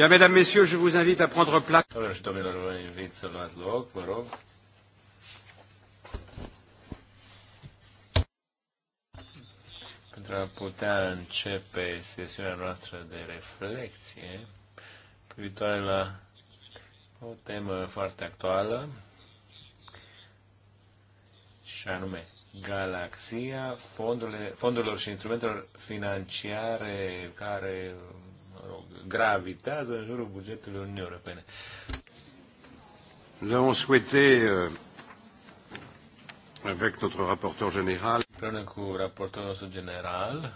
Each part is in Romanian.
Bien, mesdames, messieurs, je vous invite à prendre place. Pentru a putea începe sesiunea noastră de reflexie privitoare la o temă foarte actuală, și anume galaxia fondurile, fondurilor și instrumentelor financiare care mă rog, gravitează în jurul bugetului Uniunii Europene. Nous avons souhaité, euh, avec notre rapporteur général, împreună cu general,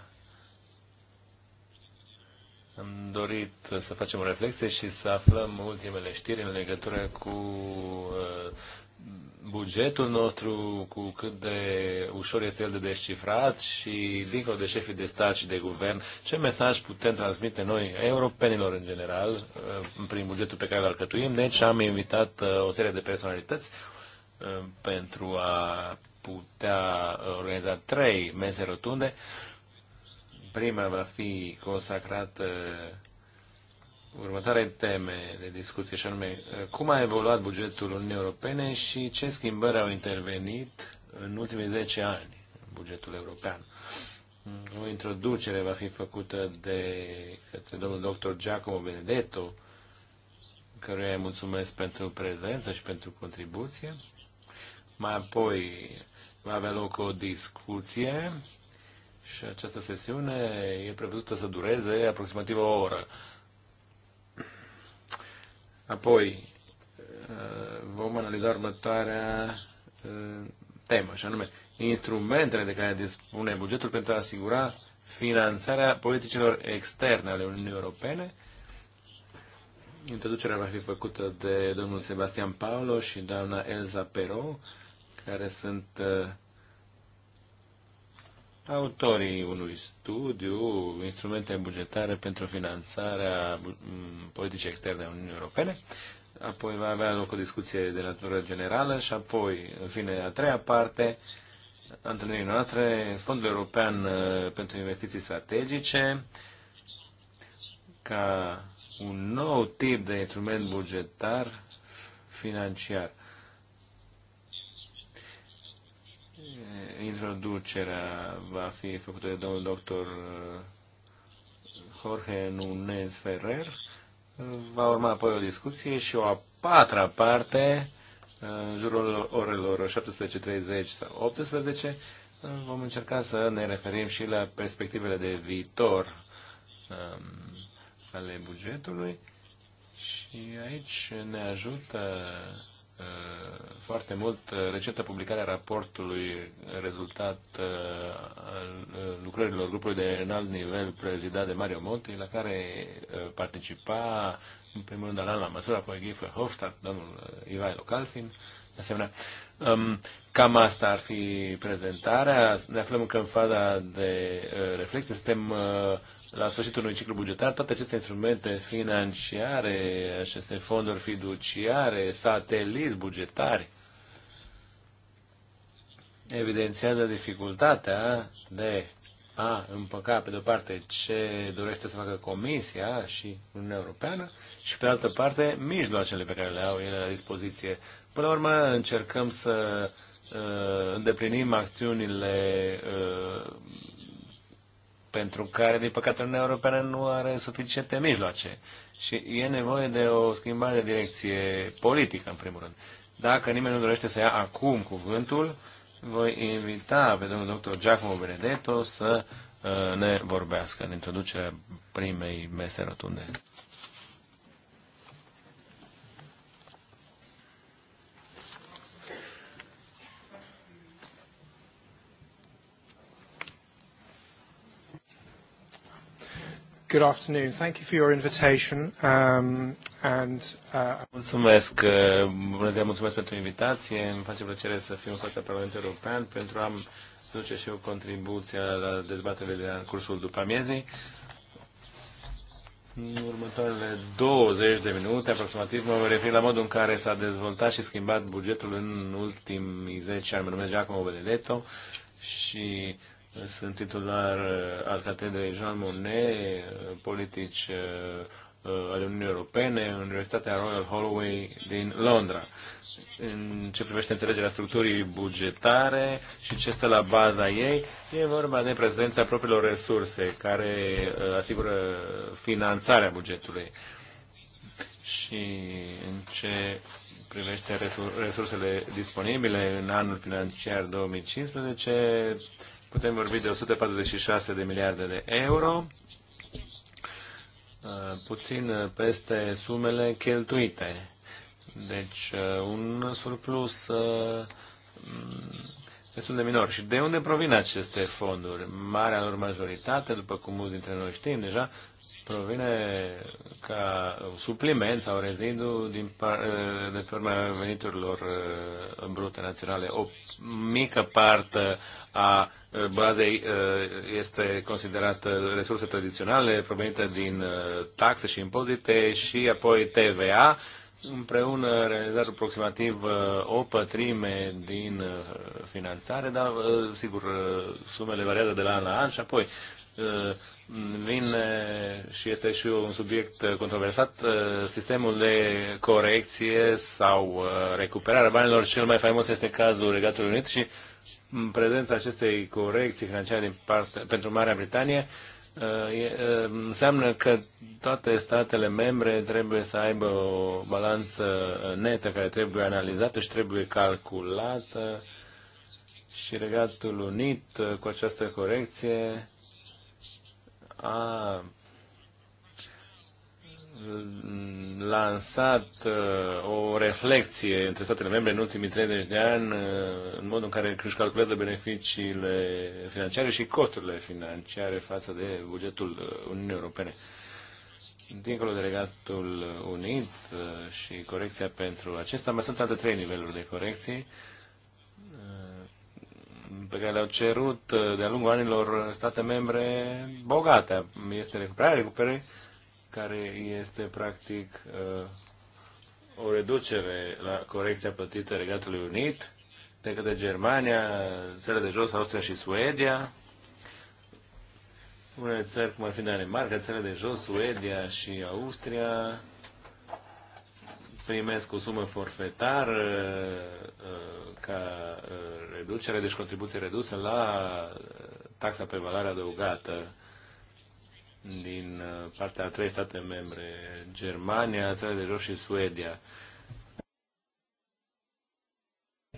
am dorit să facem o reflexie și să aflăm ultimele știri în legătură cu euh, bugetul nostru, cu cât de ușor este el de descifrat și, dincolo de șefii de stat și de guvern, ce mesaj putem transmite noi, europenilor în general, eh, prin bugetul pe care îl alcătuim. Deci am invitat eh, o serie de personalități eh, pentru a putea organiza trei mese rotunde. Prima va fi consacrată următoare teme de discuție, și anume cum a evoluat bugetul Uniunii Europene și ce schimbări au intervenit în ultimii 10 ani în bugetul european. O introducere va fi făcută de către domnul doctor Giacomo Benedetto, căruia îi mulțumesc pentru prezență și pentru contribuție. Mai apoi va avea loc o discuție și această sesiune e prevăzută să dureze aproximativ o oră. Apoi uh, vom analiza următoarea uh, temă, și anume instrumentele de care dispune bugetul pentru a asigura finanțarea politicilor externe ale Uniunii Europene. Introducerea va fi făcută de domnul Sebastian Paolo și doamna Elza Perot, care sunt uh, autorii unui studiu, instrumente bugetare pentru finanțarea mm, politicii externe a Uniunii Europene, apoi va avea loc o discuție de natură generală și apoi, în fine, a treia parte, întâlnirii noastre, Fondul European uh, pentru Investiții Strategice, ca un nou tip de instrument bugetar financiar. Introducerea va fi făcută de domnul doctor uh, Jorge Nunez Ferrer. Va urma apoi o discuție și o a patra parte, uh, în jurul orelor 17.30 sau 18, uh, vom încerca să ne referim și la perspectivele de viitor um, ale bugetului și aici ne ajută foarte mult uh, recentă publicare a raportului rezultat uh, al uh, lucrărilor grupului de înalt nivel prezidat de Mario Monti, la care participa în primul rând Alan la măsura Poeghi Hofstadt, domnul Ivailo Calfin, de asemenea. Um, cam asta ar fi prezentarea. Ne aflăm încă în faza de reflexie. Suntem la sfârșitul unui ciclu bugetar, toate aceste instrumente financiare, aceste fonduri fiduciare, sateliți bugetari, evidențiază dificultatea de a împăca, pe de-o parte, ce dorește să facă Comisia și Uniunea Europeană și, pe de altă parte, mijloacele pe care le au ele la dispoziție. Până la urmă, încercăm să uh, îndeplinim acțiunile uh, pentru care, din păcate, Uniunea Europeană nu are suficiente mijloace. Și e nevoie de o schimbare de direcție politică, în primul rând. Dacă nimeni nu dorește să ia acum cuvântul, voi invita pe domnul doctor Giacomo Benedetto să uh, ne vorbească în introducerea primei mese rotunde. Good afternoon. Thank you for your invitation. Um, and, uh... Mulțumesc. Uh, bună ziua, mulțumesc pentru invitație. Îmi face plăcere să fiu în fața Parlamentului European pentru a duce și eu contribuția la dezbaterile de cursul după amiezii. În următoarele 20 de minute aproximativ mă voi referi la modul în care s-a dezvoltat și schimbat bugetul în ultimii 10 ani. Mă numesc Giacomo Benedetto și sunt titular uh, al catedrei Jean Monnet, uh, politici uh, ale Uniunii Europene, Universitatea Royal Holloway din Londra. În ce privește înțelegerea structurii bugetare și ce stă la baza ei, e vorba de prezența propriilor resurse care asigură finanțarea bugetului. Și în ce privește resursele disponibile în anul financiar 2015, Putem vorbi de 146 de miliarde de euro, uh, puțin uh, peste sumele cheltuite. Deci uh, un surplus mm, destul de minor. Și de unde provin aceste fonduri? Marea lor majoritate, după cum mulți dintre noi știm deja, provine ca supliment sau rezidu din, eh, de pe urma veniturilor eh, brute naționale. O mică parte a eh, bazei este considerată resurse tradiționale provenite din taxe și impozite și apoi TVA, împreună realizează aproximativ o pătrime din finanțare, dar sigur sumele variază de la an la an și apoi vine și este și un subiect controversat, uh, sistemul de corecție sau uh, recuperare banilor. Cel mai faimos este cazul Regatului Unit și în prezența acestei corecții financiare din parte, pentru Marea Britanie, uh, înseamnă că toate statele membre trebuie să aibă o balanță netă care trebuie analizată și trebuie calculată și Regatul Unit cu această corecție a lansat uh, o reflexie între statele membre în ultimii 30 de ani uh, în modul în care își calculează beneficiile financiare și costurile financiare față de bugetul uh, Uniunii Europene. Dincolo de regatul unit și corecția pentru acesta, mai sunt alte trei niveluri de corecții pe care le-au cerut uh, de-a lungul anilor state membre bogate. Este recuperarea recuperării, care este practic uh, o reducere la corecția plătită Regatului Unit de către Germania, țările de jos, Austria și Suedia, unele țări, cum ar fi Danemarca, țările de jos, Suedia și Austria, primesc o sumă forfetară uh, ca uh, reducere, deci contribuție redusă la uh, taxa pe valoare adăugată din partea a trei state membre, Germania, Țara de Jos și Suedia.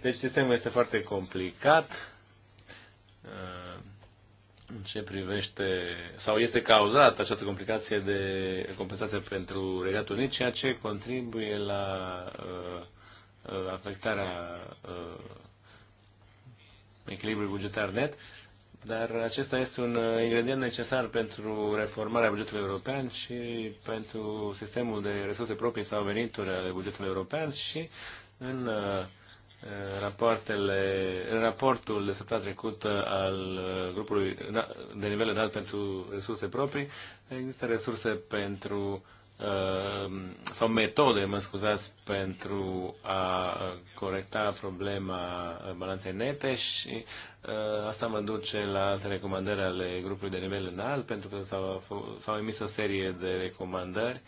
Deci sistemul este foarte complicat în ce privește, sau este cauzată această complicație de compensație pentru Regatul Unit, ceea ce contribuie la uh, uh afectarea uh, echilibrului bugetar net, dar acesta este un uh, ingredient necesar pentru reformarea bugetului european și pentru sistemul de resurse proprii sau venituri ale bugetului european și în uh, rapoartele, raportul de săptămâna trecută al uh, grupului de nivel înalt pentru resurse proprii, există resurse pentru uh, sau metode, mă scuzați, pentru a corecta problema balanței nete și uh, asta mă duce la alte recomandări ale grupului de nivel înalt, pentru că s-au emis o serie de recomandări uh,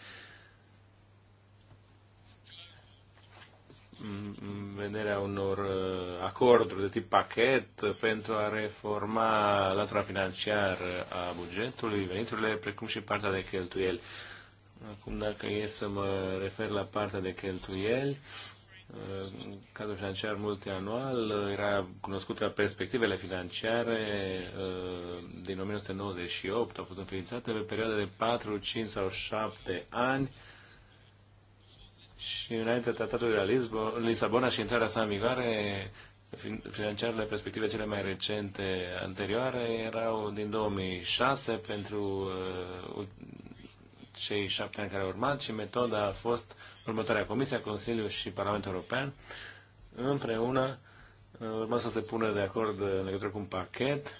în vederea unor uh, acorduri de tip pachet pentru a reforma latura financiară a bugetului, veniturile, precum și partea de cheltuieli. Acum, dacă e să mă refer la partea de cheltuieli, uh, cadrul financiar multianual uh, era cunoscut la perspectivele financiare din 1998, au fost înființate pe perioade de 4, 5 sau 7 ani, și înainte tratatului de la Lisabona și intrarea sa în vigoare, financiarele perspective cele mai recente anterioare erau din 2006 pentru uh, cei șapte ani care au urmat și metoda a fost următoarea Comisia, Consiliu și Parlamentul European împreună urma să se pună de acord în legătură cu un pachet,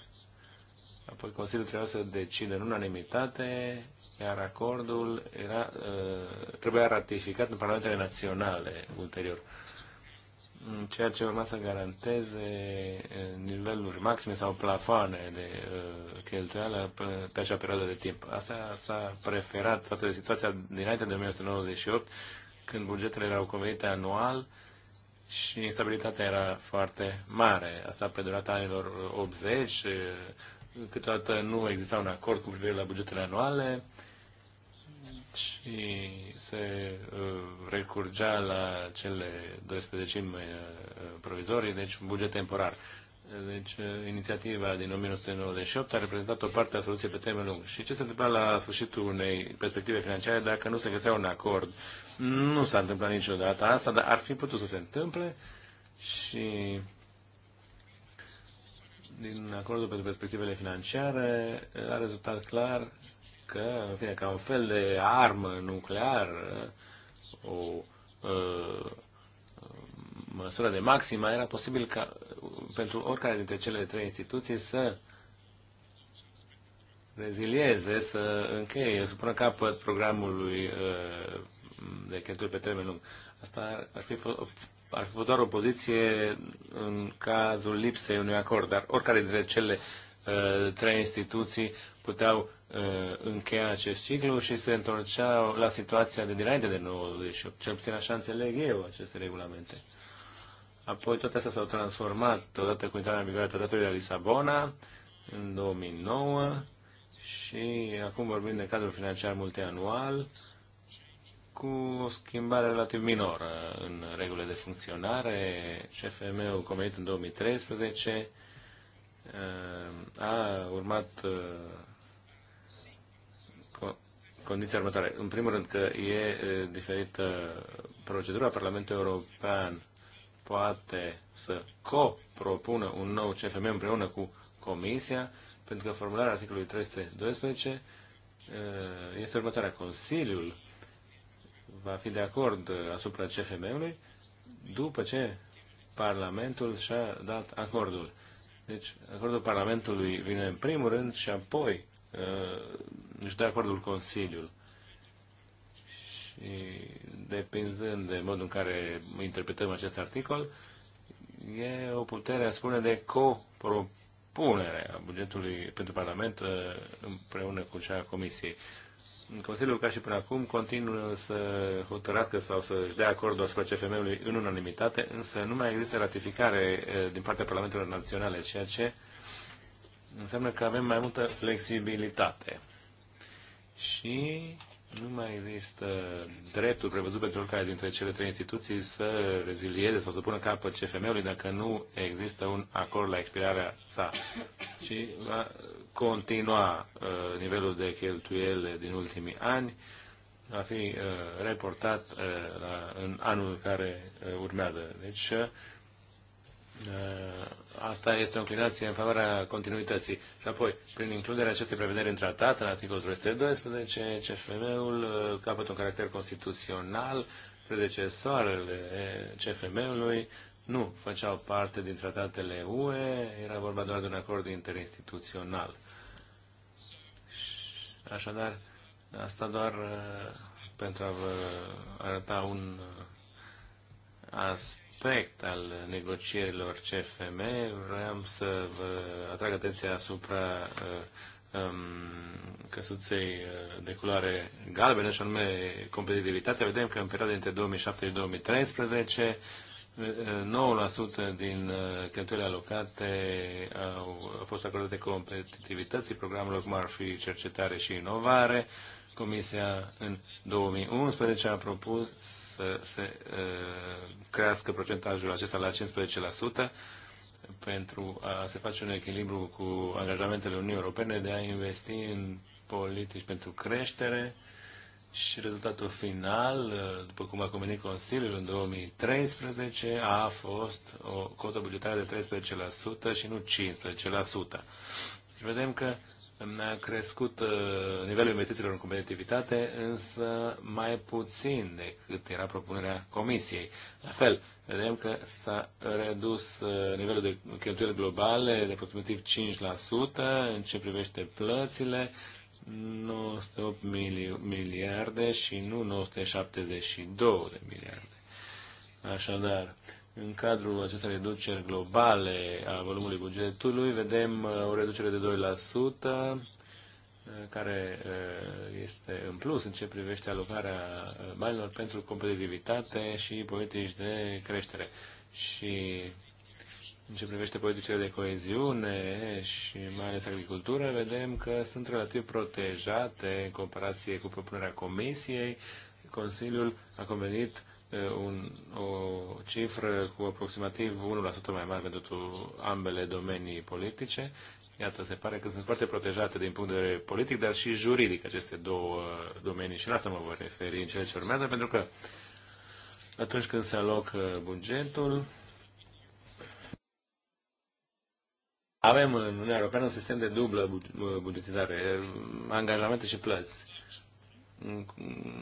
apoi Consiliul trebuia să decide în unanimitate iar acordul era, uh, trebuia ratificat în parlamentele naționale ulterior ceea ce urma să garanteze uh, niveluri maxime sau plafoane de uh, cheltuială pe acea perioadă de timp. Asta s-a preferat față de situația dinainte de 1998, când bugetele erau convenite anual și instabilitatea era foarte mare. Asta pe durata anilor 80, câteodată nu exista un acord cu privire la bugetele anuale, și se uh, recurgea la cele 12 uh, provizorii, deci un buget temporar. Deci, uh, inițiativa din 1998 a reprezentat o parte a soluției pe termen lung. Și ce se întâmpla la sfârșitul unei perspective financiare dacă nu se găsea un acord? Nu s-a întâmplat niciodată asta, dar ar fi putut să se întâmple și din acordul pentru perspectivele financiare a rezultat clar că, în fine, ca un fel de armă nucleară, o uh, măsură de maximă, era posibil ca pentru oricare dintre cele trei instituții să rezilieze, să încheie, să pună capăt programului uh, de cheltuieli pe termen lung. Asta ar fi, ar fi doar o poziție în cazul lipsei unui acord, dar oricare dintre cele Uh, trei instituții puteau uh, încheia acest ciclu și se întorceau la situația de dinainte de 98. Cel puțin așa înțeleg eu aceste regulamente. Apoi toate astea s-au transformat odată cu intrarea în vigoare tratatului de la Lisabona în 2009 și acum vorbim de cadrul financiar multianual cu o schimbare relativ minoră în regulile de funcționare. CFM-ul convenit în 2013 Uh, a urmat uh, condiția următoare. În primul rând că e uh, diferită procedura. Parlamentul European poate să co un nou CFM împreună cu Comisia, pentru că formularea articolului 312 este următoarea. Consiliul va fi de acord asupra CFM-ului după ce Parlamentul și-a dat acordul. Deci, acordul Parlamentului vine în primul rând și apoi uh, își dă acordul Consiliul. Și depinzând de modul în care interpretăm acest articol, e o putere, a spune, de copropunere a bugetului pentru Parlament uh, împreună cu cea a Comisiei. Consiliul, ca și până acum, continuă să hotărască sau să-și dea acordul asupra CFM-ului în unanimitate, însă nu mai există ratificare din partea Parlamentelor Naționale, ceea ce înseamnă că avem mai multă flexibilitate. Și nu mai există dreptul prevăzut pentru oricare dintre cele trei instituții să rezilieze sau să pună capăt CFM-ului dacă nu există un acord la expirarea sa. Și va continua uh, nivelul de cheltuiele din ultimii ani, va fi uh, reportat uh, la, în anul care uh, urmează. Deci, uh, Asta este o înclinație în favoarea continuității. Și apoi, prin includerea acestei prevederi în tratat, în articolul 312, CFM-ul capătă un caracter constituțional, predecesoarele CFM-ului nu făceau parte din tratatele UE, era vorba doar de un acord interinstituțional. Așadar, asta doar uh, pentru a vă arăta un uh, aspect aspect al negocierilor CFM, vreau să vă atrag atenția asupra uh, um, căsuței uh, de culoare galbenă, și anume competitivitatea. Vedem că în perioada dintre 2007 și 2013 9% uh, din cheltuielile alocate au fost acordate competitivității programului, cum ar fi cercetare și inovare. Comisia în 2011 a propus să se crească procentajul acesta la 15% pentru a se face un echilibru cu angajamentele Uniunii Europene de a investi în politici pentru creștere și rezultatul final, după cum a convenit Consiliul în 2013, a fost o cotă bugetară de 13% și nu 15%. Și deci vedem că ne-a crescut uh, nivelul investițiilor în competitivitate, însă mai puțin decât era propunerea Comisiei. La fel, vedem că s-a redus uh, nivelul de cheltuieli globale de aproximativ 5% în ce privește plățile, 908 miliarde și nu 972 de miliarde. Așadar, în cadrul acestei reduceri globale a volumului bugetului, vedem uh, o reducere de 2%, uh, care uh, este în plus în ce privește alocarea banilor pentru competitivitate și politici de creștere. Și în ce privește politicile de coeziune și mai ales agricultură, vedem că sunt relativ protejate în comparație cu propunerea Comisiei. Consiliul a convenit Eh, un, o cifră cu aproximativ 1% mai mare pentru ambele domenii politice. Iată, se pare că sunt foarte protejate din punct de vedere politic, dar și juridic aceste două domenii. Și la asta mă voi referi în ceea ce urmează, pentru că atunci când se alocă bugetul, avem în Uniunea Europeană un sistem de dublă bugetizare, angajamente și plăți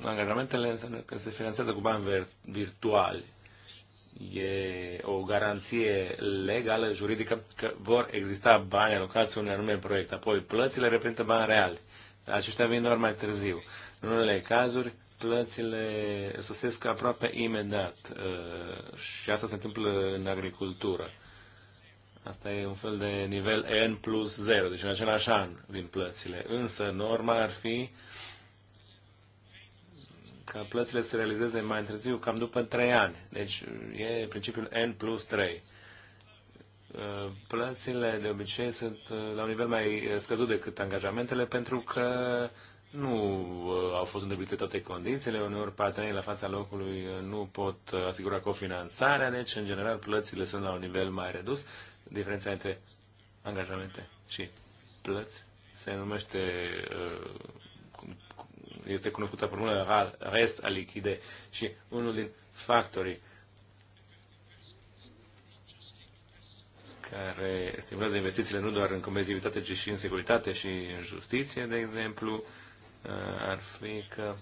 angajamentele înseamnă că se finanțează cu bani virtuali. E o garanție legală, juridică, că vor exista bani alocați unui anume proiect. Apoi plățile reprezintă bani reali. Aceștia vin doar mai târziu. În unele cazuri, plățile sosesc aproape imediat uh, și asta se întâmplă în agricultură. Asta e un fel de nivel N plus 0, deci în același an vin plățile. Însă norma ar fi uh, ca plățile să se realizeze mai întârziu, cam după 3 ani. Deci e principiul N plus 3. Uh, plățile de obicei sunt uh, la un nivel mai uh, scăzut decât angajamentele pentru că nu au fost îndeplinite toate condițiile, uneori partenerii la fața locului nu pot asigura cofinanțarea, deci în general plățile sunt la un nivel mai redus. Diferența între angajamente și plăți se numește uh, este cunoscută formula rest a lichide și unul din factorii care stimulează investițiile nu doar în competitivitate, ci și în securitate și în justiție, de exemplu, uh, ar fi că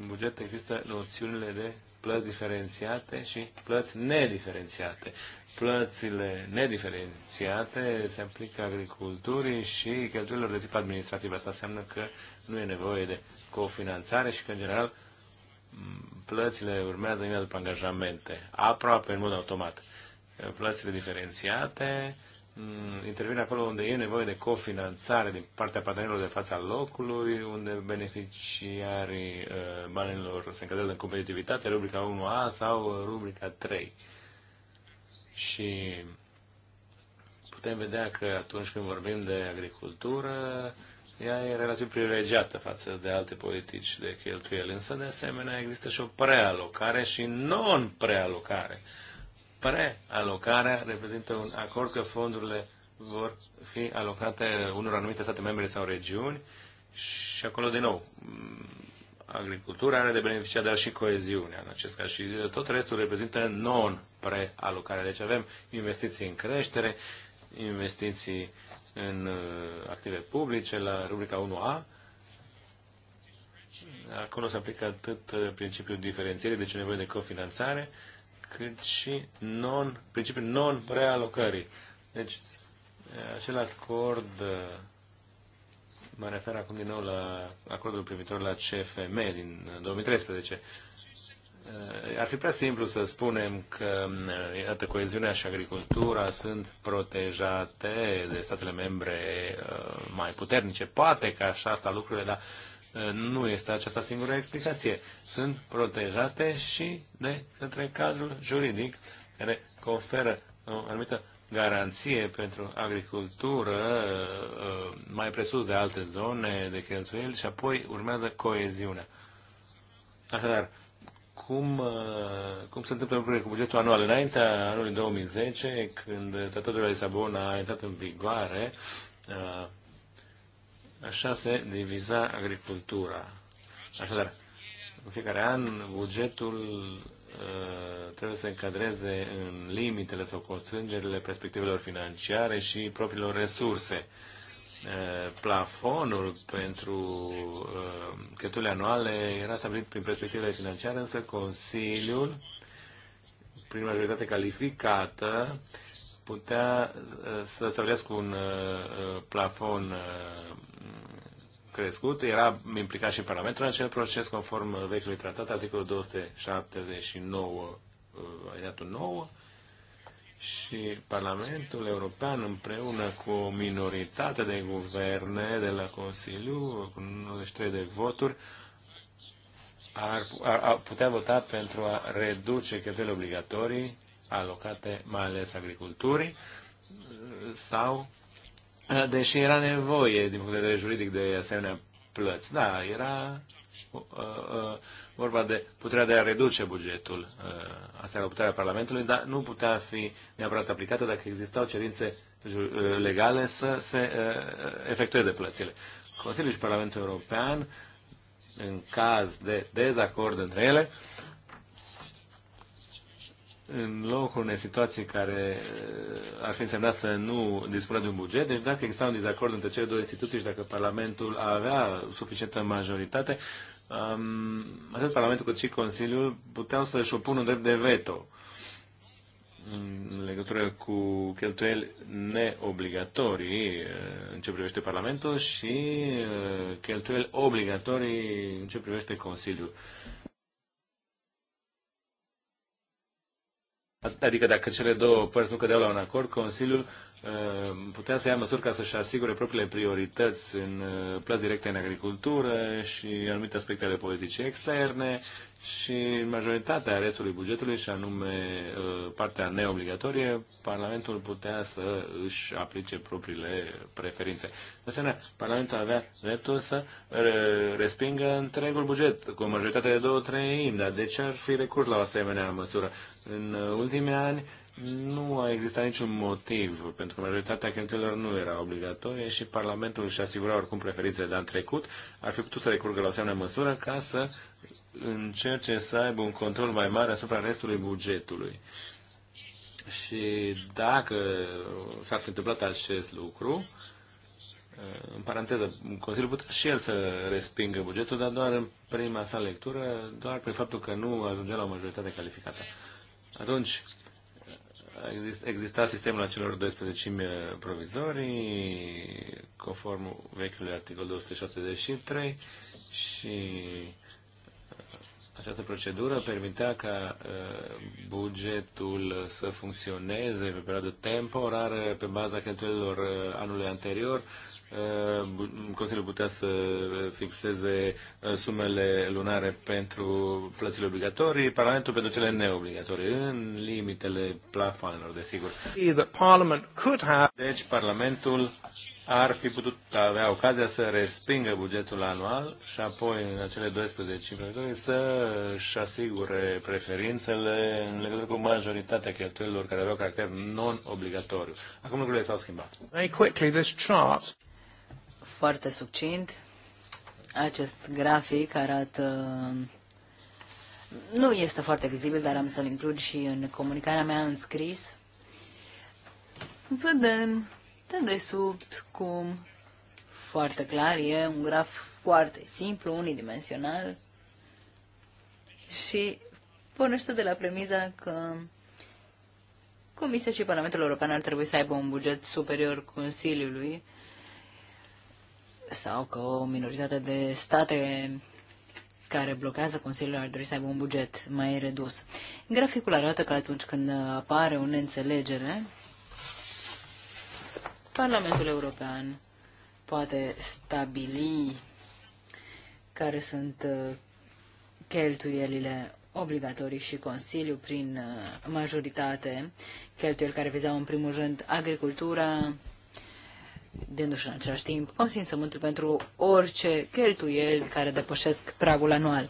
în buget există noțiunile de plăți diferențiate și plăți nediferențiate plățile nediferențiate se aplică agriculturii și cheltuielor de tip administrativ. Asta înseamnă că nu e nevoie de cofinanțare și că, în general, plățile urmează imediat după angajamente, aproape în mod automat. Plățile diferențiate mm, intervin acolo unde e nevoie de cofinanțare din partea partenerilor de fața locului, unde beneficiarii uh, banilor se încadrează în competitivitate, rubrica 1A sau uh, rubrica 3. Și putem vedea că atunci când vorbim de agricultură, ea e relativ privilegiată față de alte politici de cheltuieli. Însă, de asemenea, există și o prealocare și non-prealocare. Prealocarea reprezintă un acord că fondurile vor fi alocate unor anumite state membre sau regiuni și acolo, din nou, agricultura are de beneficiat, dar și coeziunea în acest caz. Și uh, tot restul reprezintă non-prealocare. Deci avem investiții în creștere, investiții în uh, active publice la rubrica 1A. Acolo se aplică atât uh, principiul diferențierii, deci nevoie de cofinanțare, cât și non, principiul non-prealocării. Deci, acel acord Mă refer acum din nou la acordul privitor la CFM din 2013. Uh, uh, ar fi prea simplu să spunem că, uh, iată, coeziunea și agricultura sunt protejate de statele membre mai puternice. Poate că așa asta lucrurile, dar nu este aceasta singura explicație. Sunt protejate și de către cadrul juridic care conferă o anumită garanție pentru agricultură uh, mai presus de alte zone de cheltuieli și apoi urmează coeziunea. Așadar, cum, uh, cum se întâmplă lucrurile cu bugetul anual? Înaintea anului 2010, când tratatul de la Lisabona a intrat în vigoare, uh, așa se diviza agricultura. Așadar, în fiecare an bugetul Uh, trebuie să încadreze în limitele sau constrângerile perspectivelor financiare și propriilor resurse. Uh, plafonul pentru uh, cheltuielile anuale era stabilit prin perspectivele financiare, însă Consiliul, prin majoritate calificată, putea să stabilească un plafon crescut, era implicat și în Parlamentul în acel proces, conform vechiului tratat, articolul 279, aliatul 9, și Parlamentul European împreună cu o minoritate de guverne de la Consiliu, cu 93 de voturi, ar, ar, ar putea vota pentru a reduce cheltuielile obligatorii alocate mai ales agriculturii sau da, deși era nevoie din punct de vedere juridic de asemenea plăți. Da, era uh, uh, vorba de puterea de a reduce bugetul. Uh, asta era puterea Parlamentului, dar nu putea fi neapărat aplicată dacă existau cerințe uh, legale să se uh, efectueze plățile. Consiliul și Parlamentul European, în caz de dezacord între ele, uh, în locul unei situații care uh, ar fi însemnat să nu dispună de un buget, deci dacă exista un dezacord între cele două instituții și dacă Parlamentul avea suficientă majoritate, um, atât Parlamentul cât și Consiliul puteau să-și opună un drept de veto în legătură cu cheltuieli neobligatorii uh, în ce privește Parlamentul și uh, cheltuieli obligatorii în ce privește Consiliul. Adică dacă cele două părți nu cădeau la un acord, Consiliul uh, putea să ia măsuri ca să-și asigure propriile priorități în uh, plăți directe în agricultură și anumite aspecte ale politicii externe și majoritatea restului bugetului, și anume uh, partea neobligatorie, Parlamentul putea să își aplice propriile preferințe. De asemenea, Parlamentul avea dreptul să uh, respingă întregul buget, cu o majoritate de două treimi, dar de ce ar fi recurs la o asemenea măsură? În uh, ultimii ani, nu a existat niciun motiv, pentru că majoritatea cheltuielor nu era obligatorie și Parlamentul își asigura oricum preferințele de an trecut, ar fi putut să recurgă la o asemenea măsură ca să încerce să aibă un control mai mare asupra restului bugetului. Și dacă s-ar fi întâmplat acest lucru, în paranteză, Consiliul putea și el să respingă bugetul, dar doar în prima sa lectură, doar prin faptul că nu ajungea la o majoritate calificată. Atunci, exista sistemul acelor 12 uh, provizorii, conform vechiului articol 273, și uh, această procedură permitea ca uh, bugetul să funcționeze pe perioadă temporară pe baza cheltuielilor anului anterior Eh, Consiliul putea să fixeze eh, sumele lunare pentru plățile obligatorii, Parlamentul pentru cele neobligatorii, în limitele plafonelor, desigur. Deci Parlamentul ar fi putut avea ocazia să respingă bugetul anual și apoi în acele 12 implementatori să-și asigure preferințele în legătură cu majoritatea cheltuielor care aveau caracter non-obligatoriu. Acum lucrurile s-au schimbat. Very quickly, this chart foarte succint. Acest grafic arată... Nu este foarte vizibil, dar am să-l includ și în comunicarea mea în scris. Vedem de desubt cum foarte clar e un graf foarte simplu, unidimensional și pornește de la premiza că Comisia și Parlamentul European ar trebui să aibă un buget superior Consiliului sau că o minoritate de state care blochează Consiliul ar dori să aibă un buget mai redus. Graficul arată că atunci când apare o neînțelegere, Parlamentul European poate stabili care sunt uh, cheltuielile obligatorii și Consiliu prin uh, majoritate, cheltuieli care vizau în primul rând agricultura, dându-și în același timp consimțământul pentru orice cheltuieli care depășesc pragul anual.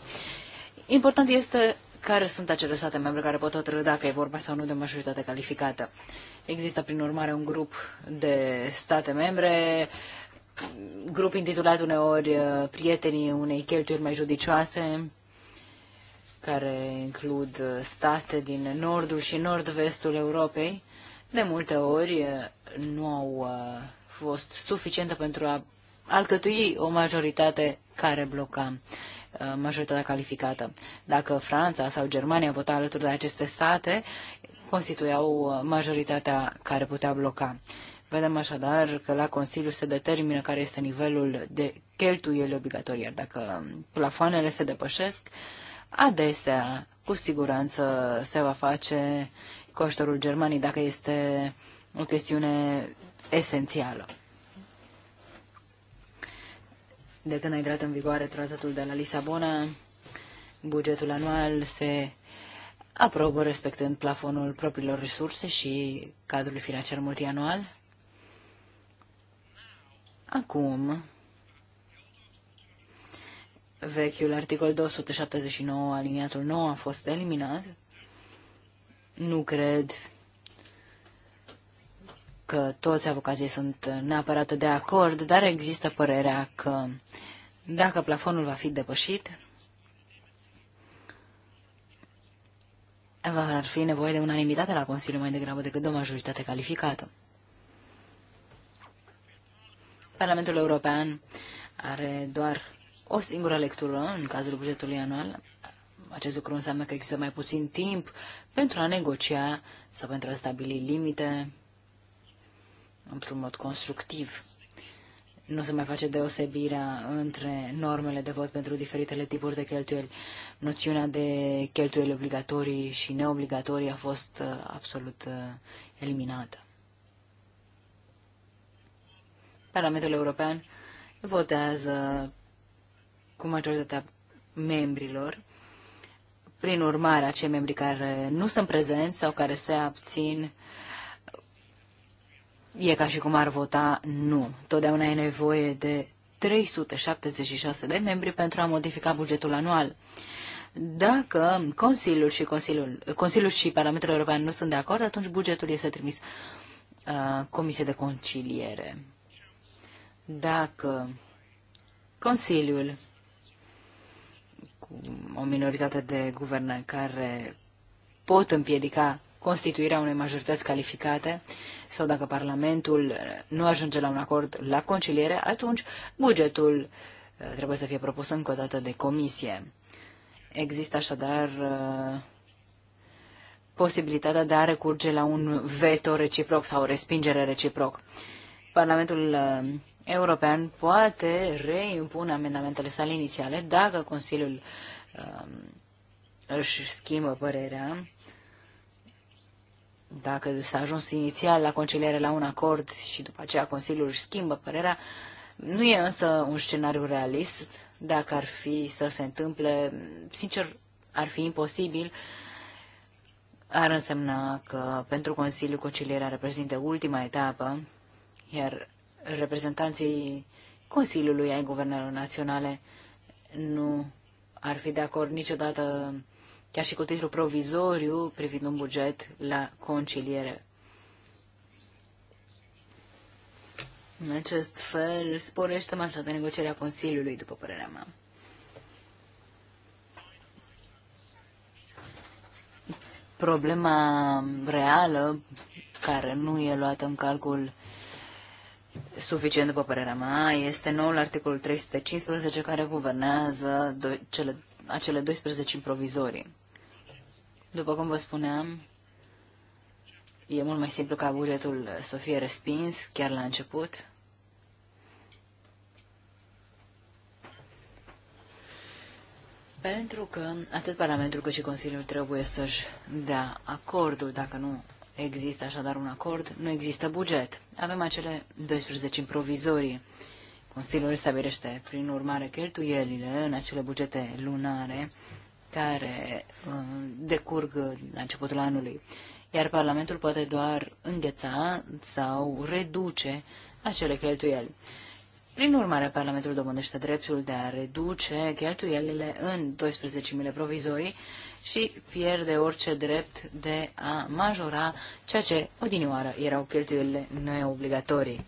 Important este care sunt acele state membre care pot hotărâ dacă e vorba sau nu de majoritate calificată. Există, prin urmare, un grup de state membre, grup intitulat uneori uh, Prietenii unei cheltuieli mai judicioase, care includ uh, state din nordul și nord-vestul Europei, de multe ori uh, nu au fost suficientă pentru a alcătui o majoritate care bloca uh, majoritatea calificată. Dacă Franța sau Germania vota alături de aceste state, constituiau uh, majoritatea care putea bloca. Vedem așadar că la Consiliu se determină care este nivelul de cheltuieli obligatorii, iar dacă plafoanele se depășesc, adesea, cu siguranță, se va face cu ajutorul Germanii, dacă este o chestiune esențială. De când a intrat în vigoare tratatul de la Lisabona, bugetul anual se aprobă respectând plafonul propriilor resurse și cadrul financiar multianual. Acum, vechiul articol 279 aliniatul 9 a fost eliminat. Nu cred că toți avocații sunt neapărat de acord, dar există părerea că dacă plafonul va fi depășit, ar fi nevoie de unanimitate la Consiliu mai degrabă decât de o majoritate calificată. Parlamentul European are doar o singură lectură în cazul bugetului anual. Acest lucru înseamnă că există mai puțin timp pentru a negocia sau pentru a stabili limite într-un mod constructiv. Nu se mai face deosebirea între normele de vot pentru diferitele tipuri de cheltuieli. Noțiunea de cheltuieli obligatorii și neobligatorii a fost uh, absolut uh, eliminată. Parlamentul European votează cu majoritatea membrilor. Prin urmare, acei membri care nu sunt prezenți sau care se abțin E ca și cum ar vota nu. Totdeauna e nevoie de 376 de membri pentru a modifica bugetul anual. Dacă Consiliul și, Consiliul, Consiliul și Parlamentul European nu sunt de acord, atunci bugetul este trimis uh, Comisiei de Conciliere. Dacă Consiliul, cu o minoritate de guverne care pot împiedica constituirea unei majorități calificate, uh, sau dacă Parlamentul nu ajunge la un acord la conciliere, atunci bugetul uh, trebuie să fie propus încă o dată de comisie. Există așadar uh, posibilitatea de a recurge la un veto reciproc sau o respingere reciproc. Parlamentul uh, European poate reimpune amendamentele sale inițiale dacă Consiliul își schimbă părerea dacă s-a ajuns inițial la conciliere la un acord și după aceea Consiliul își schimbă părerea, nu e însă un scenariu realist. Dacă ar fi să se întâmple, sincer, ar fi imposibil. Ar însemna că pentru Consiliu concilierea reprezintă ultima etapă, iar reprezentanții Consiliului ai Guvernelor Naționale nu ar fi de acord niciodată chiar și cu titlu provizoriu privind un buget la conciliere. În acest fel sporește marșa a Consiliului, după părerea mea. Problema reală, care nu e luată în calcul suficient, după părerea mea, este noul articol 315 care guvernează do- cele, acele 12 improvizorii. După cum vă spuneam, e mult mai simplu ca bugetul să fie respins chiar la început. Pentru că atât Parlamentul cât și Consiliul trebuie să-și dea acordul. Dacă nu există așadar un acord, nu există buget. Avem acele 12 improvizorii. Consiliul stabilește, prin urmare, cheltuielile în acele bugete lunare care uh, decurg la începutul anului, iar Parlamentul poate doar îngheța sau reduce acele cheltuieli. Prin urmare, Parlamentul dobândește dreptul de a reduce cheltuielile în 12.000 provizorii și pierde orice drept de a majora ceea ce odinioară erau cheltuielile neobligatorii.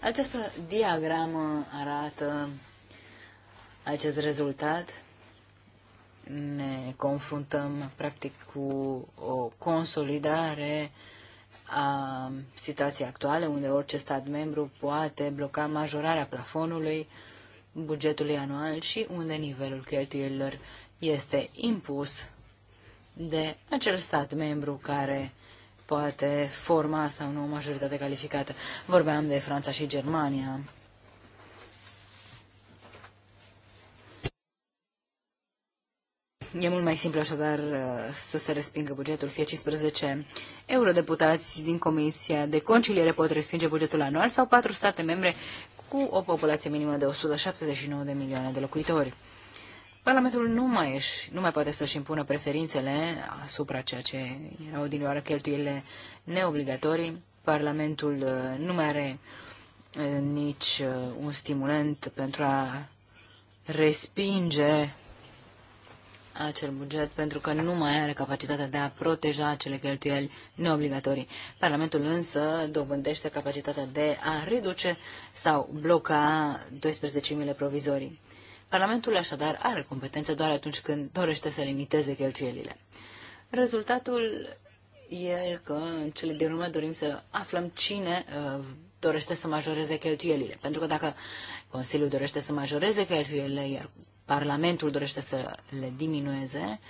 Această diagramă arată acest rezultat ne confruntăm practic cu o consolidare a situației actuale, unde orice stat membru poate bloca majorarea plafonului bugetului anual și unde nivelul cheltuielilor este impus de acel stat membru care poate forma sau nu o majoritate calificată. Vorbeam de Franța și Germania. E mult mai simplu așadar uh, să se respingă bugetul. Fie 15 eurodeputați din Comisia de Conciliere pot respinge bugetul anual sau patru state membre cu o populație minimă de 179 de milioane de locuitori. Parlamentul nu mai, își, nu mai poate să-și impună preferințele asupra ceea ce erau din oară cheltuielile neobligatorii. Parlamentul uh, nu mai are uh, nici un stimulant pentru a respinge acel buget pentru că nu mai are capacitatea de a proteja acele cheltuieli neobligatorii. Parlamentul însă dobândește capacitatea de a reduce sau bloca 12.000 provizorii. Parlamentul așadar are competență doar atunci când dorește să limiteze cheltuielile. Rezultatul e că în cele din urmă dorim să aflăm cine uh, dorește să majoreze cheltuielile. Pentru că dacă Consiliul dorește să majoreze cheltuielile, iar Parlamentul dorește să le diminueze,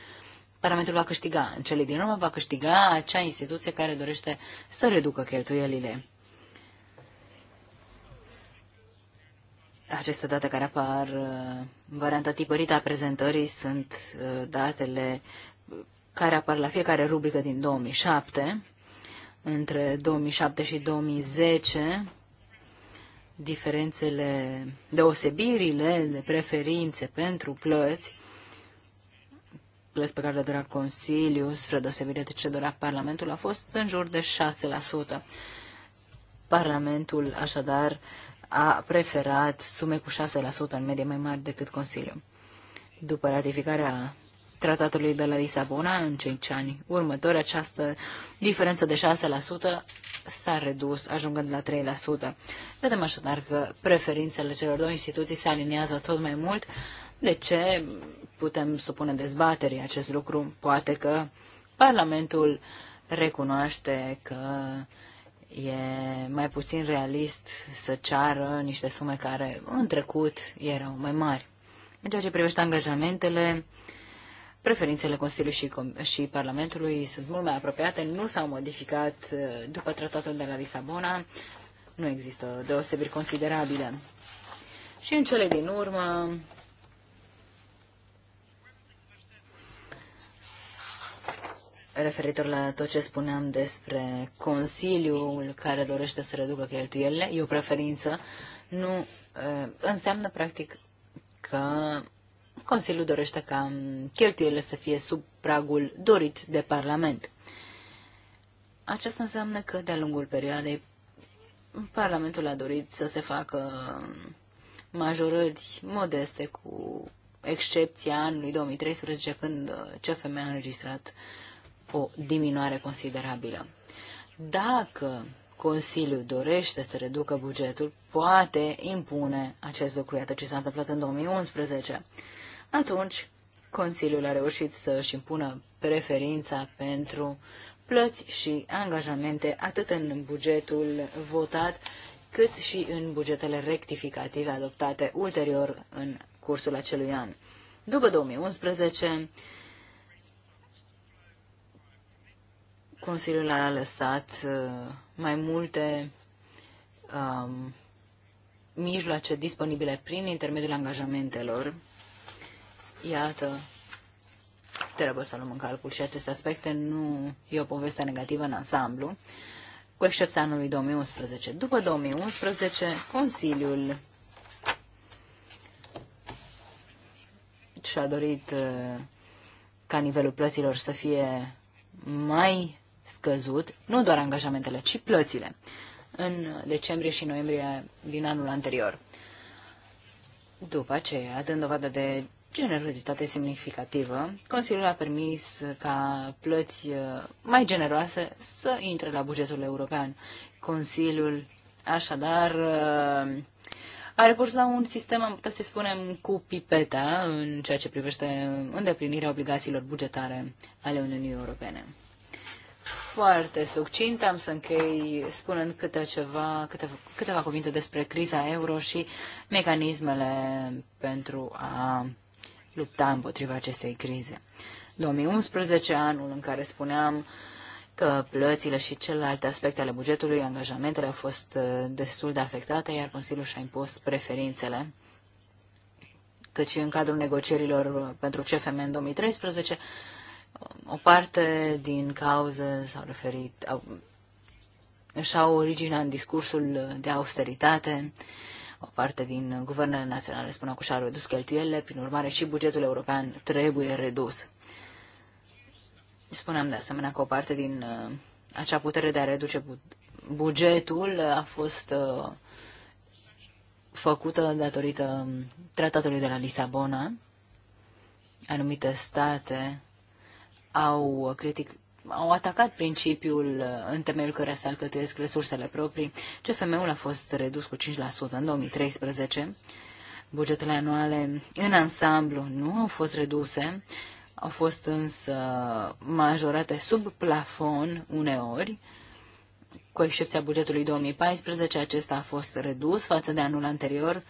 Parlamentul va câștiga. În cele din urmă va câștiga acea instituție care dorește să reducă cheltuielile. Aceste date care apar în uh, varianta tipărită a prezentării sunt uh, datele care apar la fiecare rubrică din 2007. Între 2007 și 2010 diferențele, deosebirile de preferințe pentru plăți, plăți pe care le dorea Consiliu, spre deosebire de ce dorea Parlamentul, a fost în jur de 6%. Parlamentul, așadar, a preferat sume cu 6% în medie mai mari decât Consiliul. După ratificarea tratatului de la Lisabona în 5 ani următori, această diferență de 6% s-a redus, ajungând la 3%. Vedem așadar că preferințele celor două instituții se aliniază tot mai mult. De ce putem supune dezbaterii acest lucru? Poate că Parlamentul recunoaște că e mai puțin realist să ceară niște sume care în trecut erau mai mari. În ceea ce privește angajamentele, uh, preferințele Consiliului și, Com- și Parlamentului sunt mult mai apropiate, nu s-au modificat uh, după tratatul de la Lisabona, nu există deosebiri considerabile. Și în cele din urmă, referitor la tot ce spuneam despre Consiliul care dorește să reducă cheltuielile, e o preferință, nu uh, înseamnă practic că Consiliul dorește ca cheltuielile să fie sub pragul dorit de Parlament. Aceasta înseamnă că, de-a lungul perioadei, Parlamentul a dorit să se facă majorări modeste, cu excepția anului 2013, când CFM a înregistrat o diminuare considerabilă. Dacă Consiliul dorește să reducă bugetul, poate impune acest lucru. Iată ce s-a întâmplat în 2011 atunci Consiliul a reușit să își impună preferința pentru plăți și angajamente atât în bugetul votat, cât și în bugetele rectificative adoptate ulterior în cursul acelui an. După 2011, Consiliul a lăsat uh, mai multe um, mijloace disponibile prin intermediul angajamentelor Iată, trebuie să luăm în calcul și aceste aspecte. Nu e o poveste negativă în ansamblu, cu excepția anului 2011. După 2011, Consiliul și-a dorit uh, ca nivelul plăților să fie mai scăzut, nu doar angajamentele, ci plățile, în decembrie și noiembrie din anul anterior. După aceea, dând dovadă de generozitate semnificativă, Consiliul a permis ca plăți uh, mai generoase să intre la bugetul european. Consiliul, așadar, uh, a recurs la un sistem, am putea să spunem, cu pipeta în ceea ce privește îndeplinirea obligațiilor bugetare ale Uniunii Europene. Foarte succint am să închei spunând câte ceva, câteva, câteva cuvinte despre criza euro și mecanismele pentru a lupta împotriva acestei crize. 2011, anul în care spuneam că plățile și celelalte aspecte ale bugetului, angajamentele au fost uh, destul de afectate, iar Consiliul și-a impus preferințele cât și în cadrul negocierilor pentru CFM în 2013, o parte din cauze s-au referit, au, își au originea în discursul de austeritate, uh, o parte din guvernele naționale spună că și-au redus cheltuielile, prin urmare și bugetul european trebuie redus. Spuneam de asemenea că o parte din uh, acea putere de a reduce bu bugetul a fost uh, făcută datorită tratatului de la Lisabona. Anumite state au critic, au atacat principiul uh, în temeiul care se alcătuiesc resursele proprii. CFM-ul a fost redus cu 5% în 2013. Bugetele anuale în ansamblu nu au fost reduse, au fost însă majorate sub plafon uneori. Cu excepția bugetului 2014, acesta a fost redus față de anul anterior,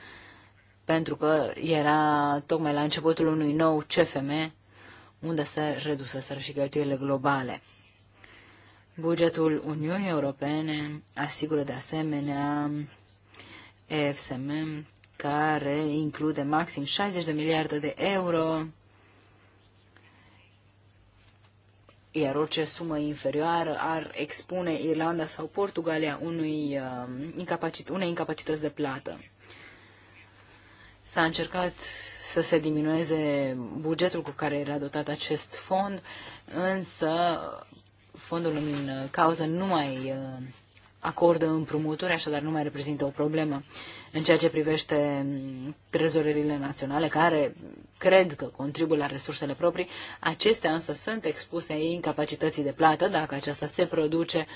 pentru că era tocmai la începutul unui nou CFM unde se reduseseră și cheltuielile globale. Bugetul Uniunii Europene asigură de asemenea EFSM, care include maxim 60 de miliarde de euro, iar orice sumă inferioară ar expune Irlanda sau Portugalia unui, um, incapacit- unei incapacități de plată. S-a încercat să se diminueze bugetul cu care era dotat acest fond, însă fondul în cauză nu mai uh, acordă împrumuturi, așadar nu mai reprezintă o problemă în ceea ce privește mm, trezorerile naționale, care cred că contribuie la resursele proprii. Acestea însă sunt expuse incapacității de plată, dacă aceasta se produce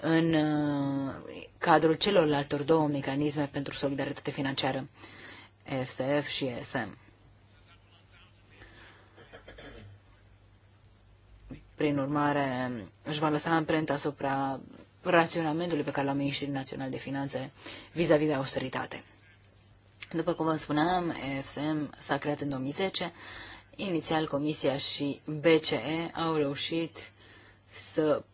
în uh, cadrul celorlaltor două mecanisme pentru solidaritate financiară, EFSF și ESM. Prin urmare, își va lăsa amprenta asupra raționamentului pe care l-au ministrii național de finanțe vis-a-vis -vis de austeritate. După cum vă spuneam, EFSM s-a creat în 2010. Inițial, Comisia și BCE au reușit să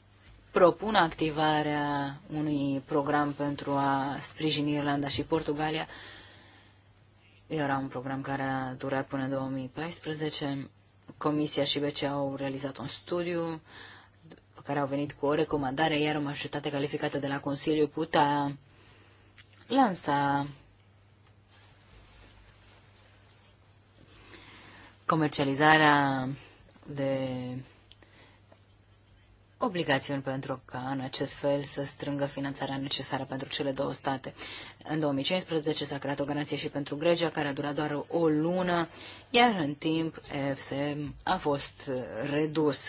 propună activarea unui program pentru a sprijini Irlanda și Portugalia. Era un program care a durat până 2014. Comisia și BCE au realizat un studiu care au venit cu o recomandare, iar o majoritate calificată de la Consiliu putea lansa comercializarea de obligațiuni pentru ca în acest fel să strângă finanțarea necesară pentru cele două state. În 2015 s-a creat o garanție și pentru Grecia, care a durat doar o lună, iar în timp EFSM a fost redus.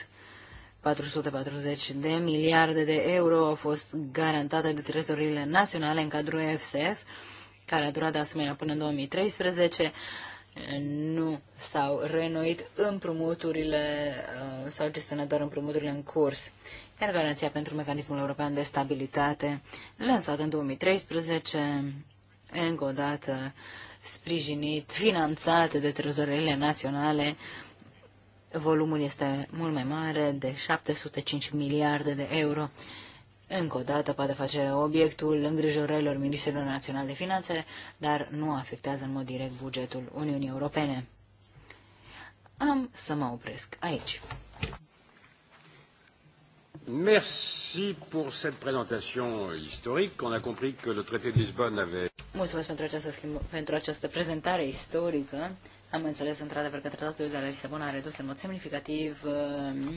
440 de miliarde de euro au fost garantate de trezorile naționale în cadrul EFSF, care a durat de asemenea până în 2013 nu s-au renoit împrumuturile, uh, s-au gestionat doar împrumuturile în curs, iar garanția pentru mecanismul european de stabilitate, lansat în 2013, încă o dată sprijinit, finanțat de trezorele naționale, volumul este mult mai mare, de 705 miliarde de euro, încă o dată poate face obiectul îngrijorărilor Ministerului Național de Finanțe, dar nu afectează în mod direct bugetul Uniunii Europene. Am să mă opresc aici. Merci pour cette présentation historique. On a compris que le traité de Lisbonne avait... Mulțumesc pentru această, schimb... pentru această prezentare istorică. Am înțeles într-adevăr că tratatul de la Lisabona a redus în mod semnificativ uh,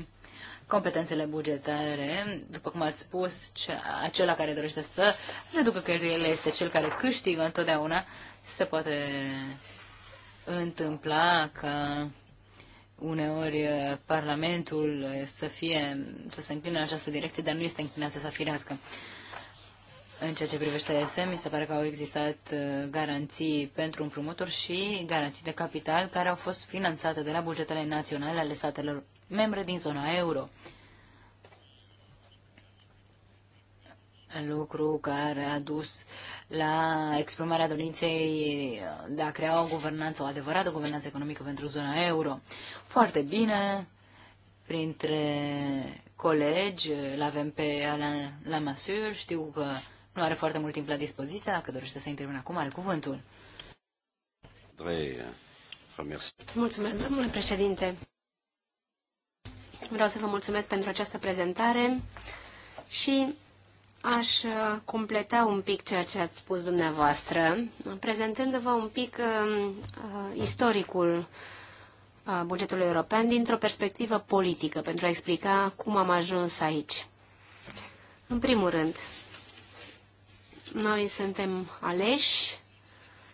competențele bugetare. După cum ați spus, acela care dorește să reducă cheltuielile este cel care câștigă întotdeauna. Se poate întâmpla că uneori uh, Parlamentul uh, să fie, să se încline în această direcție, dar nu este înclinată să firească. În ceea ce privește ESM, mi se pare că au existat uh, garanții pentru împrumuturi și garanții de capital care au fost finanțate de la bugetele naționale ale statelor membre din zona euro. Lucru care a dus la exprimarea dorinței de a crea o guvernanță, o adevărată guvernanță economică pentru zona euro. Foarte bine, printre colegi, îl avem pe Alain Lamassur, știu că nu are foarte mult timp la dispoziție, dacă dorește să intervină acum, are cuvântul. Mulțumesc, domnule președinte. Vreau să vă mulțumesc pentru această prezentare și aș uh, completa un pic ceea ce ați spus dumneavoastră, prezentându-vă un pic um, uh, istoricul uh, bugetului european dintr-o perspectivă politică, pentru a explica cum am ajuns aici. În primul rând, noi suntem aleși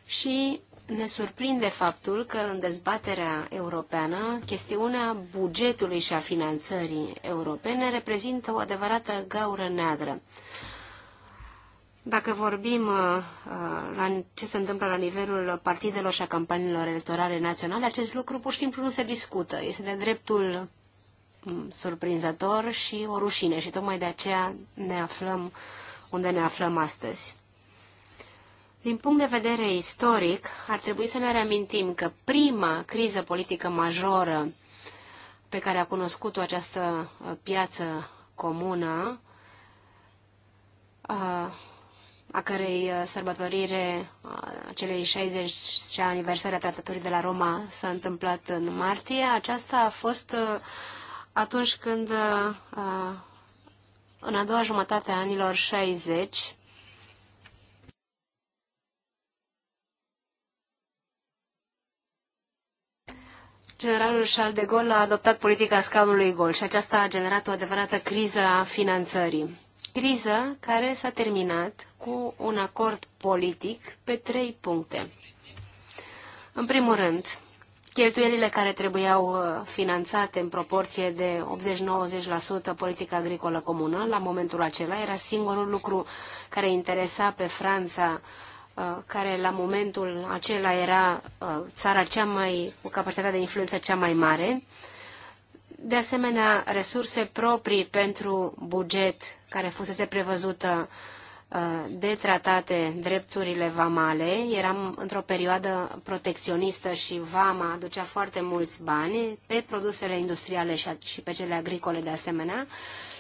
și ne surprinde faptul că în dezbaterea europeană chestiunea bugetului și a finanțării europene reprezintă o adevărată gaură neagră. Dacă vorbim uh, uh la ce se întâmplă la nivelul partidelor și a campaniilor electorale naționale, acest lucru pur și simplu nu se discută. Este de dreptul mm, surprinzător și o rușine și tocmai de aceea ne aflăm unde ne aflăm astăzi. Din punct de vedere istoric, ar trebui să ne reamintim că prima criză politică majoră pe care a cunoscut-o această uh, piață comună, uh, a cărei uh, sărbătorire, a celei 60 aniversare a tratatului de la Roma s-a întâmplat în martie, aceasta a fost atunci când, în a doua jumătate a anilor 60, generalul Charles de Gaulle a adoptat politica scaunului gol și aceasta a generat o adevărată criză a finanțării. Criză care s-a terminat cu un acord politic pe trei puncte. În primul rând, cheltuielile care trebuiau uh, finanțate în proporție de 80-90% politica agricolă comună, la momentul acela era singurul lucru care interesa pe Franța Uh, care la momentul acela era uh, țara cea mai, cu capacitatea de influență cea mai mare. De asemenea, resurse proprii pentru buget care fusese prevăzută uh, de tratate drepturile vamale. Eram într-o perioadă protecționistă și vama aducea foarte mulți bani pe produsele industriale și pe cele agricole de asemenea.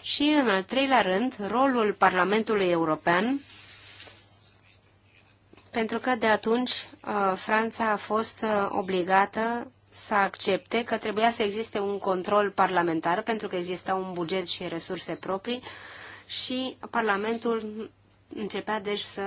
Și, în al treilea rând, rolul Parlamentului European pentru că de atunci uh, Franța a fost uh, obligată să accepte că trebuia să existe un control parlamentar, pentru că exista un buget și resurse proprii și Parlamentul începea deci să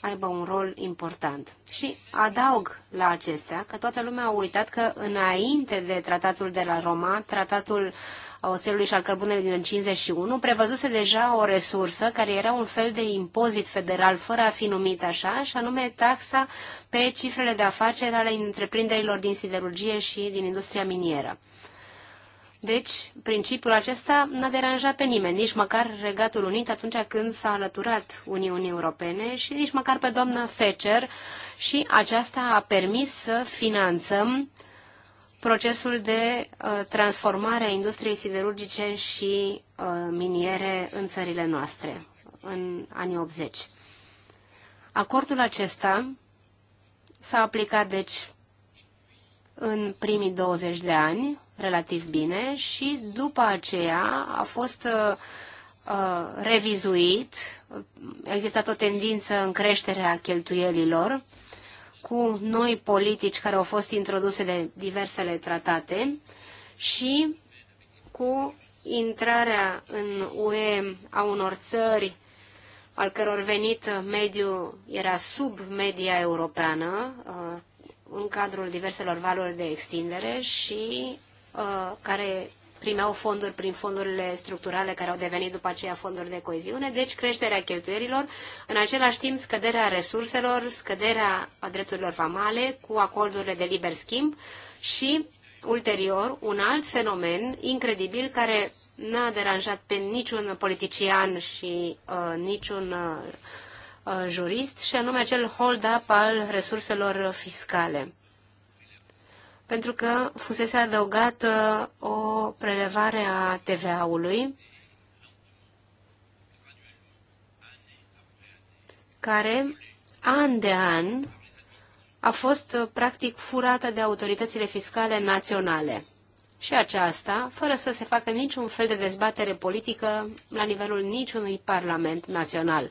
aibă un rol important. Și adaug la acestea că toată lumea a uitat că înainte de tratatul de la Roma, tratatul oțelului și al cărbunelui din 51, prevăzuse deja o resursă care era un fel de impozit federal fără a fi numit așa, și anume taxa pe cifrele de afaceri ale întreprinderilor din siderurgie și din industria minieră. Deci, principiul acesta n-a deranjat pe nimeni, nici măcar Regatul Unit atunci când s-a alăturat Uniunii Europene și nici măcar pe doamna Thatcher și aceasta a permis să finanțăm procesul de uh, transformare a industriei siderurgice și uh, miniere în țările noastre în anii 80. Acordul acesta s-a aplicat, deci, în primii 20 de ani relativ bine și după aceea a fost uh, uh revizuit, a existat o tendință în creșterea cheltuielilor cu noi politici care au fost introduse de diversele tratate și cu intrarea în UE a unor țări al căror venit mediu era sub media europeană uh, în cadrul diverselor valori de extindere și Uh, care primeau fonduri prin fondurile structurale care au devenit după aceea fonduri de coeziune, deci creșterea cheltuierilor, în același timp scăderea resurselor, scăderea drepturilor vamale cu acordurile de liber schimb și ulterior un alt fenomen incredibil care n-a deranjat pe niciun politician și uh, niciun uh, uh jurist și anume acel hold-up al resurselor fiscale pentru că fusese adăugată uh, o prelevare a TVA-ului care, an de an, a fost uh, practic furată de autoritățile fiscale naționale. Și aceasta, fără să se facă niciun fel de dezbatere politică la nivelul niciunui parlament național.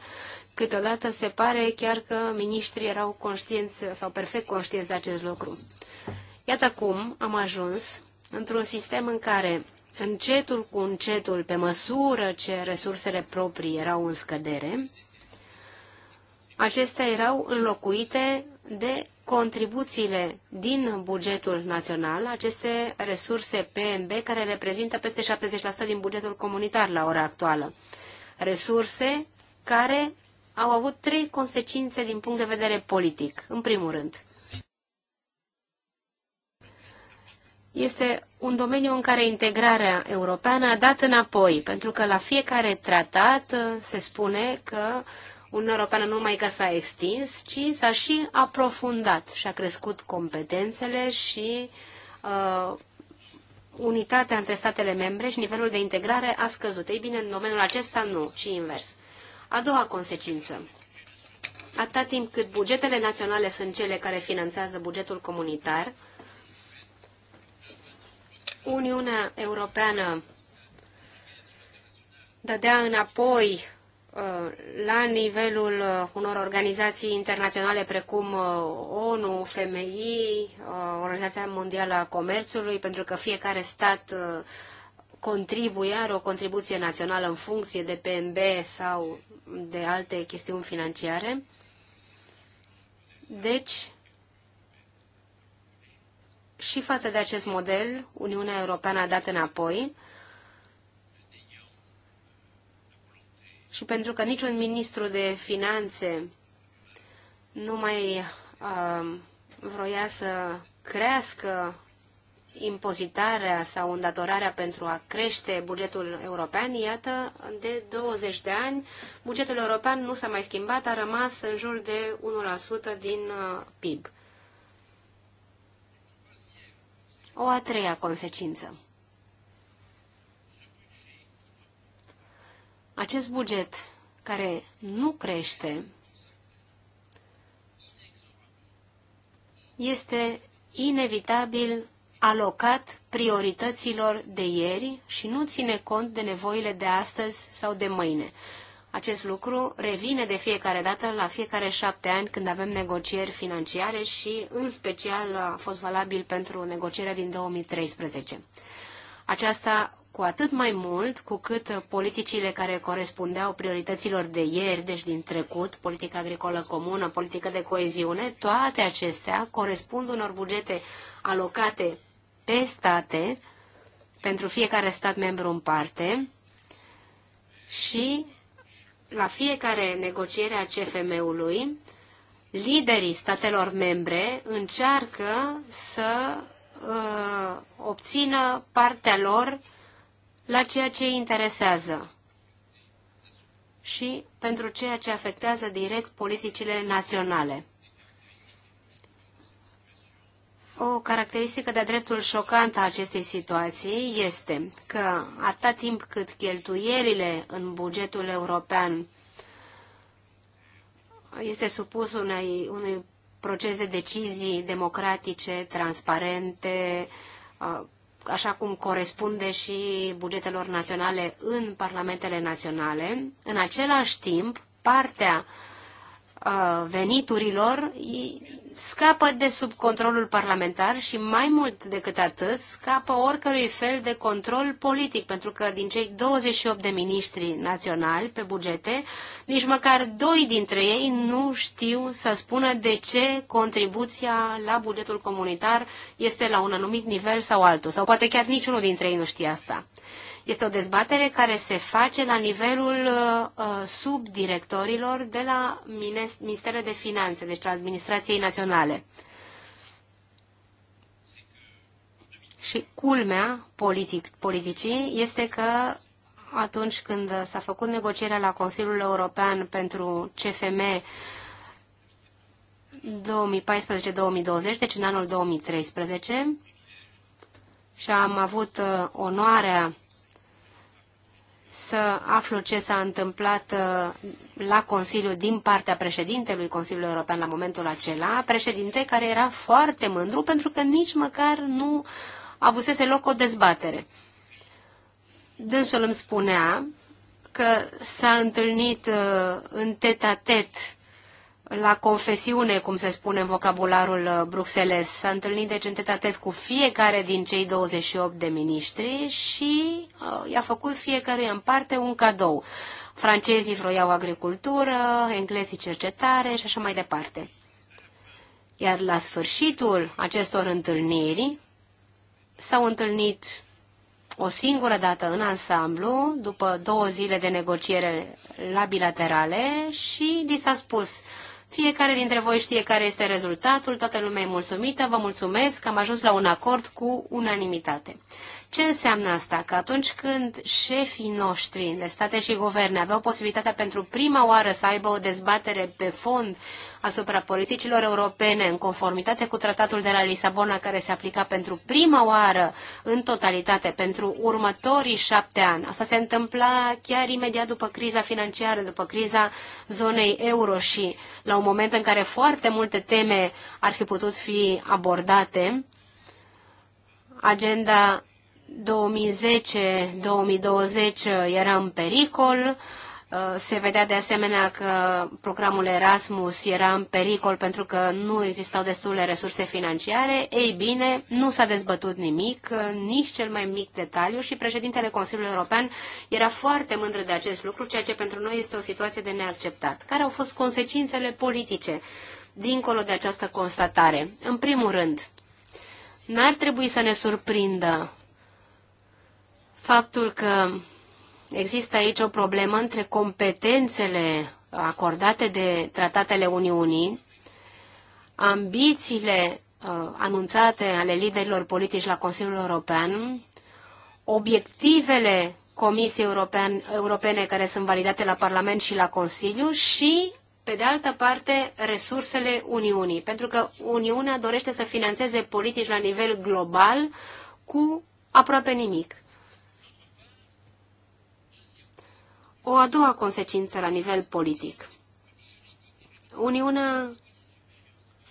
Câteodată se pare chiar că miniștrii erau conștienți sau perfect conștienți de acest lucru. Iată cum am ajuns într-un sistem în care încetul cu încetul, pe măsură ce resursele proprii erau în scădere, acestea erau înlocuite de contribuțiile din bugetul național, aceste resurse PMB care reprezintă peste 70% din bugetul comunitar la ora actuală. Resurse care au avut trei consecințe din punct de vedere politic. În primul rând, este un domeniu în care integrarea europeană a dat înapoi, pentru că la fiecare tratat uh, se spune că Uniunea Europeană nu numai că s-a extins, ci s-a și aprofundat și a crescut competențele și uh, unitatea între statele membre și nivelul de integrare a scăzut. Ei bine, în domeniul acesta nu, ci invers. A doua consecință. Atâta timp cât bugetele naționale sunt cele care finanțează bugetul comunitar, uh, Uniunea Europeană dădea înapoi uh, la nivelul uh, unor organizații internaționale precum uh, ONU, FMI, Organizația Mondială a Comerțului, pentru că fiecare stat contribuie, are o contribuție națională în funcție de PNB sau de alte chestiuni financiare. Deci, și față de acest model, Uniunea Europeană a dat înapoi și pentru că niciun ministru de finanțe nu mai uh, vroia să crească impozitarea sau îndatorarea pentru a crește bugetul european, iată, de 20 de ani, bugetul european nu s-a mai schimbat, a rămas în jur de 1% din uh, PIB. O a treia consecință. Acest buget care nu crește este inevitabil alocat priorităților de ieri și nu ține cont de nevoile de astăzi sau de mâine. Acest lucru revine de fiecare dată la fiecare șapte ani când avem negocieri financiare și în special a fost valabil pentru negocierea din 2013. Aceasta cu atât mai mult cu cât politicile care corespundeau priorităților de ieri, deci din trecut, politica agricolă comună, politică de coeziune, toate acestea corespund unor bugete alocate pe state, pentru fiecare stat membru în parte și la fiecare negociere a CFM-ului, liderii statelor membre încearcă să uh, obțină partea lor la ceea ce îi interesează și pentru ceea ce afectează direct politicile naționale. O caracteristică de-a dreptul șocantă a acestei situații este că atâta timp cât cheltuielile în bugetul european este supus unei, unui proces de decizii democratice, transparente, așa cum corespunde și bugetelor naționale în parlamentele naționale, în același timp, partea uh, veniturilor scapă de sub controlul parlamentar și mai mult decât atât scapă oricărui fel de control politic, pentru că din cei 28 de miniștri naționali pe bugete, nici măcar doi dintre ei nu știu să spună de ce contribuția la bugetul comunitar este la un anumit nivel sau altul, sau poate chiar niciunul dintre ei nu știe asta. Este o dezbatere care se face la nivelul uh, uh, subdirectorilor de la Ministerul de Finanțe, deci la Administrației Naționale. Și culmea politic, politicii este că atunci când s-a făcut negocierea la Consiliul European pentru CFM 2014-2020, deci în anul 2013, și am avut uh, onoarea să aflu ce s-a întâmplat uh, la Consiliu din partea președintelui Consiliului European la momentul acela, președinte care era foarte mândru pentru că nici măcar nu avusese loc o dezbatere. Dânsul îmi spunea că s-a întâlnit uh, în tet-a-tet tet a tet la confesiune, cum se spune în vocabularul uh, Bruxelles. S-a întâlnit deci în cu fiecare din cei 28 de miniștri și uh, i-a făcut fiecare în parte un cadou. Francezii vroiau agricultură, englezii cercetare și așa mai departe. Iar la sfârșitul acestor întâlniri s-au întâlnit o singură dată în ansamblu, după două zile de negociere la bilaterale și li s-a spus uh, fiecare dintre voi știe care este rezultatul, toată lumea e mulțumită, vă mulțumesc, am ajuns la un acord cu unanimitate. Ce înseamnă asta? Că atunci când șefii noștri de state și guverne aveau posibilitatea pentru prima oară să aibă o dezbatere pe fond asupra politicilor europene în conformitate cu tratatul de la Lisabona care se aplica pentru prima oară în totalitate pentru următorii șapte ani. Asta se întâmpla chiar imediat după criza financiară, după criza zonei euro și la un moment în care foarte multe teme ar fi putut fi abordate agenda 2010-2020 era în pericol. Uh, se vedea de asemenea că programul Erasmus era în pericol pentru că nu existau destule resurse financiare. Ei bine, nu s-a dezbătut nimic, nici cel mai mic detaliu și președintele Consiliului European era foarte mândră de acest lucru, ceea ce pentru noi este o situație de neacceptat. Care au fost consecințele politice dincolo de această constatare? În primul rând, n-ar trebui să ne surprindă faptul că există aici o problemă între competențele acordate de tratatele Uniunii, ambițiile uh, anunțate ale liderilor politici la Consiliul European, obiectivele Comisiei European, Europene care sunt validate la Parlament și la Consiliu și, pe de altă parte, resursele Uniunii, pentru că Uniunea dorește să financeze politici la nivel global cu aproape nimic. O a doua consecință la nivel politic. Uniunea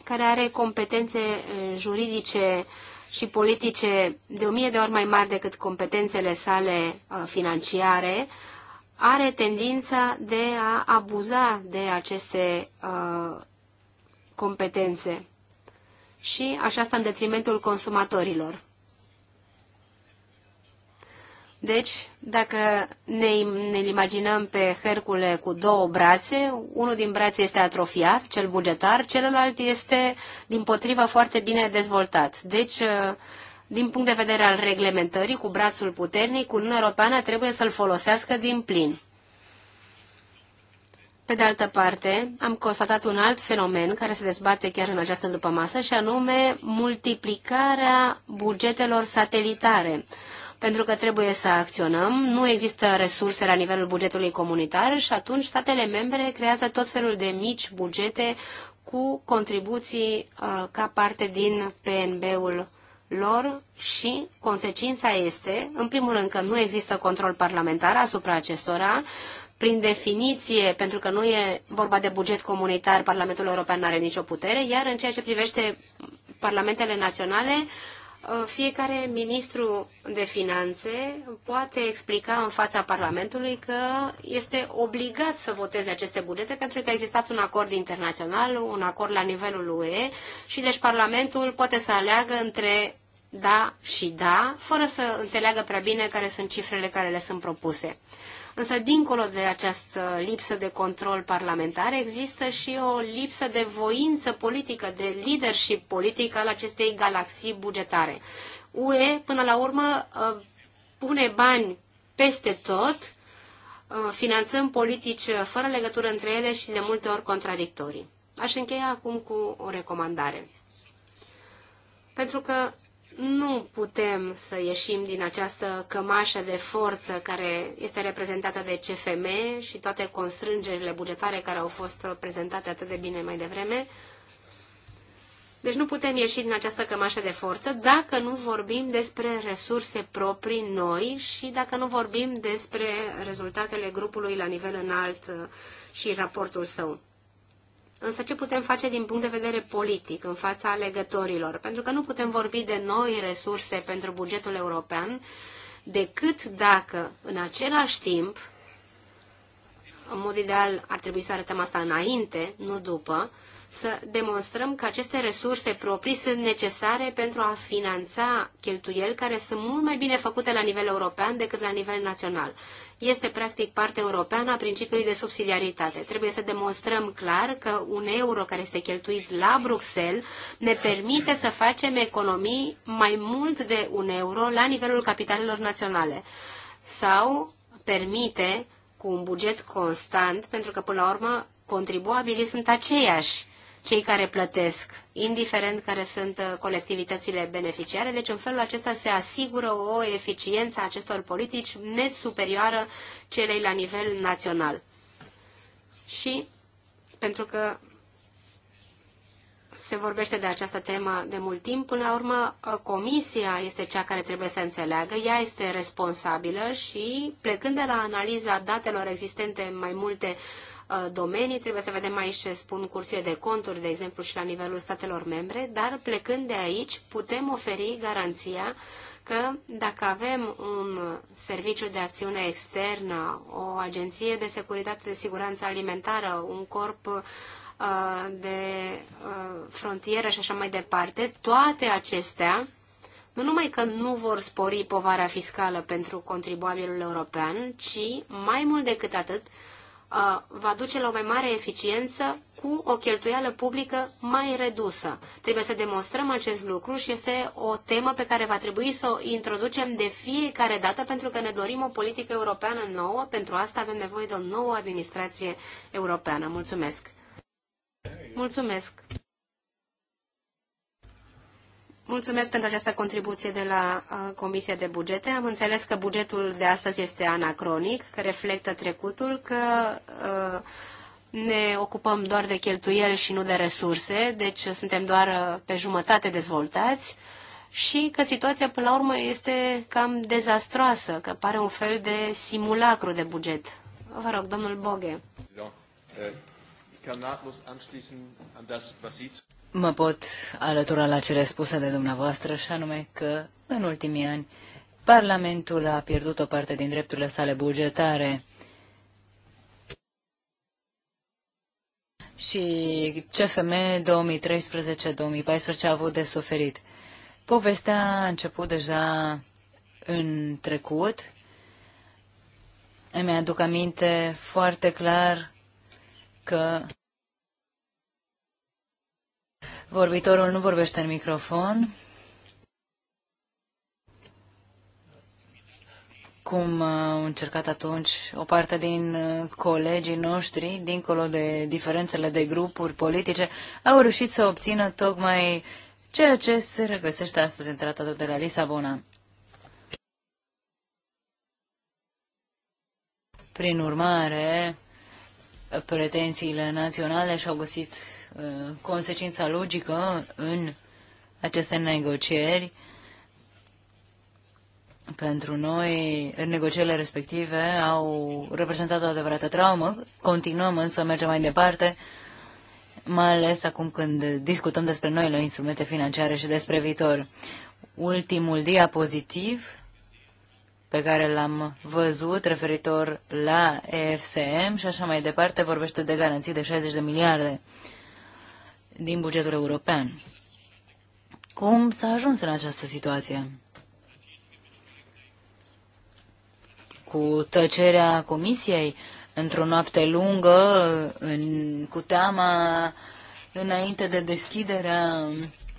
care are competențe eh, juridice și politice de o mie de ori mai mari decât competențele sale eh, financiare, are tendința de a abuza de aceste uh, competențe. Și așa asta în detrimentul consumatorilor. Deci, dacă ne, ne imaginăm pe Hercule cu două brațe, unul din brațe este atrofiat, cel bugetar, celălalt este, din potrivă, foarte bine dezvoltat. Deci, uh, din punct de vedere al reglementării, cu brațul puternic, Uniunea Europeană trebuie să-l folosească din plin. Pe de altă parte, am constatat un alt fenomen care se dezbate chiar în această dupa-masă și anume multiplicarea bugetelor satelitare pentru că trebuie să acționăm, nu există resurse la nivelul bugetului comunitar și atunci statele membre creează tot felul de mici bugete cu contribuții uh, ca parte din PNB-ul lor și consecința este, în primul rând, că nu există control parlamentar asupra acestora, prin definiție, pentru că nu e vorba de buget comunitar, Parlamentul European nu are nicio putere, iar în ceea ce privește parlamentele naționale, uh, Uh, fiecare ministru de finanțe poate explica în fața Parlamentului că este obligat să voteze aceste bugete pentru că a existat un acord internațional, un acord la nivelul UE și deci Parlamentul poate să aleagă între da și da, fără să înțeleagă prea bine care sunt cifrele care le sunt propuse. Însă, dincolo de această lipsă de control parlamentar, există și o lipsă de voință politică, de leadership politic al acestei galaxii bugetare. UE, până la urmă, uh, pune bani peste tot, uh, finanțăm politici fără legătură între ele și de multe ori contradictorii. Aș încheia acum cu o recomandare. Pentru că nu putem să ieșim din această cămașă de forță care este reprezentată de CFM și toate constrângerile bugetare care au fost prezentate atât de bine mai devreme. Deci nu putem ieși din această cămașă de forță dacă nu vorbim despre resurse proprii noi și dacă nu vorbim despre rezultatele grupului la nivel înalt uh, și raportul său. Însă ce putem face din punct de vedere politic în fața alegătorilor? Pentru că nu putem vorbi de noi resurse pentru bugetul european decât dacă în același timp, în mod ideal ar trebui să arătăm asta înainte, nu după, să demonstrăm că aceste resurse proprii sunt necesare pentru a finanța cheltuieli care sunt mult mai bine făcute la nivel european decât la nivel național. Este practic parte europeană a principiului de subsidiaritate. Trebuie să demonstrăm clar că un euro care este cheltuit la Bruxelles ne permite să facem economii mai mult de un euro la nivelul capitalelor naționale sau permite cu un buget constant, pentru că până la urmă contribuabilii sunt aceiași cei care plătesc, indiferent care sunt uh, colectivitățile beneficiare. Deci, în felul acesta se asigură o eficiență a acestor politici net superioară celei la nivel național. Și, pentru că se vorbește de această temă de mult timp. Până la urmă, uh, comisia este cea care trebuie să înțeleagă, ea este responsabilă și, plecând de la analiza datelor existente în mai multe Uh, domenii. Trebuie să vedem aici ce spun curțile de conturi, de exemplu, și la nivelul statelor membre, dar plecând de aici putem oferi garanția că dacă avem un serviciu de acțiune externă, o agenție de securitate de siguranță alimentară, un corp uh, de uh, frontieră și așa mai departe, toate acestea nu numai că nu vor spori povara fiscală pentru contribuabilul european, ci mai mult decât atât va duce la o mai mare eficiență cu o cheltuială publică mai redusă. Trebuie să demonstrăm acest lucru și este o temă pe care va trebui să o introducem de fiecare dată pentru că ne dorim o politică europeană nouă. Pentru asta avem nevoie de o nouă administrație europeană. Mulțumesc! Mulțumesc! Mulțumesc pentru această contribuție de la uh, Comisia de Bugete. Am înțeles că bugetul de astăzi este anacronic, că reflectă trecutul, că uh, ne ocupăm doar de cheltuieli și nu de resurse, deci suntem doar uh, pe jumătate dezvoltați și că situația până la urmă este cam dezastroasă, că pare un fel de simulacru de buget. Vă rog, domnul Boghe. Mă pot alătura la cele spuse de dumneavoastră și anume că în ultimii ani Parlamentul a pierdut o parte din drepturile sale bugetare. Și CFM 2013-2014 a avut de suferit. Povestea a început deja în trecut. Îmi aduc aminte foarte clar că Vorbitorul nu vorbește în microfon. cum au încercat atunci o parte din uh, colegii noștri, dincolo de diferențele de grupuri politice, au reușit să obțină tocmai ceea ce se regăsește astăzi în tratatul de la Lisabona. Prin urmare, pretențiile naționale și-au găsit Uh, consecința logică în aceste negocieri pentru noi, negocierile respective au reprezentat o adevărată traumă. Continuăm însă, mergem mai departe, mai ales acum când discutăm despre noile instrumente financiare și despre viitor. Ultimul diapozitiv pe care l-am văzut referitor la EFSM și așa mai departe vorbește de garanții de 60 de miliarde din bugetul european. Cum s-a ajuns în această situație? Cu tăcerea comisiei, într-o noapte lungă, în, cu teama înainte de deschiderea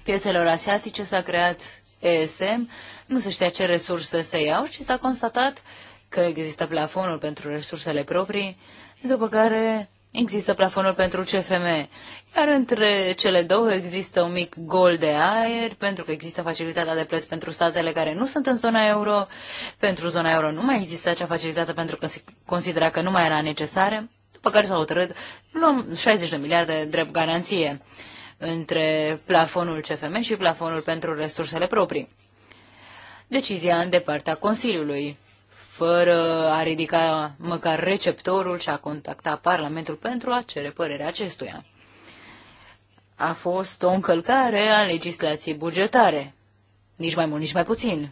piețelor asiatice, s-a creat ESM, nu se știa ce resurse se iau și s-a constatat că există plafonul pentru resursele proprii, după care există plafonul pentru CFM. Iar între cele două există un mic gol de aer, pentru că există facilitatea de plăți pentru statele care nu sunt în zona euro. Pentru zona euro nu mai există acea facilitate pentru că se considera că nu mai era necesară. După care s-au hotărât, luăm 60 de miliarde drept garanție între plafonul CFM și plafonul pentru resursele proprii. Decizia în de partea Consiliului, fără a ridica măcar receptorul și a contacta Parlamentul pentru a cere părerea acestuia a fost o încălcare a legislației bugetare. Nici mai mult, nici mai puțin.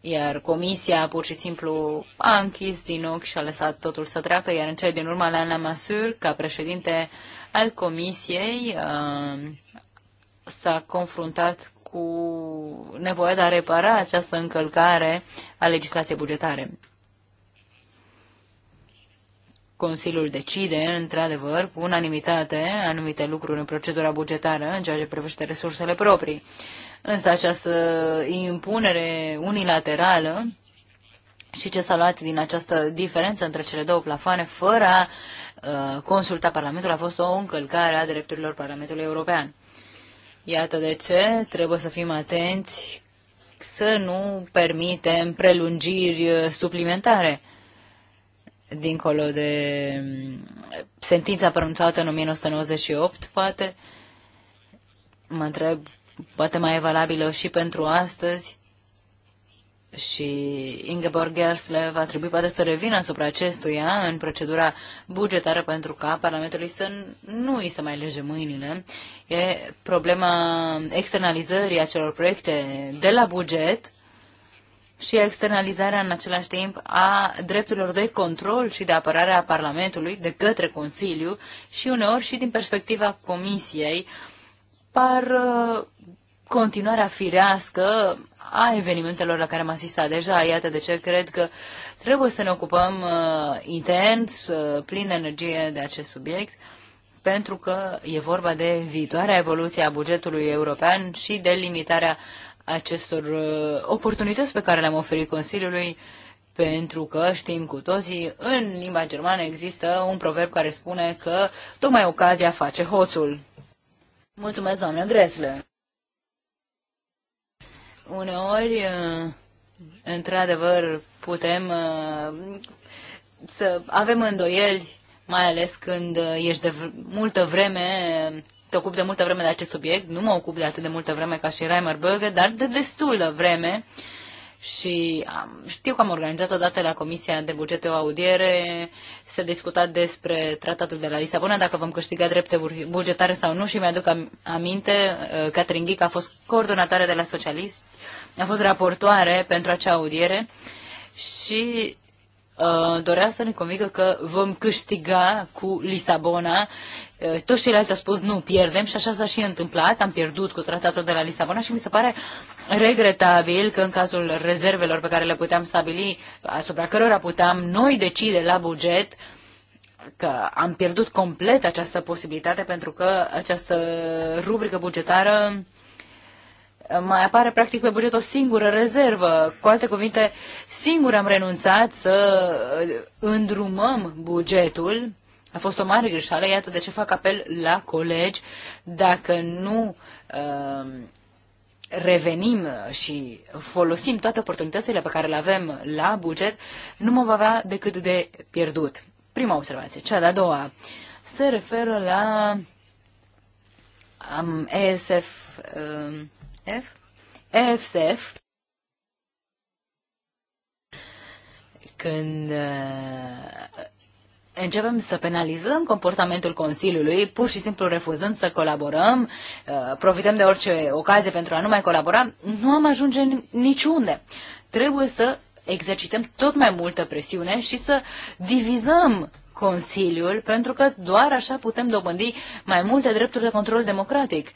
Iar comisia pur și simplu a închis din ochi și a lăsat totul să treacă, iar în cele din urmă Anna Masur, ca președinte al comisiei, uh, s-a confruntat cu nevoia de a repara această încălcare a legislației bugetare. Consiliul decide, într-adevăr, cu unanimitate, anumite lucruri în procedura bugetară, în ceea ce privește resursele proprii. Însă această impunere unilaterală și ce s-a luat din această diferență între cele două plafoane, fără a uh, consulta Parlamentul, a fost o încălcare a drepturilor Parlamentului European. Iată de ce trebuie să fim atenți să nu permitem prelungiri uh, suplimentare dincolo de mm, sentința pronunțată în 1998, poate mă întreb, poate mai e valabilă și pentru astăzi și Ingeborg Gersle va trebui poate să revină asupra acestuia în procedura bugetară pentru ca Parlamentului să nu îi să mai lege mâinile. E problema externalizării acelor proiecte de la buget și externalizarea în același timp a drepturilor de control și de apărare a Parlamentului de către Consiliu și uneori și din perspectiva Comisiei par uh, continuarea firească a evenimentelor la care am asistat deja. Iată de ce cred că trebuie să ne ocupăm uh, intens, uh, plin de energie de acest subiect, pentru că e vorba de viitoarea evoluție a bugetului european și de limitarea acestor uh, oportunități pe care le-am oferit Consiliului, pentru că știm cu toții, în limba germană există un proverb care spune că tocmai ocazia face hoțul. Mulțumesc, doamnă Gresle! Uneori, uh, într-adevăr, putem uh, să avem îndoieli, mai ales când ești de multă vreme te ocupi de multă vreme de acest subiect, nu mă ocup de atât de multă vreme ca și Reimer Berger, dar de destulă vreme și am, știu că am organizat odată la Comisia de Bugete o audiere, se discuta despre tratatul de la Lisabona, dacă vom câștiga drepte bugetare sau nu și mi-aduc aminte, uh, Catherine Ghic a fost coordonatoare de la Socialist, a fost raportoare pentru acea audiere și uh, dorea să ne convingă că vom câștiga cu Lisabona Eh, toți ceilalți au spus nu, pierdem și așa s-a și întâmplat, am pierdut cu tratatul de la Lisabona și mi se pare regretabil că în cazul rezervelor pe care le puteam stabili, asupra cărora puteam noi decide la buget, că am pierdut complet această posibilitate pentru că această rubrică bugetară eh, mai apare practic pe buget o singură rezervă. Cu alte cuvinte, singur am renunțat să eh, îndrumăm bugetul a fost o mare greșeală, iată de ce fac apel la colegi. Dacă nu uh, revenim și folosim toate oportunitățile pe care le avem la buget, nu mă va avea decât de pierdut. Prima observație. Cea de-a doua se referă la um, ESF, um, F? EFSF, când uh, începem să penalizăm comportamentul Consiliului, pur și simplu refuzând să colaborăm, uh, profităm de orice ocazie pentru a nu mai colabora, nu am ajunge niciunde. Trebuie să exercităm tot mai multă presiune și să divizăm Consiliul, pentru că doar așa putem dobândi mai multe drepturi de control democratic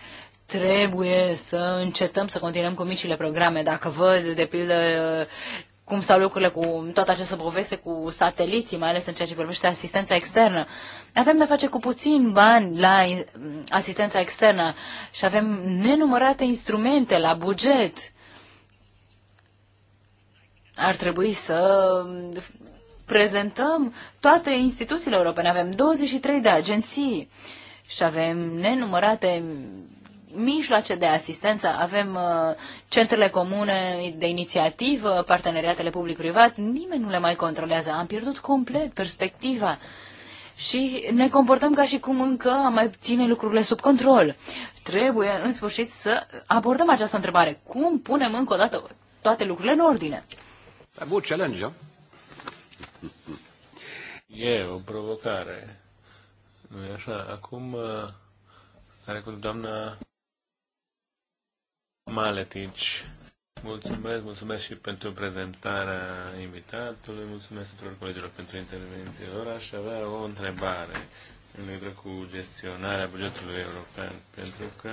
trebuie să încetăm să continuăm cu micile programe. Dacă văd, de pildă, cum stau lucrurile cu toată această poveste cu sateliții, mai ales în ceea ce privește asistența externă. Avem de-a face cu puțin bani la asistența externă și avem nenumărate instrumente la buget. Ar trebui să prezentăm toate instituțiile europene. Avem 23 de agenții și avem nenumărate mijloace de asistență, avem uh, centrele comune de inițiativă, parteneriatele public-privat, nimeni nu le mai controlează. Am pierdut complet perspectiva și ne comportăm ca și cum încă am mai ține lucrurile sub control. Trebuie, în sfârșit, să abordăm această întrebare. Cum punem încă o dată toate lucrurile în ordine? E un challenge, E o provocare. nu e așa? Acum uh, are cu doamna Maletici. Mulțumesc, mulțumesc și pentru prezentarea invitatului, mulțumesc tuturor colegilor pentru intervenție. Ora aș avea o întrebare în legătură cu gestionarea bugetului european, pentru că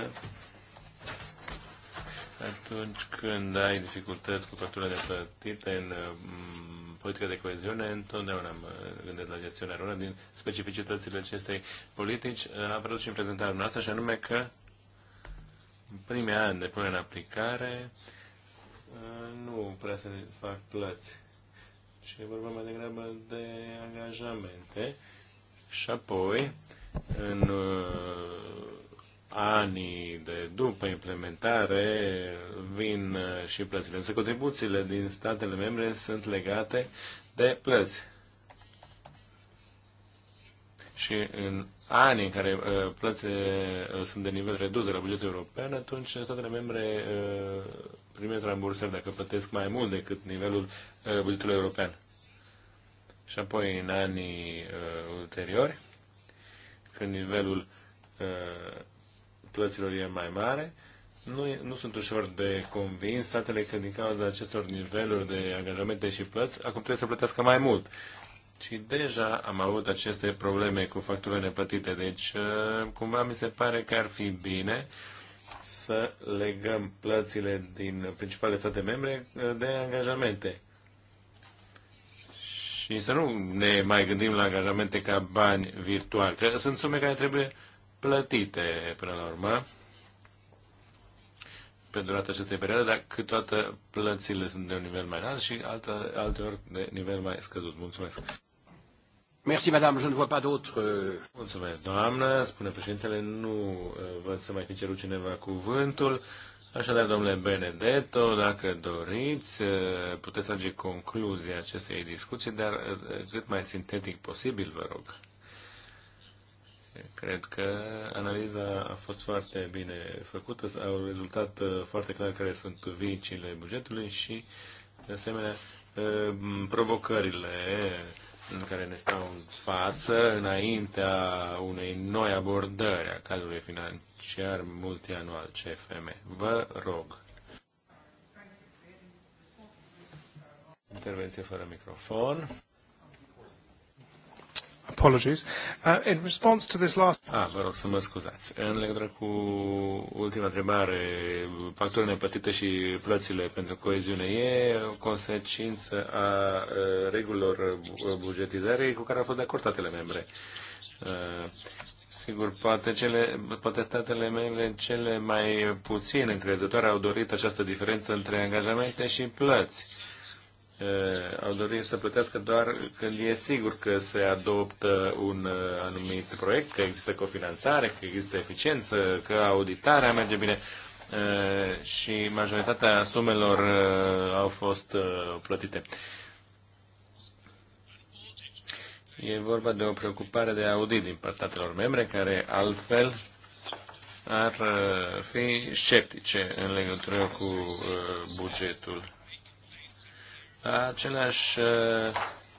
atunci când ai dificultăți cu factura de plătite în mm, politica de coeziune, întotdeauna mă gândesc la gestionarea una din specificitățile acestei politici. A apărut și în prezentarea noastră, și anume că în primii ani de până în aplicare uh, nu prea se fac plăți, Și e vorba mai degrabă de angajamente. Și apoi, în uh, anii de după implementare vin uh, și plățile. Însă contribuțiile din statele membre sunt legate de plăți. Și în ani în care uh, plățile uh, sunt de nivel redus de la bugetul european, atunci statele membre uh, primesc rambursări dacă plătesc mai mult decât nivelul uh, bugetului european. Și apoi în anii uh, ulteriori, când nivelul uh, plăților e mai mare, nu, nu sunt ușor de convins statele că din cauza acestor niveluri de angajamente și plăți, acum trebuie să plătească mai mult. Și deja am avut aceste probleme cu facturile neplătite, deci uh, cumva mi se pare că ar fi bine să legăm plățile din principalele state membre uh, de angajamente. Și să nu ne mai gândim la angajamente ca bani virtuali, că sunt sume care trebuie plătite până la urmă pe durata acestei perioade, dar câteodată plățile sunt de un nivel mai înalt și alte, alte ori de nivel mai scăzut. Mulțumesc! Merci, madame, je ne vois pas d'autres... Euh. Mulțumesc, doamnă, spune președintele, nu uh, văd să mai fi cerut cineva cuvântul. Așadar, domnule Benedetto, dacă doriți, uh, puteți trage concluzia acestei discuții, dar uh, cât mai sintetic posibil, vă rog. Cred că analiza a fost foarte bine făcută, au rezultat foarte clar care sunt viciile bugetului și, de asemenea, provocările în care ne stau în față înaintea unei noi abordări a cadrului financiar multianual CFM. Vă rog. Intervenție fără microfon. Apologies. Uh, in response to this last... Ah, vă rog să mă scuzați. În legătură cu ultima întrebare, facturile neplătite și plățile pentru coeziune, e o consecință a uh, regulilor uh, bugetizării cu care au fost de acord statele membre. Uh, Sigur, poate, cele, poate statele membre cele mai puțin încrezătoare au dorit această diferență între angajamente și plăți. Eh, au dorit să plătească doar când e sigur că se adoptă un eh, anumit proiect, că există cofinanțare, că există eficiență, că auditarea merge bine eh, și majoritatea sumelor au fost plătite. E vorba de o preocupare de audit din partea membre, care altfel ar fi sceptice în legătură cu bugetul aceleași uh,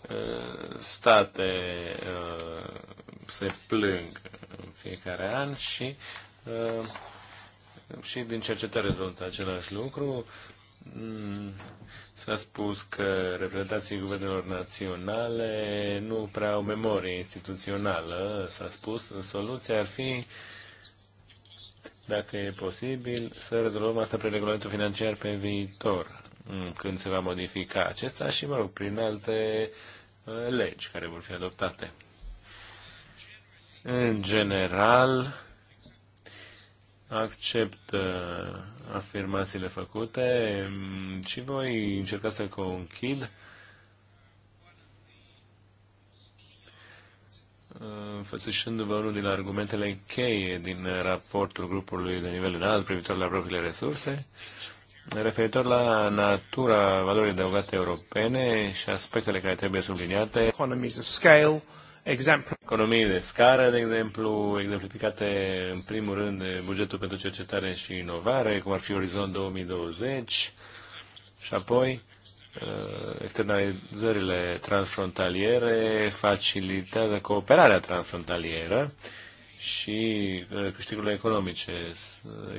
uh, state uh, se plâng în fiecare an și și din cercetare rezultă același lucru. Mm, s-a spus că reprezentanții guvernelor naționale nu prea au memorie instituțională. S-a spus, soluția ar fi, dacă e posibil, să rezolvăm asta prin regulamentul financiar pe viitor când se va modifica acesta și, mă rog, prin alte uh, legi care vor fi adoptate. În general, accept uh, afirmațiile făcute mm, și voi încerca să conchid înfățișându-vă unul din argumentele cheie din raportul grupului de nivel înalt privitor la propriile resurse, Referitor la natura valorii adăugate europene și aspectele care trebuie subliniate, economii de scară, de exemplu, exemplificate în primul rând de bugetul pentru cercetare și inovare, cum ar fi Orizont 2020, și apoi uh, externalizările transfrontaliere facilitează cooperarea transfrontalieră, și uh, câștigurile economice.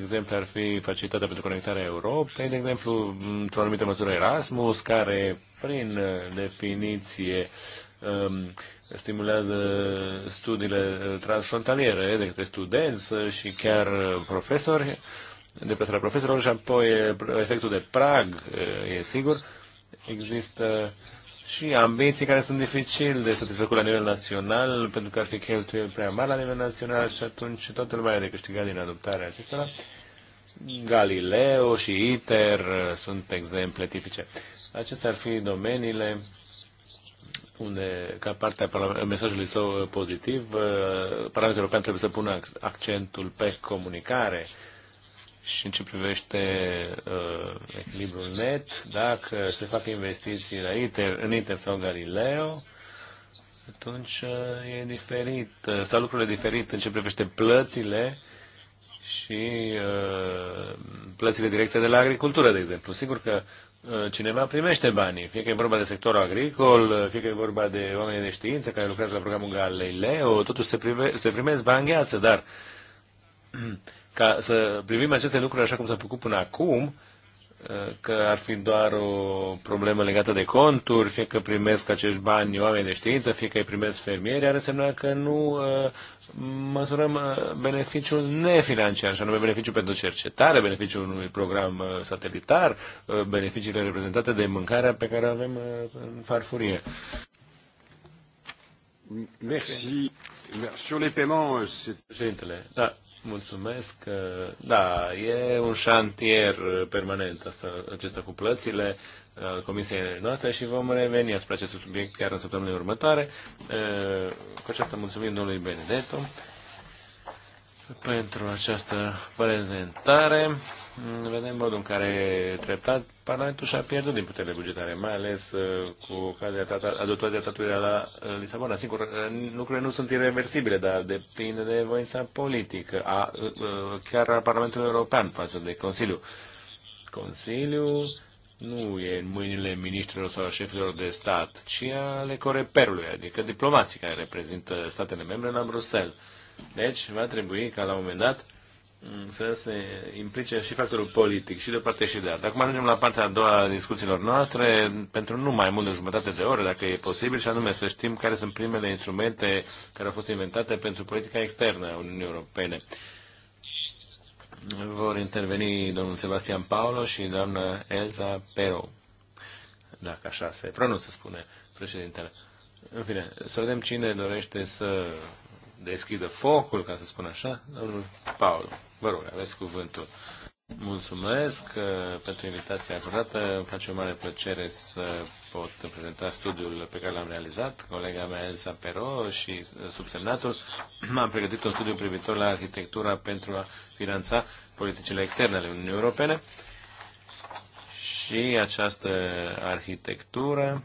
Exemple ar fi facilitatea pentru conectarea Europei, de exemplu, într-o anumită măsură Erasmus, care, prin uh, definiție, um, stimulează studiile uh, transfrontaliere de către studenți și chiar profesori, deplasarea profesorilor și apoi efectul de prag, e sigur. Există uh, și ambiții care sunt dificil de satisfăcut la nivel național, pentru că ar fi cheltuieli prea mari la nivel național și atunci toată lumea are de câștigat din adoptarea acestora. Galileo și ITER sunt exemple tipice. Acestea ar fi domeniile unde, ca parte a mesajului său pozitiv, Parlamentul European trebuie să pună accentul pe comunicare, și în ce privește uh, echilibrul net, dacă se fac investiții la ITER, în ITER sau Galileo, atunci uh, e diferit, uh, sau lucrurile diferite în ce privește plățile și uh, plățile directe de la agricultură, de exemplu. Sigur că uh, cineva primește banii, fie că e vorba de sectorul agricol, uh, fie că e vorba de oameni de știință care lucrează la programul Galileo, totuși se, prime, se primesc bani gheață, dar ca să privim aceste lucruri așa cum s-a făcut până acum, că ar fi doar o problemă legată de conturi, fie că primesc acești bani oameni de știință, fie că îi primesc fermieri, ar însemna că nu uh, măsurăm uh, beneficiul nefinanciar, și anume beneficiul pentru cercetare, beneficiul unui program uh, satelitar, beneficiile reprezentate de mâncarea pe care o avem în farfurie. Merci. Sur les paiements, euh, c'est... Da, Mulțumesc. Da, e un șantier permanent asta, acesta cu plățile comisiei noastre și vom reveni asupra acestui subiect chiar în săptămâna următoare. Cu aceasta mulțumim domnului Benedetto pentru această prezentare. Vedem modul în care treptat Parlamentul și-a pierdut din puterile bugetare, mai ales uh, cu ocazia adoptării tratatului la uh, Lisabona. Sigur, uh, lucrurile nu sunt irreversibile, dar depinde de voința politică, a, a, chiar a Parlamentului European față de Consiliu. Consiliu nu e în mâinile ministrilor sau șefilor de stat, ci ale coreperului, adică diplomații care reprezintă statele membre la Bruxelles. Deci va trebui ca la un moment dat să se implice și factorul politic, și de o parte și de alta. Acum ajungem la partea a doua a discuțiilor noastre, pentru nu mai mult de jumătate de oră, dacă e posibil, și anume să știm care sunt primele instrumente care au fost inventate pentru politica externă a Uniunii Europene. Vor interveni domnul Sebastian Paolo și doamna Elza Pero, dacă așa se pronunță, spune președintele. În fine, să vedem cine dorește să deschidă focul, ca să spun așa, domnul Paolo. Vă rog, aveți cuvântul. Mulțumesc uh, pentru invitația acordată. Îmi face o mare plăcere să pot prezenta studiul pe care l-am realizat. Colega mea Elsa Pero și uh, subsemnatul am pregătit un studiu privitor la arhitectura pentru a finanța politicile externe ale Uniunii Europene și această arhitectură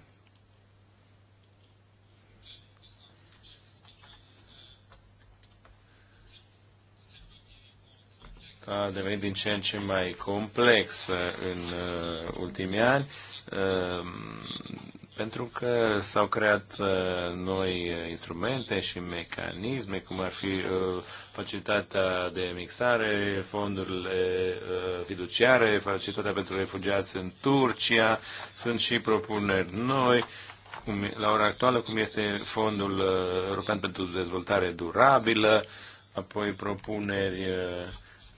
a devenit din ce în ce mai complex în uh, ultimii ani uh, pentru că s-au creat uh, noi instrumente și mecanisme, cum ar fi facilitatea de mixare, fondurile fiduciare, facilitatea pentru refugiați în Turcia, sunt și propuneri noi, cum, la ora actuală, cum este Fondul European pentru Dezvoltare Durabilă, apoi propuneri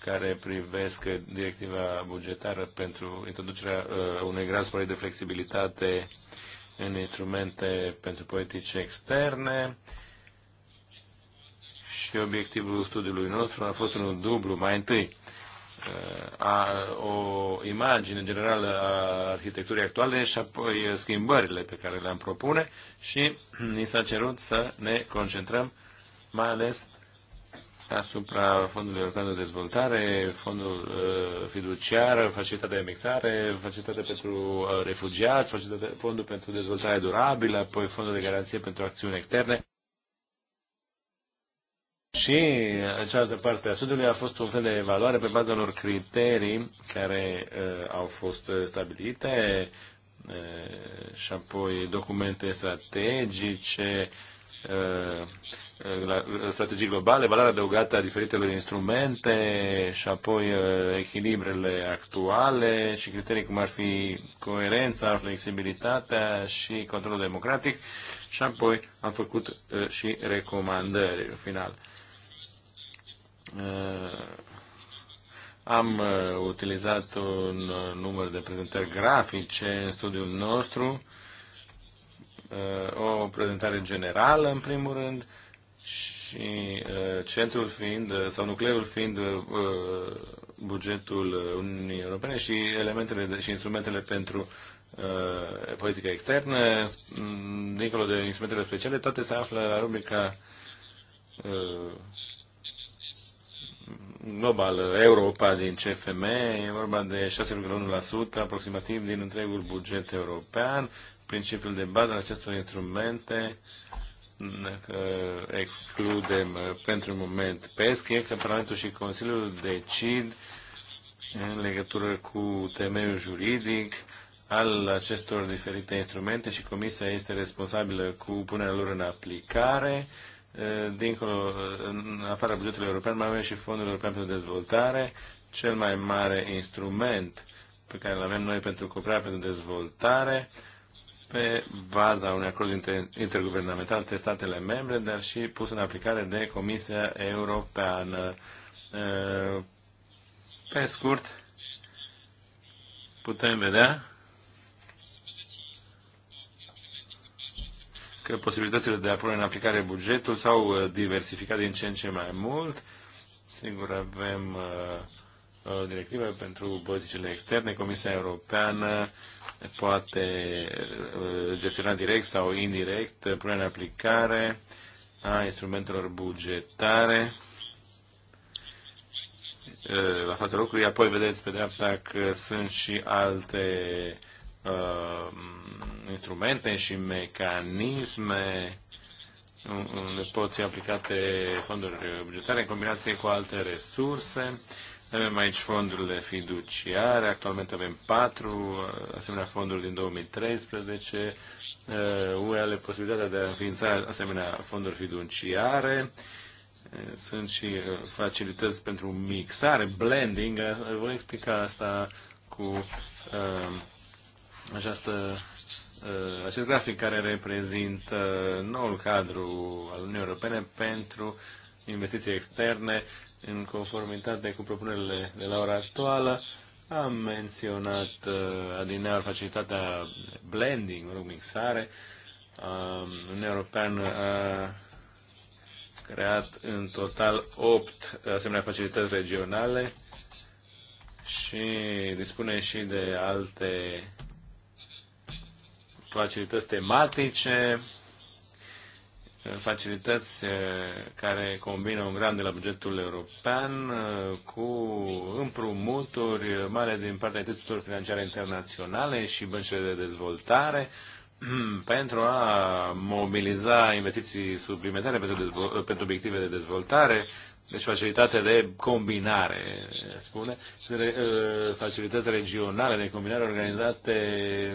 care privesc directiva bugetară pentru introducerea uh, unui grad sporit de flexibilitate în instrumente pentru politici externe și obiectivul studiului nostru a fost unul dublu. Mai întâi, uh, a, o imagine generală a arhitecturii actuale și apoi uh, schimbările pe care le-am propune și ni s-a cerut să ne concentrăm mai ales asupra Fondului European de Dezvoltare, Fondul uh, Fiduciar, Facilitatea de Mixare, Facilitatea pentru uh, Refugiați, facilitatea, Fondul pentru Dezvoltare Durabilă, apoi Fondul de Garanție pentru Acțiuni Externe. Și, în cealaltă parte a studiului, a fost un fel de evaluare pe baza unor criterii care uh, au fost stabilite uh, și apoi documente strategice, uh, Uh, strategii globale, valoarea adăugată a diferitelor instrumente și apoi uh, echilibrele actuale și criterii cum ar fi coerența, flexibilitatea și controlul democratic și apoi am făcut uh, și recomandări în final. Am utilizat un număr de prezentări grafice în studiul nostru Uh, o prezentare generală, în primul rând, și uh, centrul fiind, uh, sau nucleul fiind bugetul Uniunii Europene și elementele și instrumentele pentru politica externă, mm, dincolo de instrumentele speciale, toate se află la rubrica global Europa din CFM, e vorba de 6,1% aproximativ din întregul buget european, principiul de bază al acestor instrumente, că excludem uh, pentru moment PESC, e că Parlamentul și Consiliul decid în legătură cu temeiul juridic al acestor diferite instrumente și Comisia este responsabilă cu punerea lor în aplicare. Uh, dincolo, uh, în afara bugetului european, mai avem și Fondul European pentru Dezvoltare, cel mai mare instrument pe care îl avem noi pentru cooperare, pentru dezvoltare pe baza unui acord interguvernamental între statele membre, dar și pus în aplicare de Comisia Europeană. Pe scurt, putem vedea că posibilitățile de a pune în aplicare bugetul s-au uh, diversificat din ce în ce mai mult. Sigur, avem uh, Uh, directivă pentru politicile externe. Comisia Europeană poate uh, gestiona direct sau indirect punerea în aplicare a instrumentelor bugetare uh, la fața locului. Apoi vedeți pe dreapta că sunt și alte uh, instrumente și mecanisme unde pot fi aplicate fonduri bugetare în combinație cu alte resurse. Uh, avem aici fondurile fiduciare, actualmente avem patru asemenea fonduri din 2013, UE uh, are posibilitatea de a înființa asemenea fonduri fiduciare, uh, sunt și uh, facilități pentru mixare, blending, voi explica asta cu această acest grafic care reprezintă noul cadru al Uniunii Europene pentru investiții externe în conformitate cu propunerile de la ora actuală, am menționat uh, adineaur facilitatea blending, mă rog, mixare. Uh, Uniunea Europeană a creat în total 8 asemenea facilități regionale și dispune și de alte facilități tematice facilități eh, care combină un grant de la bugetul european eh, cu împrumuturi mare din partea instituțiilor financiare internaționale și băncile de dezvoltare pentru a mobiliza investiții suplimentare pentru, pentru obiective de dezvoltare, deci facilitate de combinare, spune, re, eh, facilități regionale de combinare organizate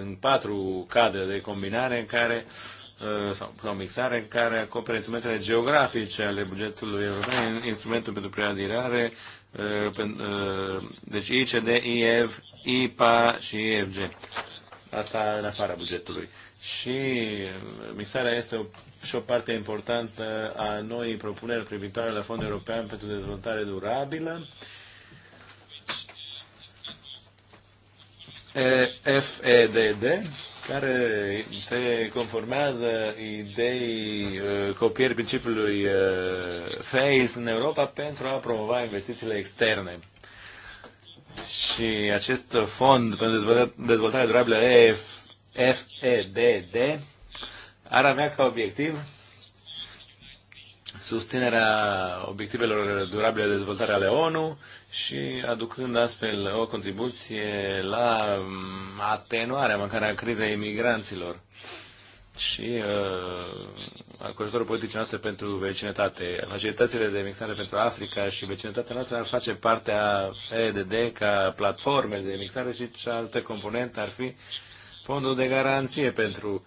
în patru cadre de combinare în care uh, Uh, sau, sau mixare care acopere instrumentele geografice ale bugetului european, instrumentul pentru preadirare, uh, uh, deci ICD, IEV, IPA și IFG. Asta în afara bugetului. Și mixarea este o, și o parte importantă a noii propuneri privitoare la Fondul European pentru Dezvoltare Durabilă. FEDD, care se conformează ideii uh, copierii principiului uh, FACE în Europa pentru a promova investițiile externe. Și acest fond pentru dezvoltare durabilă FEDD ar avea ca obiectiv susținerea obiectivelor durabile de dezvoltare ale ONU și aducând astfel o contribuție la mm, atenuarea măcar a crizei imigranților și uh, ajutorul politicii noastre pentru vecinătate. Majoritățile de mixare pentru Africa și vecinătatea noastră ar face parte a EDD ca platforme de mixare și cealaltă componentă ar fi fondul de garanție pentru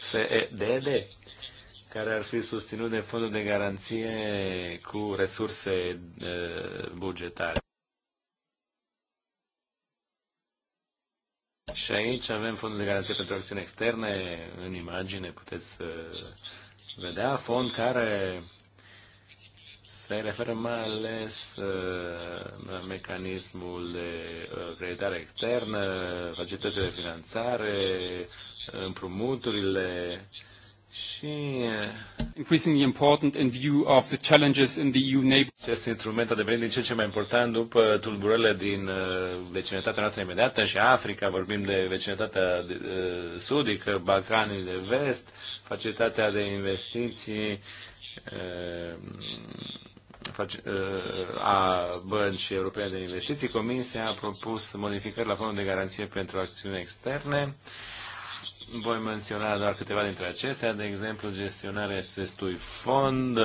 FEDD care ar fi susținut de fondul de garanție cu resurse eh, bugetare. Și aici avem fondul de garanție pentru acțiuni externe, în imagine puteți vedea, fond care se referă mai ales eh, la mecanismul de eh, creditare externă, facilitățile de finanțare, împrumuturile, și increasingly important in view of the challenges in the EU neighborhood. Acest instrument a devenit din ce ce mai important după tulburările din uh, vecinătatea noastră imediată și Africa, vorbim de vecinătatea uh, sudică, Balcanii de vest, facilitatea de investiții uh, a băncii europene de investiții. Comisia a propus modificări la fondul de garanție pentru acțiuni externe. Uh, voi menționa doar câteva dintre acestea, de exemplu, gestionarea acestui fond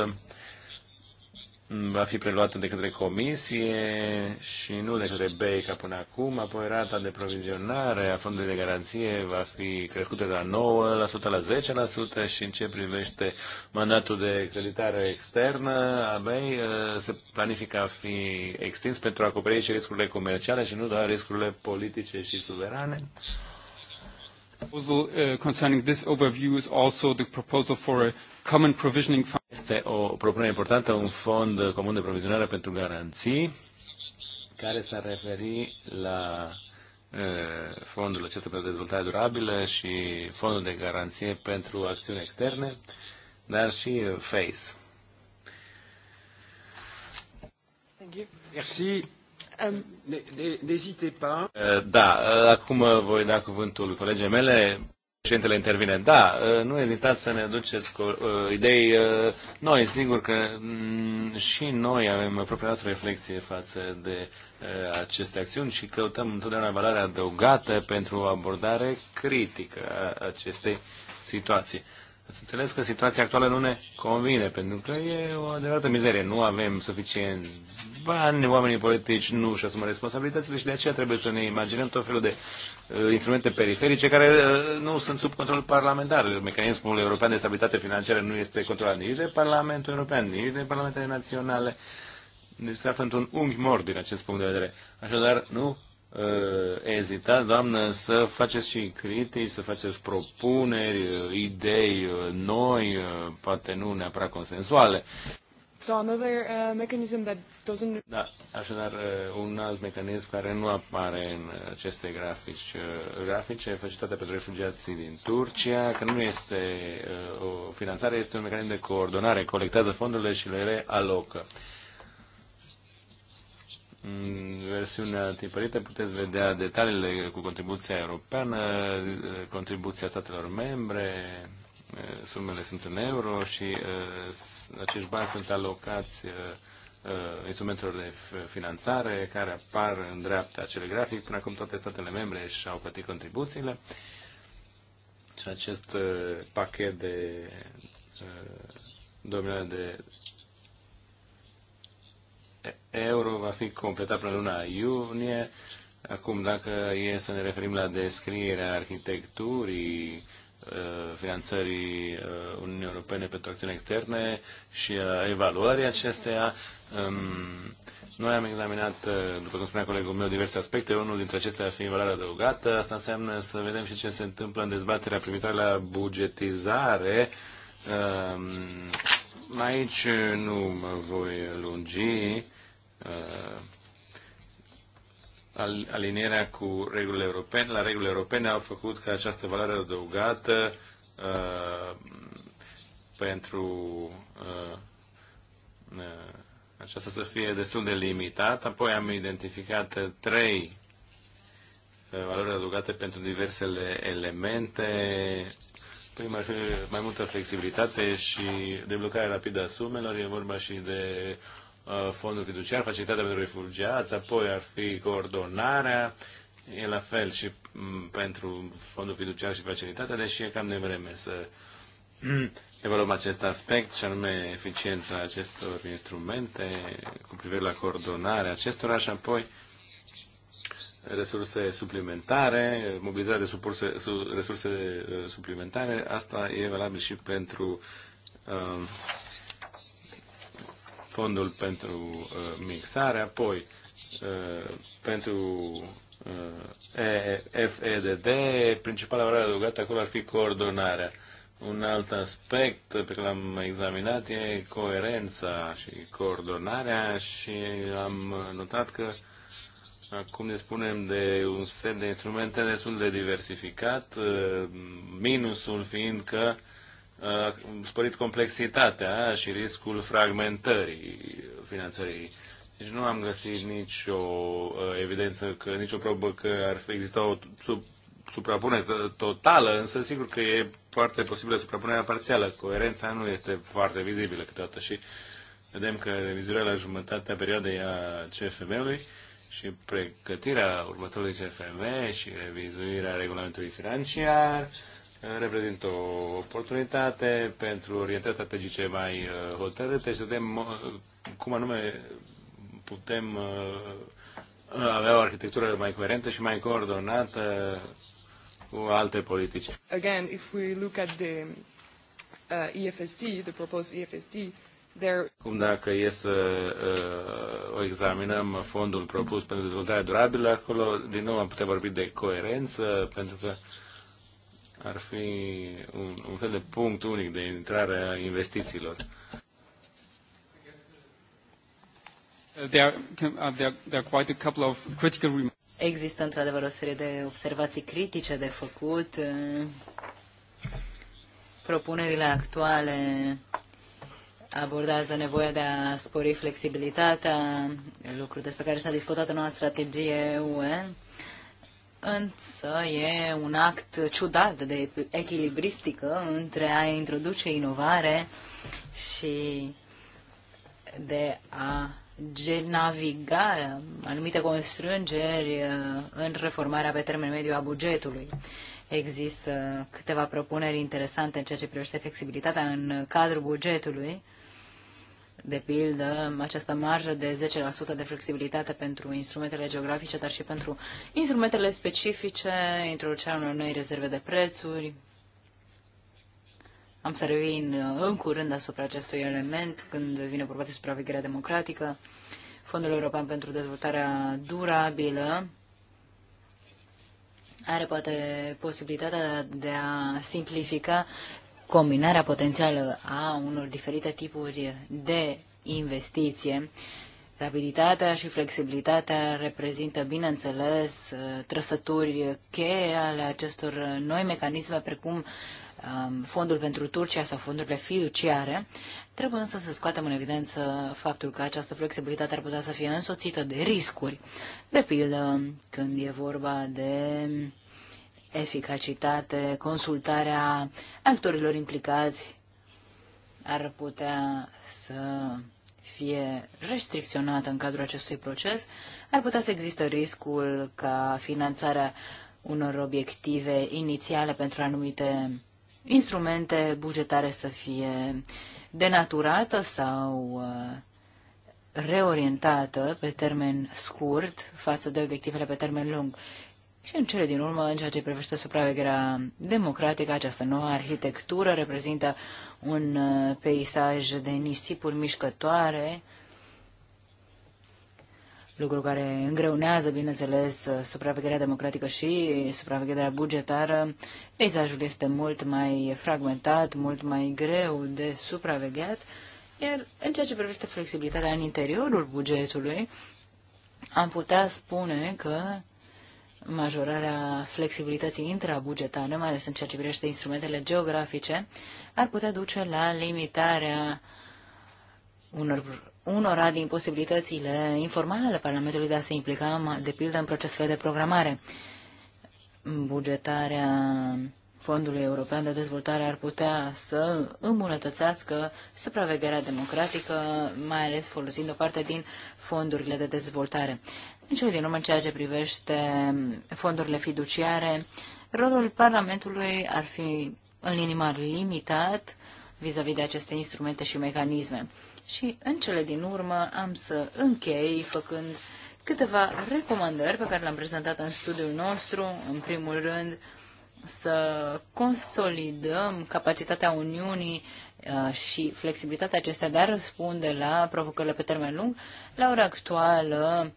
mm, va fi preluată de către comisie și nu de către BEI ca până acum, apoi rata de provizionare a fondului de garanție va fi crescută de la 9% la 10% și în ce privește mandatul de creditare externă a BEI eh, se planifică a fi extins pentru a acoperi și riscurile comerciale și nu doar riscurile politice și suverane proposal uh, concerning this overview is also the proposal for a common provisioning fund. Este o propunere importantă, un fond comun de provizionare pentru garanții care s a referi la uh, fondul acesta pentru dezvoltare durabilă și fondul de garanție pentru acțiuni externe, dar și FACE. Thank you. Merci. Um... N'ezite eh, Da, eh, acum voi da cuvântul colegii mele. Președintele intervine. Da, eh, nu ezitați să ne aduceți idei noi. Sigur că mm, și noi avem propria noastră reflexie față de aceste acțiuni și căutăm întotdeauna valoarea adăugată pentru o abordare critică a acestei situații. Ați înțeles că situația actuală nu ne convine, pentru că e o adevărată mizerie. Nu avem suficient bani, oamenii politici nu își asumă responsabilitățile și de aceea trebuie să ne imaginăm tot felul de uh, instrumente periferice care uh, nu sunt sub control parlamentar. Mecanismul European de Stabilitate Financiară nu este controlat nici de Parlamentul European, nici de Parlamentele Naționale. Deci se află într-un unghi mort din acest punct de vedere. Așadar, nu uh, ezitați, doamnă, să faceți și critici, să faceți propuneri, uh, idei uh, noi, uh, poate nu neapărat consensuale. So another uh, mechanism that doesn't... Da, așadar, un alt mecanism care nu apare în aceste grafici, grafice, facilitatea pentru refugiații din Turcia, că nu este uh, o finanțare, este un mecanism de coordonare, colectează fondurile și le realocă. În versiunea tipărită puteți vedea detaliile cu contribuția europeană, contribuția statelor membre, sumele sunt în euro și uh, acești bani sunt alocați uh, uh, instrumentelor de finanțare care apar în dreapta acele grafic. Până acum toate statele membre și-au plătit contribuțiile și acest pachet de 2 milioane de euro va fi completat până luna iunie. Acum, dacă e să ne referim la descrierea arhitecturii uh, finanțării uh, Uniunii Europene pentru acțiuni externe și a evaluării acesteia, um, noi am examinat, uh, după cum spunea colegul meu, diverse aspecte. Unul dintre acestea fi valoarea adăugată. Asta înseamnă să vedem și ce se întâmplă în dezbaterea privitoare la bugetizare. Um, aici nu mă voi lungi. Uh, alinierea cu regulile europene, la regulile europene au făcut ca această valoare adăugată uh, pentru uh, uh, aceasta să fie destul de limitată. Apoi am identificat trei uh, valori adăugate pentru diversele elemente. Prima ar fi mai multă flexibilitate și deblocarea rapidă a sumelor. E vorba și de uh, Uh, fondul fiduciar, facilitatea pentru refugiați, apoi ar fi coordonarea, e la fel și pentru fondul fiduciar și facilitatea, deși e cam nevreme să evaluăm acest aspect și anume eficiența acestor instrumente cu privire la coordonarea acestora și apoi resurse suplimentare, mobilizarea de supurse, su, resurse uh, suplimentare, asta e valabil și pentru uh, fondul pentru uh, mixare, apoi uh, pentru uh, FEDD, principala oră adăugată acolo ar fi coordonarea. Un alt aspect pe care l-am examinat e coerența și coordonarea și am notat că acum ne spunem de un set de instrumente destul de diversificat, minusul fiind că Uh, sporit complexitatea și riscul fragmentării finanțării. Deci nu am găsit nicio uh, evidență, că, nicio probă că ar exista o sub, suprapunere totală, însă sigur că e foarte posibilă suprapunerea parțială. Coerența nu este foarte vizibilă câteodată și vedem că revizuirea la jumătatea perioadei a CFM-ului și pregătirea următorului CFM și revizuirea regulamentului financiar reprezintă o oportunitate pentru orientări strategice mai uh, hotărâte și să vedem uh, cum anume putem uh, avea o arhitectură mai coerentă și mai coordonată cu alte politici. Again, if we look at the uh, EFST, the proposed EFST, there... Cum dacă e să uh, o examinăm fondul propus pentru dezvoltare durabilă, acolo din nou am putea vorbi de coerență, pentru că uh, ar fi un, un fel de punct unic de intrare a investițiilor. Uh, uh, Există într-adevăr o serie de observații critice de făcut. Uh, propunerile actuale abordează nevoia de a spori flexibilitatea, lucru despre care s-a discutat în noua strategie UE însă e un act ciudat de echilibristică între a introduce inovare și de a naviga anumite constrângeri uh, în reformarea pe termen mediu a bugetului. Există câteva propuneri interesante în ceea ce privește flexibilitatea în cadrul bugetului de pildă, această marjă de 10% de flexibilitate pentru instrumentele geografice, dar și pentru instrumentele specifice, introducerea unor noi rezerve de prețuri. Am să revin uh, în curând asupra acestui element când vine vorba de supravegherea democratică, Fondul European pentru Dezvoltarea Durabilă, are poate posibilitatea de a simplifica combinarea potențială a unor diferite tipuri de investiție. Rapiditatea și flexibilitatea reprezintă, bineînțeles, trăsături cheie ale acestor noi mecanisme, precum um, fondul pentru Turcia sau fondurile fiduciare. Trebuie însă să scoatem în evidență faptul că această flexibilitate ar putea să fie însoțită de riscuri. De pildă, când e vorba de eficacitate, consultarea actorilor implicați ar putea să fie restricționată în cadrul acestui proces, ar putea să există riscul ca finanțarea unor obiective inițiale pentru anumite instrumente bugetare să fie denaturată sau uh, reorientată pe termen scurt față de obiectivele pe termen lung. Și în cele din urmă, în ceea ce privește supravegherea democratică, această nouă arhitectură reprezintă un uh, peisaj de nisipuri mișcătoare, lucru care îngreunează, bineînțeles, uh, supravegherea democratică și supravegherea bugetară. Peisajul este mult mai fragmentat, mult mai greu de supravegheat, iar în ceea ce privește flexibilitatea în interiorul bugetului, am putea spune că majorarea flexibilității intrabugetare, mai ales în ceea ce privește instrumentele geografice, ar putea duce la limitarea unor, unora din posibilitățile informale ale Parlamentului de a se implica, de pildă, în procesele de programare. Bugetarea Fondului European de Dezvoltare ar putea să îmbunătățească supravegherea democratică, mai ales folosind o parte din fondurile de dezvoltare. În cele din urmă, în ceea ce privește fondurile fiduciare, rolul Parlamentului ar fi în linii mari limitat vis-a-vis -vis de aceste instrumente și mecanisme. Și în cele din urmă am să închei făcând câteva recomandări pe care le-am prezentat în studiul nostru. În primul rând, să consolidăm capacitatea Uniunii uh, și flexibilitatea acestea de a răspunde la provocările pe termen lung. La ora actuală,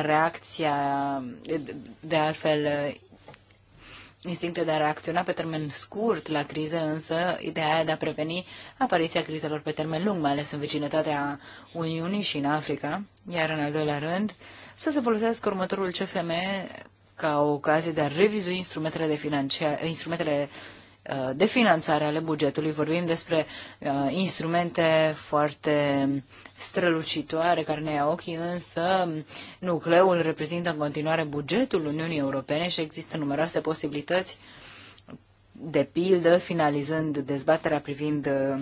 reacția, de altfel, instinctul de a reacționa pe termen scurt la criză, însă ideea de a preveni apariția crizelor pe termen lung, mai ales în vecinătatea Uniunii și în Africa, iar în al doilea rând, să se folosească următorul CFM ca o ocazie de a revizui instrumentele, de financiar, instrumentele Uh, de finanțare ale bugetului. Vorbim despre uh, instrumente foarte strălucitoare care ne iau ochii, însă nucleul reprezintă în continuare bugetul Uniunii Europene și există numeroase posibilități, de pildă, finalizând dezbaterea privind uh,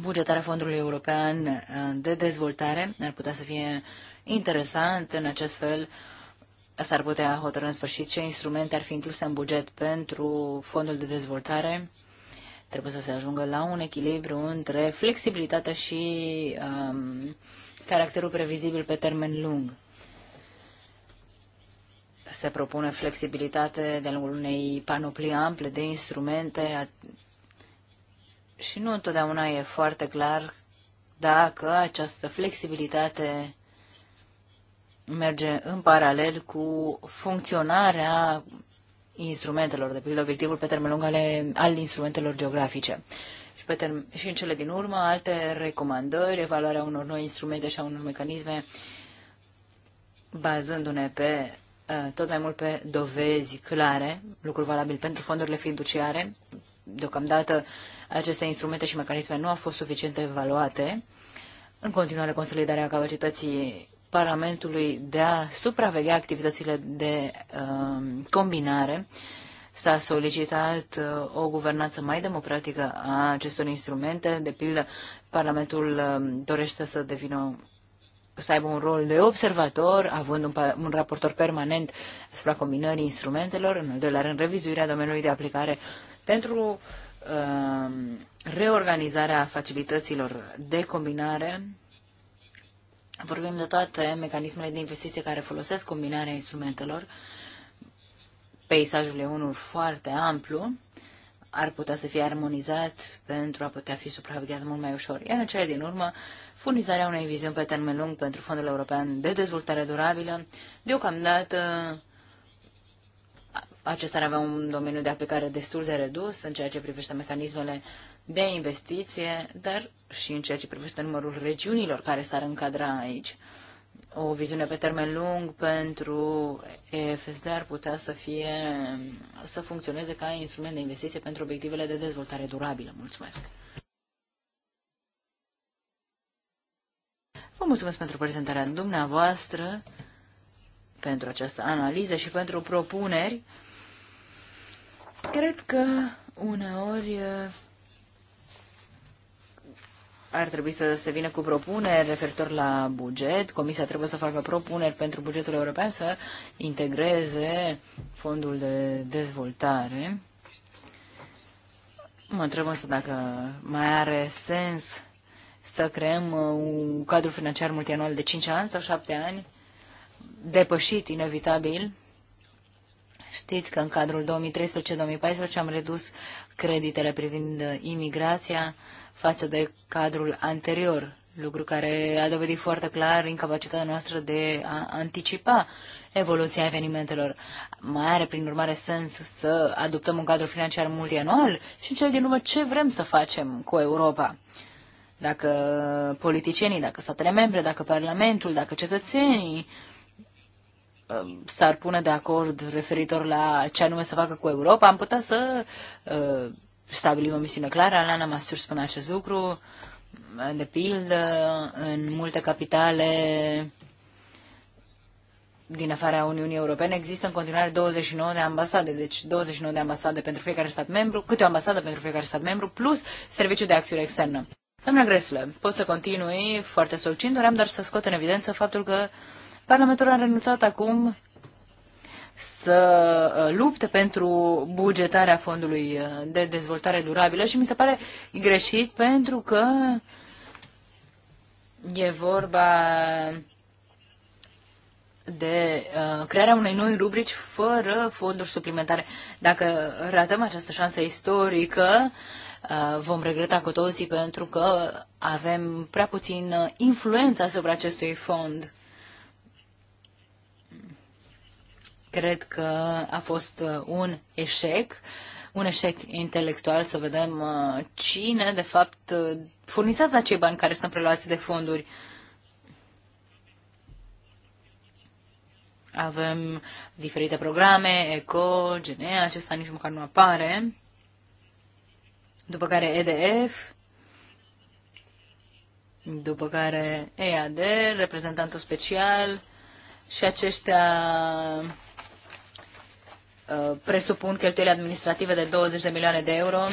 bugetarea Fondului European de Dezvoltare. Ar putea să fie interesant în acest fel uh, s-ar putea hotărâ în sfârșit ce instrumente ar fi incluse în buget pentru fondul de dezvoltare. Trebuie să se ajungă la un echilibru între flexibilitatea și um, caracterul previzibil pe termen lung. Se propune flexibilitate de-a lungul unei panoplii ample de instrumente și nu întotdeauna e foarte clar dacă această flexibilitate merge în paralel cu funcționarea instrumentelor, de pildă obiectivul pe termen lung ale, al instrumentelor geografice. Și, pe term- și în cele din urmă, alte recomandări, evaluarea unor noi instrumente și a unor mecanisme, bazându-ne pe uh, tot mai mult pe dovezi clare, lucru valabil pentru fondurile fiduciare. Deocamdată aceste instrumente și mecanisme nu au fost suficient evaluate. În continuare, consolidarea capacității Parlamentului de a supraveghea activitățile de uh, combinare. S-a solicitat uh, o guvernanță mai democratică a acestor instrumente. De pildă, Parlamentul uh, dorește să devină să aibă un rol de observator, având un, un raportor permanent asupra combinării instrumentelor, în al doilea rând revizuirea domeniului de aplicare pentru uh, reorganizarea facilităților de combinare Vorbim de toate mecanismele de investiție care folosesc combinarea instrumentelor. Peisajul e unul foarte amplu, ar putea să fie armonizat pentru a putea fi supravegheat mult mai ușor. Iar în cele din urmă, furnizarea unei viziuni pe termen lung pentru Fondul European de Dezvoltare Durabilă, deocamdată acesta ar avea un domeniu de aplicare destul de redus în ceea ce privește mecanismele de investiție, dar și în ceea ce privește numărul regiunilor care s-ar încadra aici. O viziune pe termen lung pentru EFSD ar putea să fie, să funcționeze ca instrument de investiție pentru obiectivele de dezvoltare durabilă. Mulțumesc! Vă mulțumesc pentru prezentarea dumneavoastră, pentru această analiză și pentru propuneri. Cred că uneori ar trebui să se vină cu propuneri referitor la buget. Comisia trebuie să facă propuneri pentru bugetul european să integreze fondul de dezvoltare. Mă întreb însă dacă mai are sens să creăm uh, un cadru financiar multianual de 5 ani sau 7 ani, depășit inevitabil. Știți că în cadrul 2013-2014 am redus creditele privind uh, imigrația față de cadrul anterior, lucru care a dovedit foarte clar incapacitatea noastră de a anticipa evoluția evenimentelor. Mai are, prin urmare, sens să adoptăm un cadru financiar multianual și cel din urmă ce vrem să facem cu Europa. Dacă politicienii, dacă statele membre, dacă Parlamentul, dacă cetățenii uh, s-ar pune de acord referitor la ce anume să facă cu Europa, am putea să uh, stabilim o misiune clară. Alana Masur spune acest lucru. De pildă, în multe capitale din afara Uniunii Europene există în continuare 29 de ambasade, deci 29 de ambasade pentru fiecare stat membru, câte o ambasadă pentru fiecare stat membru, plus serviciul de acțiune externă. Doamna Gresle, pot să continui foarte solcind, doream doar să scot în evidență faptul că Parlamentul a renunțat acum să uh, lupte pentru bugetarea fondului uh, de dezvoltare durabilă și mi se pare greșit pentru că e vorba de uh, crearea unei noi rubrici fără fonduri suplimentare. Dacă ratăm această șansă istorică, uh, vom regreta cu toții pentru că avem prea puțin uh, influență asupra acestui fond. Cred că a fost uh, un eșec, un eșec intelectual să vedem uh, cine, de fapt, uh, furnizează acei bani care sunt preluați de fonduri. Avem diferite programe, ECO, GNE, acesta nici măcar nu apare. După care EDF, după care EAD, reprezentantul special și aceștia Uh, presupun cheltuieli administrative de 20 de milioane de euro.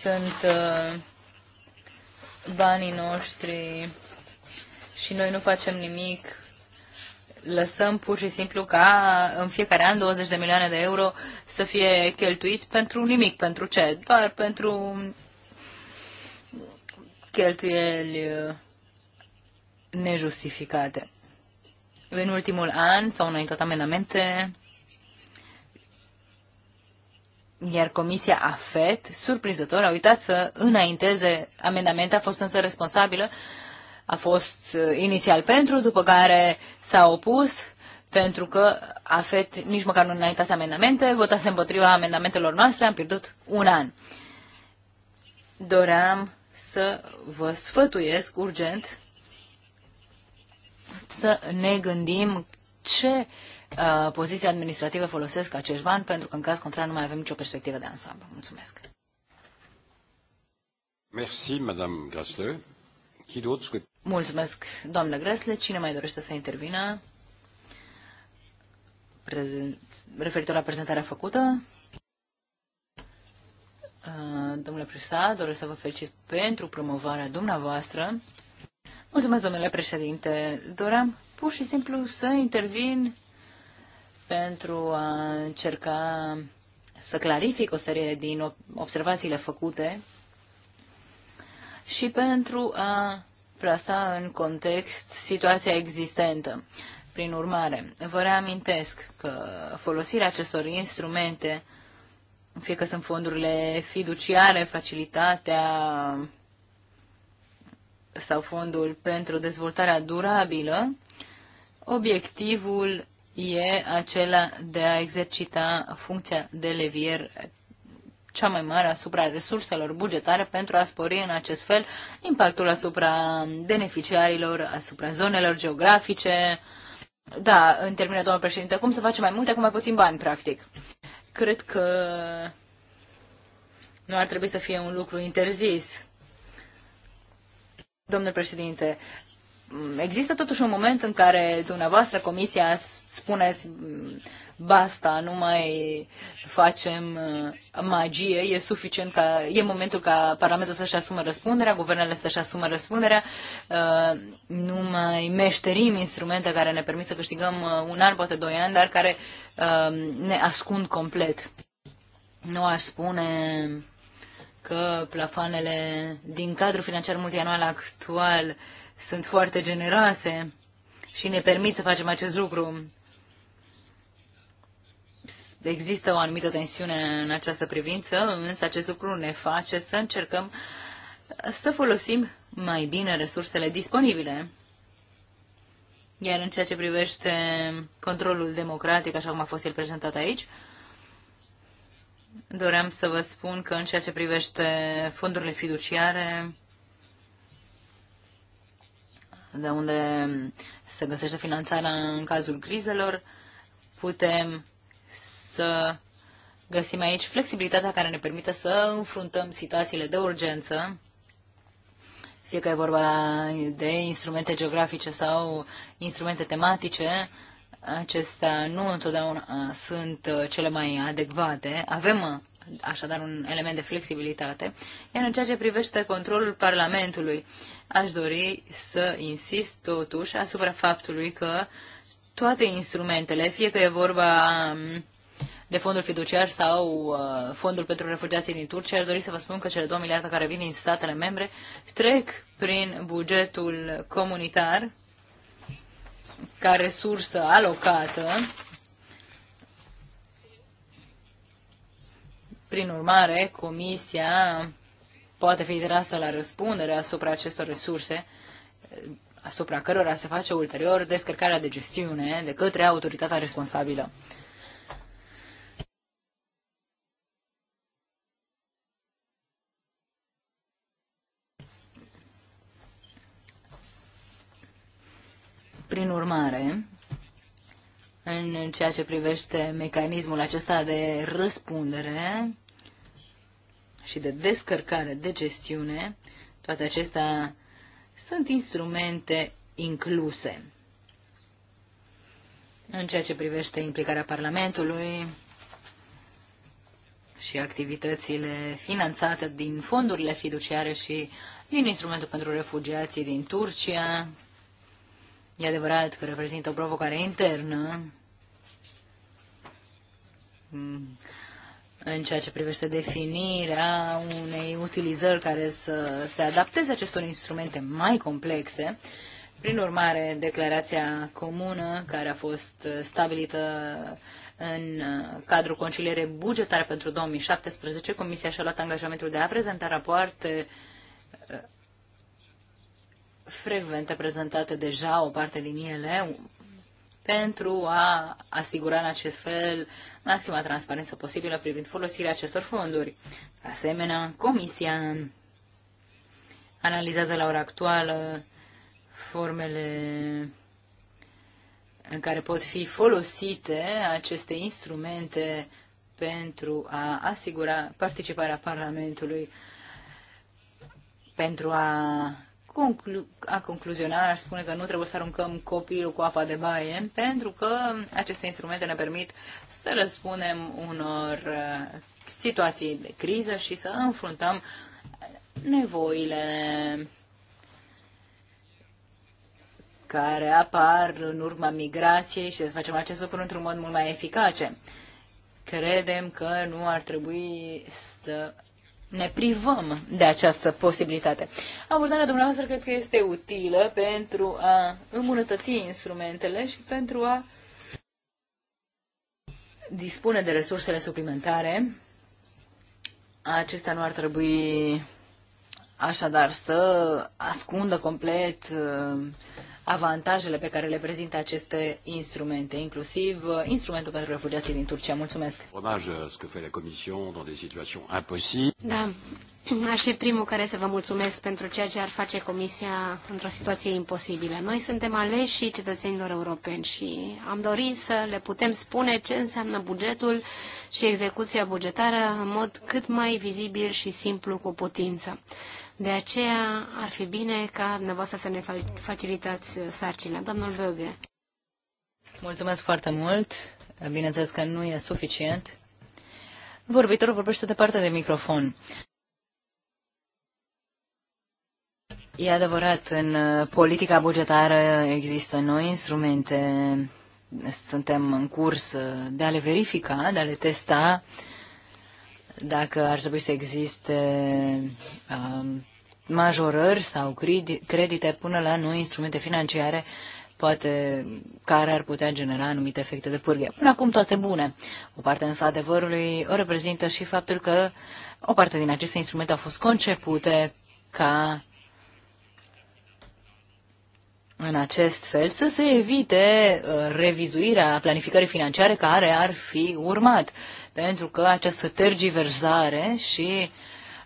Sunt uh, banii noștri și noi nu facem nimic. Lăsăm pur și simplu ca în fiecare an 20 de milioane de euro să fie cheltuiți pentru nimic. Pentru ce? Doar pentru cheltuieli uh, nejustificate. În ultimul an s-au înaintat amendamente iar Comisia AFET, surprinzător, a uitat să înainteze amendamente, a fost însă responsabilă, a fost uh, inițial pentru, după care s-a opus, pentru că AFET nici măcar nu înaintase amendamente, votase împotriva amendamentelor noastre, am pierdut un an. Doream să vă sfătuiesc urgent să ne gândim ce Uh, poziția administrativă folosesc acești bani, pentru că în caz contrar nu mai avem nicio perspectivă de ansamblu. Mulțumesc. Merci, Madame Grasle. Qui d'autre Mulțumesc, doamnă Grasle. Cine mai dorește să intervină? Referitor la prezentarea făcută, uh, domnule Prisa, doresc să vă felicit pentru promovarea dumneavoastră. Mulțumesc, domnule președinte. Doream pur și simplu să intervin pentru a încerca să clarific o serie din observațiile făcute și pentru a plasa în context situația existentă. Prin urmare, vă reamintesc că folosirea acestor instrumente, fie că sunt fondurile fiduciare, facilitatea sau fondul pentru dezvoltarea durabilă, obiectivul e acela de a exercita funcția de levier cea mai mare asupra resurselor bugetare pentru a spori în acest fel impactul asupra beneficiarilor, asupra zonelor geografice. Da, în termină, domnul președinte, cum să facem mai multe cu mai puțin bani, practic? Cred că nu ar trebui să fie un lucru interzis. domnule președinte, există totuși un moment în care dumneavoastră, comisia, spuneți basta, nu mai facem uh, magie, e suficient ca, e momentul ca Parlamentul să-și asume răspunderea, guvernele să-și asume răspunderea, uh, nu mai meșterim instrumente care ne permit să câștigăm uh, un an, poate doi ani, dar care ne ascund complet. Nu aș spune că plafanele din cadrul financiar multianual actual uh, sunt foarte generoase și ne permit să facem acest lucru. Există o anumită tensiune în această privință, însă acest lucru ne face să încercăm să folosim mai bine resursele disponibile. Iar în ceea ce privește controlul democratic, așa cum a fost el prezentat aici, doream să vă spun că în ceea ce privește fondurile fiduciare, de unde se găsește finanțarea în cazul crizelor, putem să găsim aici flexibilitatea care ne permite să înfruntăm situațiile de urgență, fie că e vorba de instrumente geografice sau instrumente tematice, acestea nu întotdeauna sunt uh, cele mai adecvate. Avem uh, așadar un element de flexibilitate. Iar în ceea ce privește controlul Parlamentului, Aș dori să insist totuși asupra faptului că toate instrumentele, fie că e vorba um, de fondul fiduciar sau uh, fondul pentru refugiații din Turcia, aș dori să vă spun că cele 2 miliarde care vin din statele membre trec prin bugetul comunitar ca resursă alocată. Prin urmare, Comisia poate fi trasă la răspundere asupra acestor resurse, asupra cărora se face ulterior descărcarea de gestiune de către autoritatea responsabilă. Prin urmare, în ceea ce privește mecanismul acesta de răspundere, și de descărcare de gestiune, toate acestea sunt instrumente incluse. În ceea ce privește implicarea Parlamentului și activitățile finanțate din fondurile fiduciare și din instrumentul pentru refugiații din Turcia, e adevărat că reprezintă o provocare internă în ceea ce privește definirea unei utilizări care să se adapteze acestor instrumente mai complexe. Prin urmare, declarația comună care a fost stabilită în cadrul conciliere bugetare pentru 2017, Comisia și-a luat angajamentul de a prezenta rapoarte uh, frecvente prezentate deja o parte din ele pentru a asigura în acest fel maxima transparență posibilă privind folosirea acestor fonduri. De asemenea, Comisia analizează la ora actuală formele în care pot fi folosite aceste instrumente pentru a asigura participarea Parlamentului pentru a conclu- a concluziona, aș spune că nu trebuie să aruncăm copilul cu apa de baie, pentru că aceste instrumente ne permit să răspunem unor uh, situații de criză și să înfruntăm nevoile care apar în urma migrației și să facem acest lucru într-un mod mult mai eficace. Credem că nu ar trebui să ne privăm de această posibilitate. Abordarea dumneavoastră cred că este utilă pentru a îmbunătăți instrumentele și pentru a dispune de resursele suplimentare. Acestea nu ar trebui așadar să ascundă complet avantajele pe care le prezintă aceste instrumente, inclusiv uh, instrumentul pentru refugiații din Turcia. Mulțumesc! Uh, da, aș fi primul care să vă mulțumesc pentru ceea ce ar face Comisia într-o situație imposibilă. Noi suntem aleși cetățenilor europeni și am dorit să le putem spune ce înseamnă bugetul și execuția bugetară în mod cât mai vizibil și simplu cu putință. De aceea ar fi bine ca dumneavoastră să ne facilitați sarcina. Domnul Böge. Mulțumesc foarte mult. Bineînțeles că nu e suficient. Vorbitorul vorbește departe de microfon. E adevărat, în politica bugetară există noi instrumente, suntem în curs de a le verifica, de a le testa dacă ar trebui să existe um, majorări sau credite până la noi instrumente financiare poate care ar putea genera anumite efecte de pârghie. Până acum toate bune. O parte însă adevărului o reprezintă și faptul că o parte din aceste instrumente au fost concepute ca în acest fel să se evite uh, revizuirea planificării financiare care ar fi urmat pentru că această tergiversare și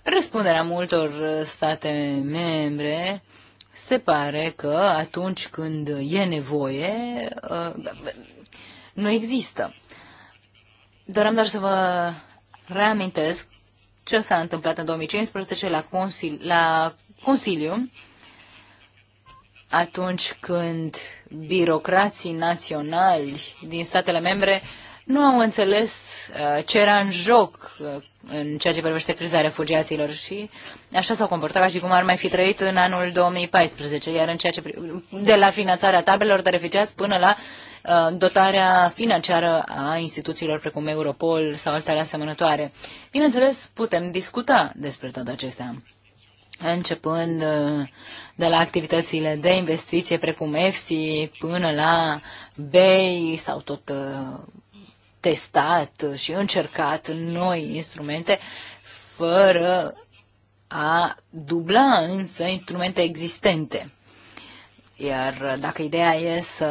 răspunderea multor state membre se pare că atunci când e nevoie, uh, nu există. am doar să vă reamintesc ce s-a întâmplat în 2015 la, consil, la Consiliu, atunci când birocrații naționali din statele membre nu au înțeles uh, ce era în joc uh, în ceea ce privește criza refugiaților și așa s-au comportat ca și cum ar mai fi trăit în anul 2014, iar în ceea ce de la finanțarea tabelor de refugiați până la uh, dotarea financiară a instituțiilor precum Europol sau altele asemănătoare. Bineînțeles, putem discuta despre toate acestea, începând de la activitățile de investiție precum EFSI până la BEI sau tot testat și încercat noi instrumente fără a dubla însă instrumente existente. Iar dacă ideea e să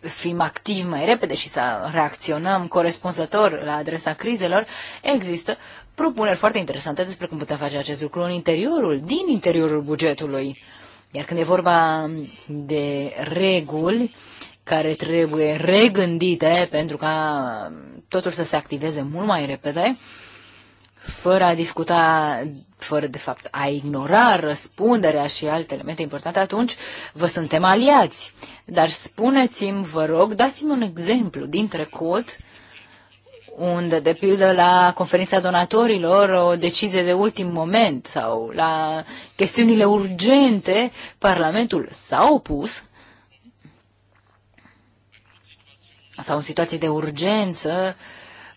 fim activi mai repede și să reacționăm corespunzător la adresa crizelor, există propuneri foarte interesante despre cum putem face acest lucru în interiorul, din interiorul bugetului. Iar când e vorba de reguli, care trebuie regândite pentru ca totul să se activeze mult mai repede, fără a discuta, fără de fapt a ignora răspunderea și alte elemente importante, atunci vă suntem aliați. Dar spuneți-mi, vă rog, dați-mi un exemplu din trecut unde, de pildă, la conferința donatorilor, o decizie de ultim moment sau la chestiunile urgente, Parlamentul s-a opus sau în situații de urgență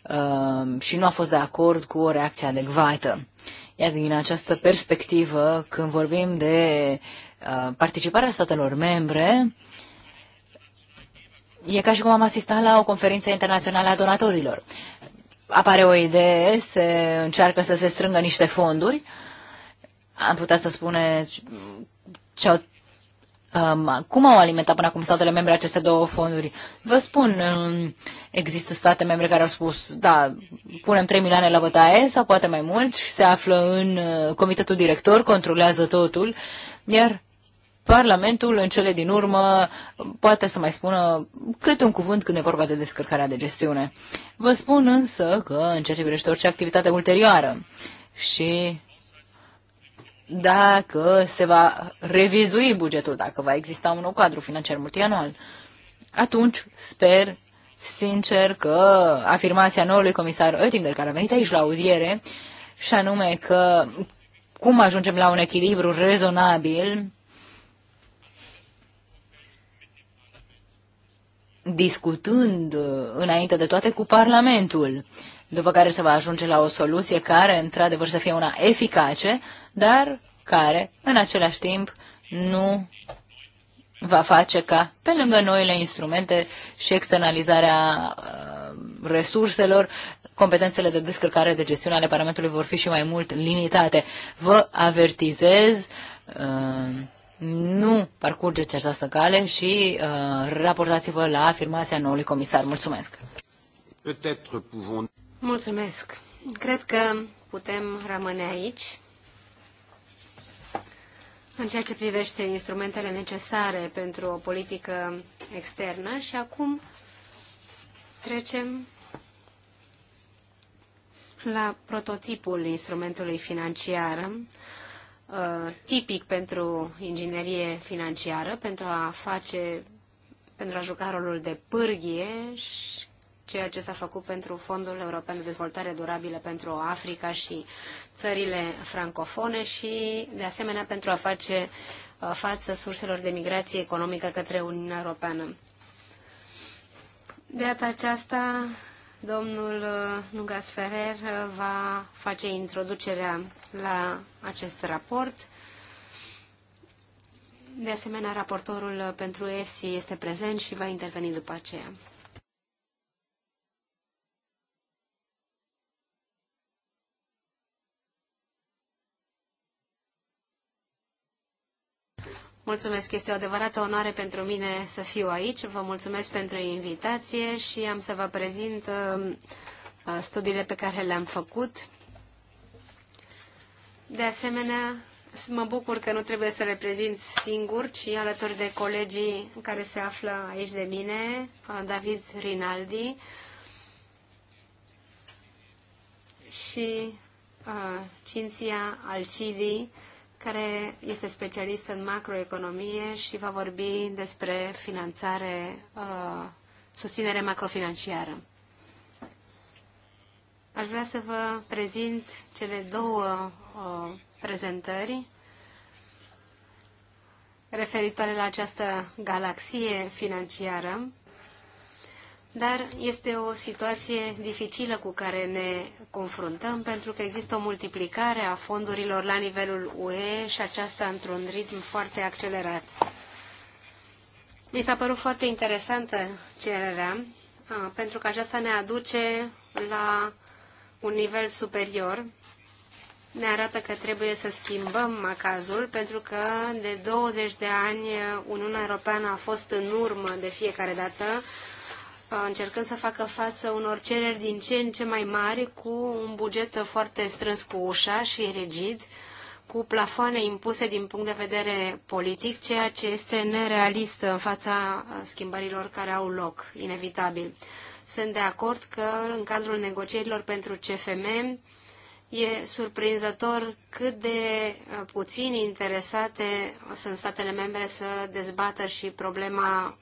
um, și nu a fost de acord cu o reacție adecvată. Iar din această perspectivă, când vorbim de uh, participarea statelor membre, e ca și cum am asistat la o conferință internațională a donatorilor. Apare o idee, se încearcă să se strângă niște fonduri, am putea să spune ce au Um, cum au alimentat până acum statele membre aceste două fonduri? Vă spun, um, există state membre care au spus, da, punem 3 milioane la bătaie sau poate mai mult, și se află în uh, comitetul director, controlează totul, iar Parlamentul, în cele din urmă, poate să mai spună cât un cuvânt când e vorba de descărcarea de gestiune. Vă spun însă că, în ceea ce privește orice activitate ulterioară și dacă se va revizui bugetul, dacă va exista un nou cadru financiar multianual. Atunci sper sincer că afirmația noului comisar Oettinger, care a venit aici la audiere, și anume că cum ajungem la un echilibru rezonabil discutând înainte de toate cu Parlamentul după care se va ajunge la o soluție care, într-adevăr, să fie una eficace, dar care, în același timp, nu va face ca, pe lângă noile instrumente și externalizarea uh, resurselor, competențele de descărcare de gestiune ale parametrului vor fi și mai mult limitate. Vă avertizez, uh, nu parcurgeți această cale și uh, raportați-vă la afirmația noului comisar. Mulțumesc! Mulțumesc. Cred că putem rămâne aici. În ceea ce privește instrumentele necesare pentru o politică externă și acum trecem la prototipul instrumentului financiar, uh, tipic pentru inginerie financiară, pentru a face, pentru a juca rolul de pârghie și ceea ce s-a făcut pentru Fondul European de Dezvoltare Durabilă pentru Africa și țările francofone și, de asemenea, pentru a face uh, față surselor de migrație economică către Uniunea Europeană. De data aceasta, domnul uh, Nugas Ferrer uh, va face introducerea la acest raport. De asemenea, raportorul pentru EFSI este prezent și va interveni după aceea. Mulțumesc, este o adevărată onoare pentru mine să fiu aici. Vă mulțumesc pentru invitație și am să vă prezint um, uh, studiile pe care le-am făcut. De asemenea, mă bucur că nu trebuie să le prezint singur, ci alături de colegii care se află aici de mine, uh, David Rinaldi și uh, Cinția Alcidi, care este specialist în macroeconomie și va vorbi despre finanțare, uh, susținere macrofinanciară. Aș vrea să vă prezint cele două uh, prezentări referitoare la această galaxie financiară dar este o situație dificilă cu care ne confruntăm pentru că există o multiplicare a fondurilor la nivelul UE și aceasta într-un ritm foarte accelerat. Mi s-a părut foarte interesantă cererea pentru că aceasta ne aduce la un nivel superior. Ne arată că trebuie să schimbăm acazul pentru că de 20 de ani Uniunea Europeană a fost în urmă de fiecare dată Uh, încercând să facă față unor cereri din ce în ce mai mari cu un buget foarte strâns cu ușa și rigid, cu plafoane impuse din punct de vedere politic, ceea ce este nerealist în fața schimbărilor care au loc, inevitabil. Sunt de acord că în cadrul negocierilor pentru CFM e surprinzător cât de uh, puțin interesate sunt statele membre să dezbată și problema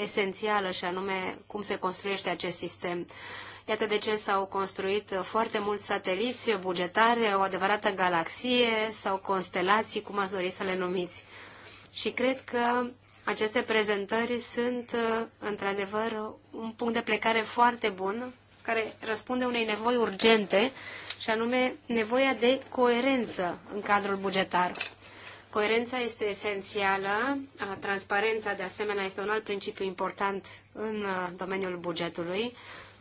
esențială și anume cum se construiește acest sistem. Iată de ce s-au construit foarte mulți sateliți bugetare, o adevărată galaxie sau constelații, cum ați dori să le numiți. Și cred că aceste prezentări sunt, într-adevăr, un punct de plecare foarte bun, care răspunde unei nevoi urgente, și anume nevoia de coerență în cadrul bugetar. Coerența este esențială, transparența de asemenea este un alt principiu important în domeniul bugetului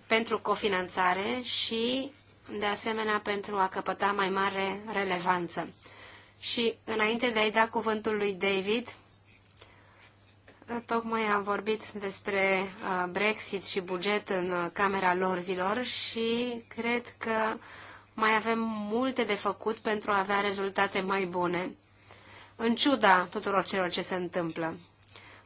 pentru cofinanțare și de asemenea pentru a căpăta mai mare relevanță. Și înainte de a-i da cuvântul lui David, Tocmai am vorbit despre Brexit și buget în Camera Lorzilor și cred că mai avem multe de făcut pentru a avea rezultate mai bune în ciuda tuturor celor ce se întâmplă.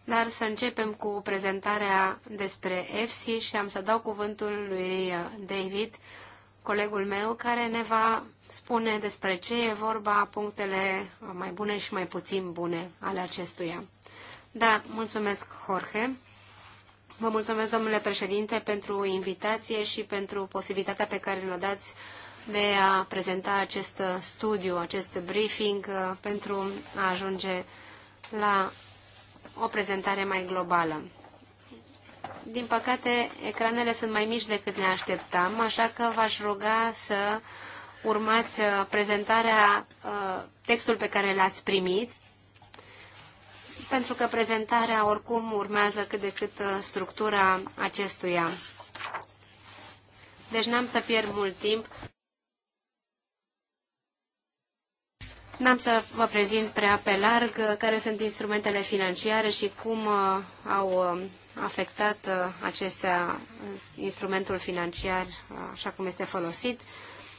Dar să începem cu prezentarea despre EFSI și am să dau cuvântul lui David, colegul meu, care ne va spune despre ce e vorba, punctele mai bune și mai puțin bune ale acestuia. Da, mulțumesc, Jorge. Vă mulțumesc, domnule președinte, pentru invitație și pentru posibilitatea pe care ne-o dați uh, de a prezenta acest studiu, acest briefing uh, pentru a ajunge la o prezentare mai globală. Din păcate, ecranele sunt mai mici decât ne așteptam, așa că v-aș ruga să urmați uh, prezentarea, uh, textul pe care l-ați primit, pentru că prezentarea oricum urmează cât de cât structura acestuia. Deci n-am să pierd mult timp. N-am să vă prezint prea pe larg uh, care sunt instrumentele financiare și cum uh, au uh, afectat acestea instrumentul financiar așa cum este folosit.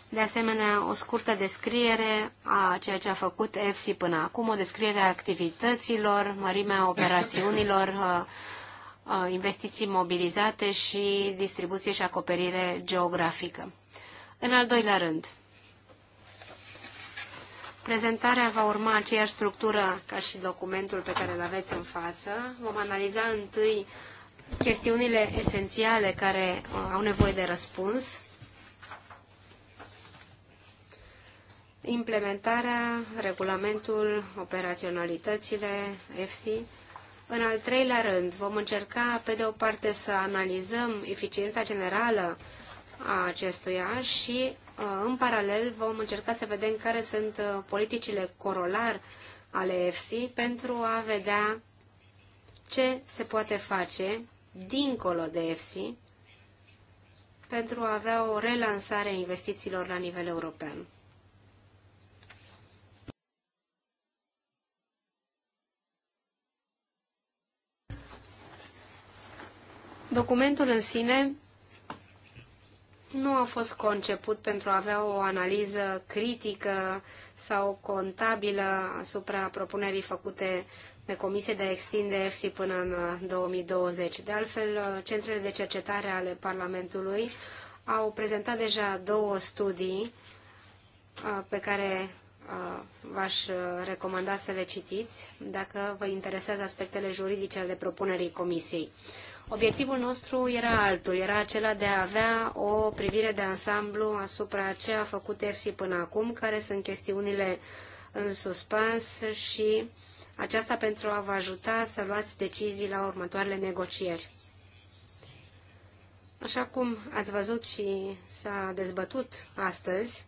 De asemenea, o scurtă descriere a ceea ce a făcut EFSI până acum, o descriere a activităților, mărimea operațiunilor, investiții mobilizate și distribuție și acoperire geografică. În al doilea rând, Prezentarea va urma aceeași structură ca și documentul pe care îl aveți în față. Vom analiza întâi chestiunile esențiale care uh, au nevoie de răspuns, implementarea, regulamentul, operaționalitățile, EFSI. În al treilea rând, vom încerca, pe de o parte, să analizăm eficiența generală a acestuia și Uh, în paralel vom încerca să vedem care sunt uh, politicile corolar ale EFSI pentru a vedea ce se poate face dincolo de EFSI pentru a avea o relansare a investițiilor la nivel european. Documentul în sine nu a fost conceput pentru a avea o analiză critică sau contabilă asupra propunerii făcute de comisie de a extinde EFSI până în 2020. Uh, de altfel, uh, centrele de cercetare ale Parlamentului au prezentat deja două studii uh, pe care v-aș recomanda să le citiți dacă vă interesează aspectele juridice ale propunerii comisiei. Obiectivul nostru era altul, era acela de a avea o privire de ansamblu asupra ce a făcut EFSI până acum, care sunt chestiunile în suspans și aceasta pentru a vă ajuta să luați decizii la următoarele negocieri. Așa cum ați văzut și s-a dezbătut astăzi,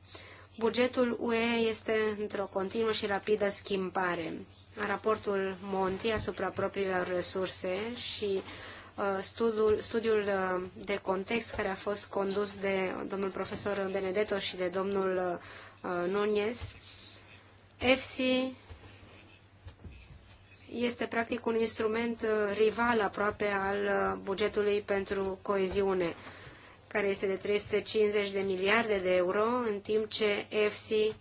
bugetul UE este într-o continuă și rapidă schimbare. Raportul Monti asupra propriilor resurse și Uh, studiul, studiul uh, de context care a fost condus de domnul profesor Benedetto și de domnul uh, Nunez. EFSI este practic un instrument rival aproape al bugetului pentru coeziune, care este de 350 de miliarde de euro, în timp ce EFSI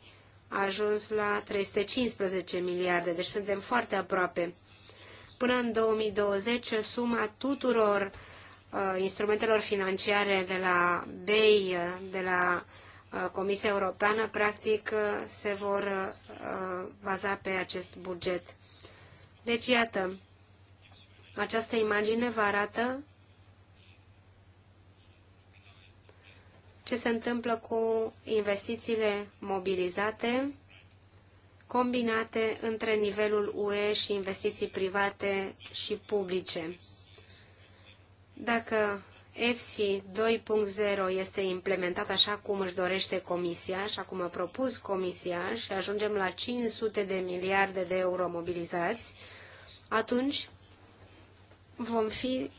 a ajuns la 315 miliarde, deci suntem foarte aproape. Până în 2020, suma tuturor uh, instrumentelor financiare de la BEI, uh, de la uh, Comisia Europeană, practic uh, se vor uh, baza pe acest buget. Deci, iată, această imagine vă arată ce se întâmplă cu investițiile mobilizate combinate între nivelul UE și investiții private și publice. Dacă EFSI 2.0 este implementat așa cum își dorește Comisia, așa cum a propus Comisia și ajungem la 500 de miliarde de euro mobilizați, atunci vom fi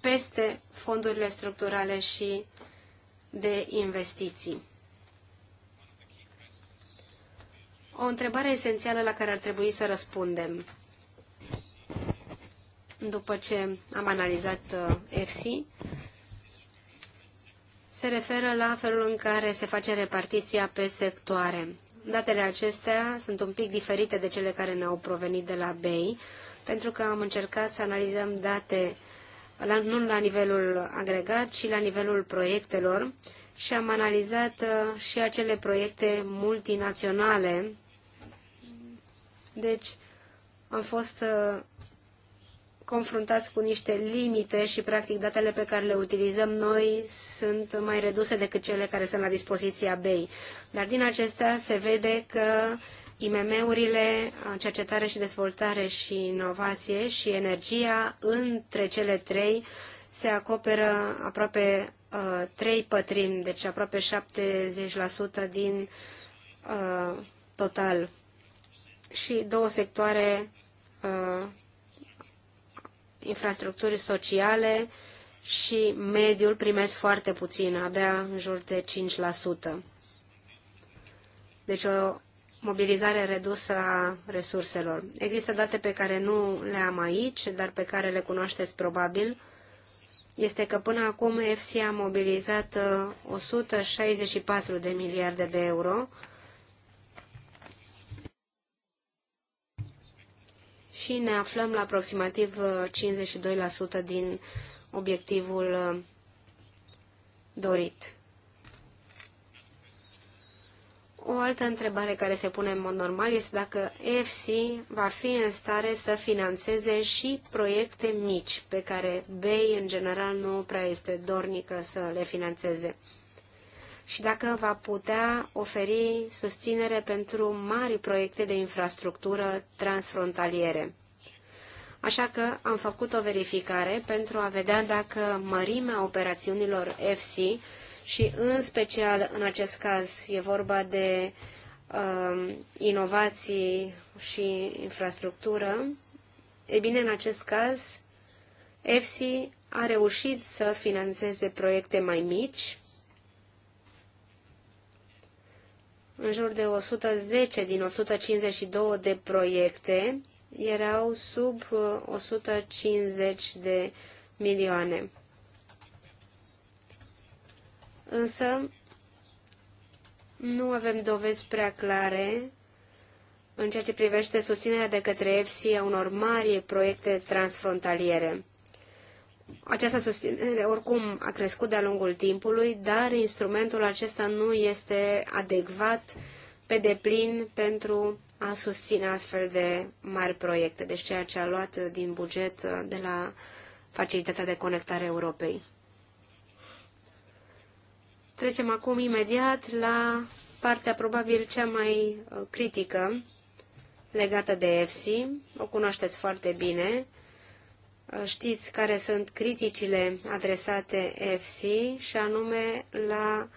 peste fondurile structurale și de investiții. o întrebare esențială la care ar trebui să răspundem. După ce am analizat uh, FC, se referă la felul în care se face repartiția pe sectoare. Datele acestea sunt un pic diferite de cele care ne-au provenit de la BEI, pentru că am încercat să analizăm date la, nu la nivelul agregat, ci la nivelul proiectelor și am analizat uh, și acele proiecte multinaționale deci am fost uh, confruntați cu niște limite și, practic, datele pe care le utilizăm noi sunt mai reduse decât cele care sunt la dispoziția BEI. Dar din acestea se vede că IMM-urile, uh, cercetare și dezvoltare și inovație și energia, între cele trei, se acoperă aproape uh, trei pătrimi, deci aproape 70% din uh, total și două sectoare uh, infrastructuri sociale și mediul primesc foarte puțin, abia în jur de 5%. Deci o mobilizare redusă a resurselor. Există date pe care nu le am aici, dar pe care le cunoașteți probabil. Este că până acum EFSI a mobilizat 164 uh, de miliarde de euro, și ne aflăm la aproximativ 52% uh, din obiectivul uh, dorit. O altă întrebare care se pune în mod normal este dacă EFC va fi în stare să financeze și proiecte mici pe care BEI în general nu prea este dornică să le financeze și dacă va putea oferi susținere pentru mari proiecte de infrastructură transfrontaliere. Așa că am făcut o verificare pentru a vedea dacă mărimea operațiunilor FC și în special în acest caz e vorba de uh, inovații și infrastructură, e bine, în acest caz, FC a reușit să financeze proiecte mai mici, în jur de 110 din 152 de proiecte erau sub 150 uh, de milioane. Însă nu avem dovezi prea clare în ceea ce privește susținerea de către EFSI a unor mari proiecte transfrontaliere această susținere oricum a crescut de-a lungul timpului, dar instrumentul acesta nu este adecvat pe deplin pentru a susține astfel de mari proiecte, deci ceea ce a luat din buget de la Facilitatea de Conectare Europei. Trecem acum imediat la partea probabil cea mai uh, critică legată de EFSI. O cunoașteți foarte bine știți care sunt criticile adresate FC și anume la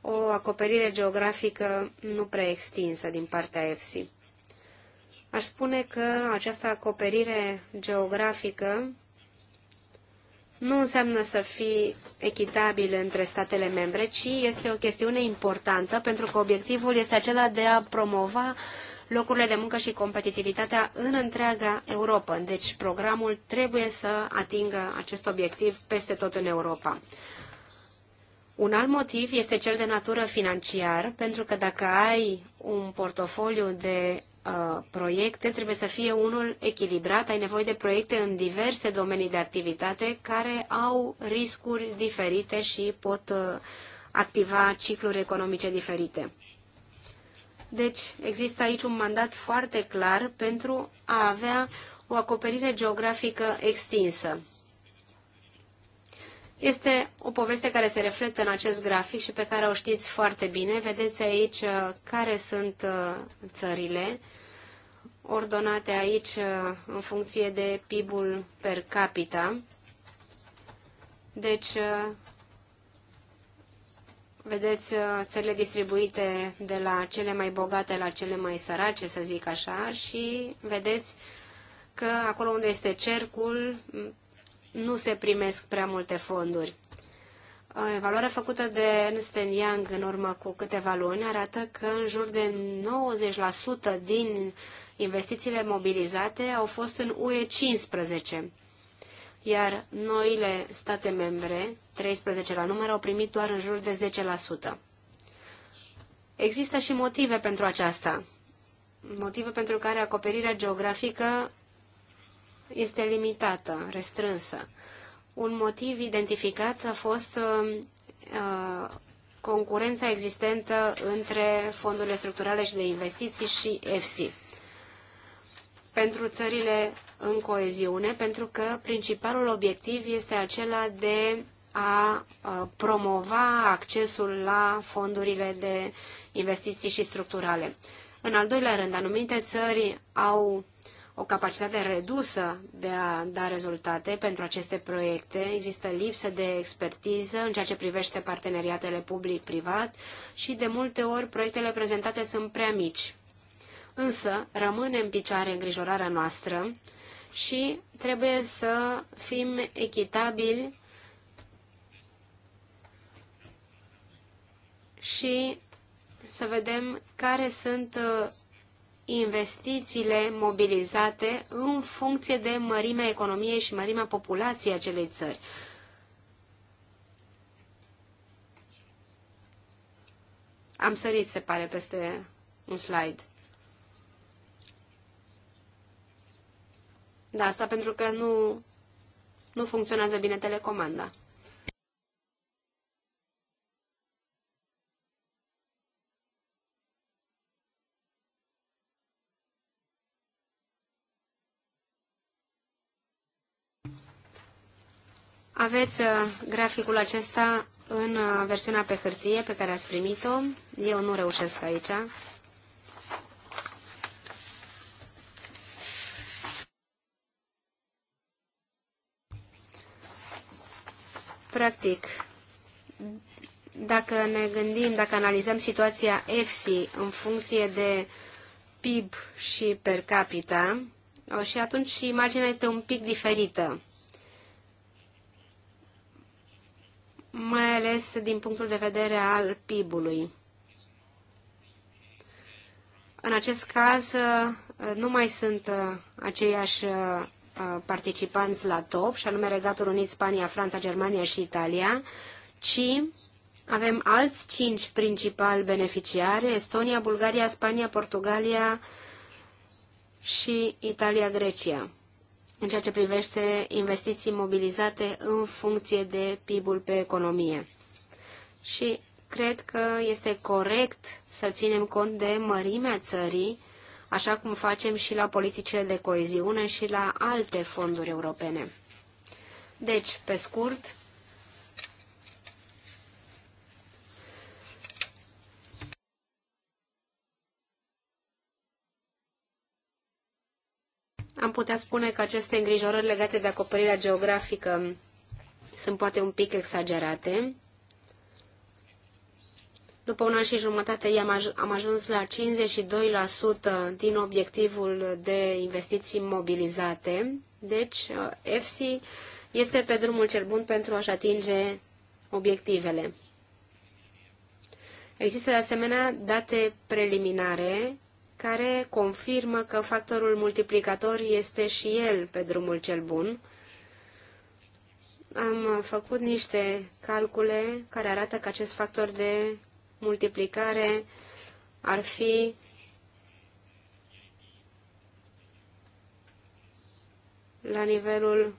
o acoperire geografică nu prea extinsă din partea FC. Aș spune că această acoperire geografică nu înseamnă să fii echitabil între statele membre, ci este o chestiune importantă pentru că obiectivul este acela de a promova uh, locurile de muncă și competitivitatea în întreaga Europa. Deci programul trebuie să atingă acest obiectiv peste tot în Europa. Un alt motiv este cel de natură financiar, pentru că dacă ai un portofoliu de uh, proiecte, trebuie să fie unul echilibrat, ai nevoie de proiecte în diverse domenii de activitate care au riscuri diferite și pot uh, activa cicluri economice diferite. Deci există aici un mandat foarte clar pentru a avea o acoperire geografică extinsă. Este o poveste care se reflectă în acest grafic și pe care o știți foarte bine. Vedeți aici uh, care sunt uh, țările ordonate aici uh, în funcție de PIB-ul per capita. Deci Vedeți uh, țările distribuite de la cele mai bogate la cele mai sărace, să zic așa, și vedeți că acolo unde este cercul nu se primesc prea multe fonduri. Uh, evaluarea făcută de Ernst Young în urmă cu câteva luni arată că în jur de 90% din investițiile mobilizate au fost în UE 15 iar noile state membre, 13 la număr, au primit doar în jur de 10%. Există și motive pentru aceasta, motive pentru care acoperirea geografică este limitată, restrânsă. Un motiv identificat a fost uh, uh concurența existentă între fondurile structurale și de investiții și EFSI. Pentru țările în coeziune, pentru că principalul obiectiv este acela de a promova accesul la fondurile de investiții și structurale. În al doilea rând, anumite țări au o capacitate redusă de a da rezultate pentru aceste proiecte, există lipsă de expertiză în ceea ce privește parteneriatele public-privat și de multe ori proiectele prezentate sunt prea mici. Însă rămâne în picioare îngrijorarea noastră și trebuie să fim echitabili și să vedem care sunt uh, investițiile mobilizate în funcție de mărimea economiei și mărimea populației acelei țări. Am sărit, se pare, peste un slide. Da, asta pentru că nu, nu funcționează bine telecomanda. Aveți uh, graficul acesta în uh, versiunea pe hârtie pe care ați primit-o. Eu nu reușesc aici. Practic, dacă ne gândim, dacă analizăm situația EFSI în funcție de PIB și per capita, și atunci imaginea este un pic diferită. Mai ales din punctul de vedere al PIB-ului. În acest caz, nu mai sunt uh, aceiași uh, Uh, participanți la top, și anume Regatul Unit, Spania, Franța, Germania și Italia, ci avem alți cinci principali beneficiari, Estonia, Bulgaria, Spania, Portugalia și Italia-Grecia, în ceea ce privește investiții mobilizate în funcție de PIB-ul pe economie. Și cred că este corect să ținem cont de mărimea țării, așa cum facem și la politicile de coeziune și la alte fonduri europene. Deci, pe scurt, am putea spune că aceste îngrijorări legate de acoperirea geografică sunt poate un pic exagerate, după un an și jumătate am ajuns la 52% din obiectivul de investiții mobilizate. Deci, EFSI uh, este pe drumul cel bun pentru a-și atinge obiectivele. Există de asemenea date preliminare care confirmă că factorul multiplicator este și el pe drumul cel bun. Am făcut niște calcule care arată că acest factor de multiplicare ar fi la nivelul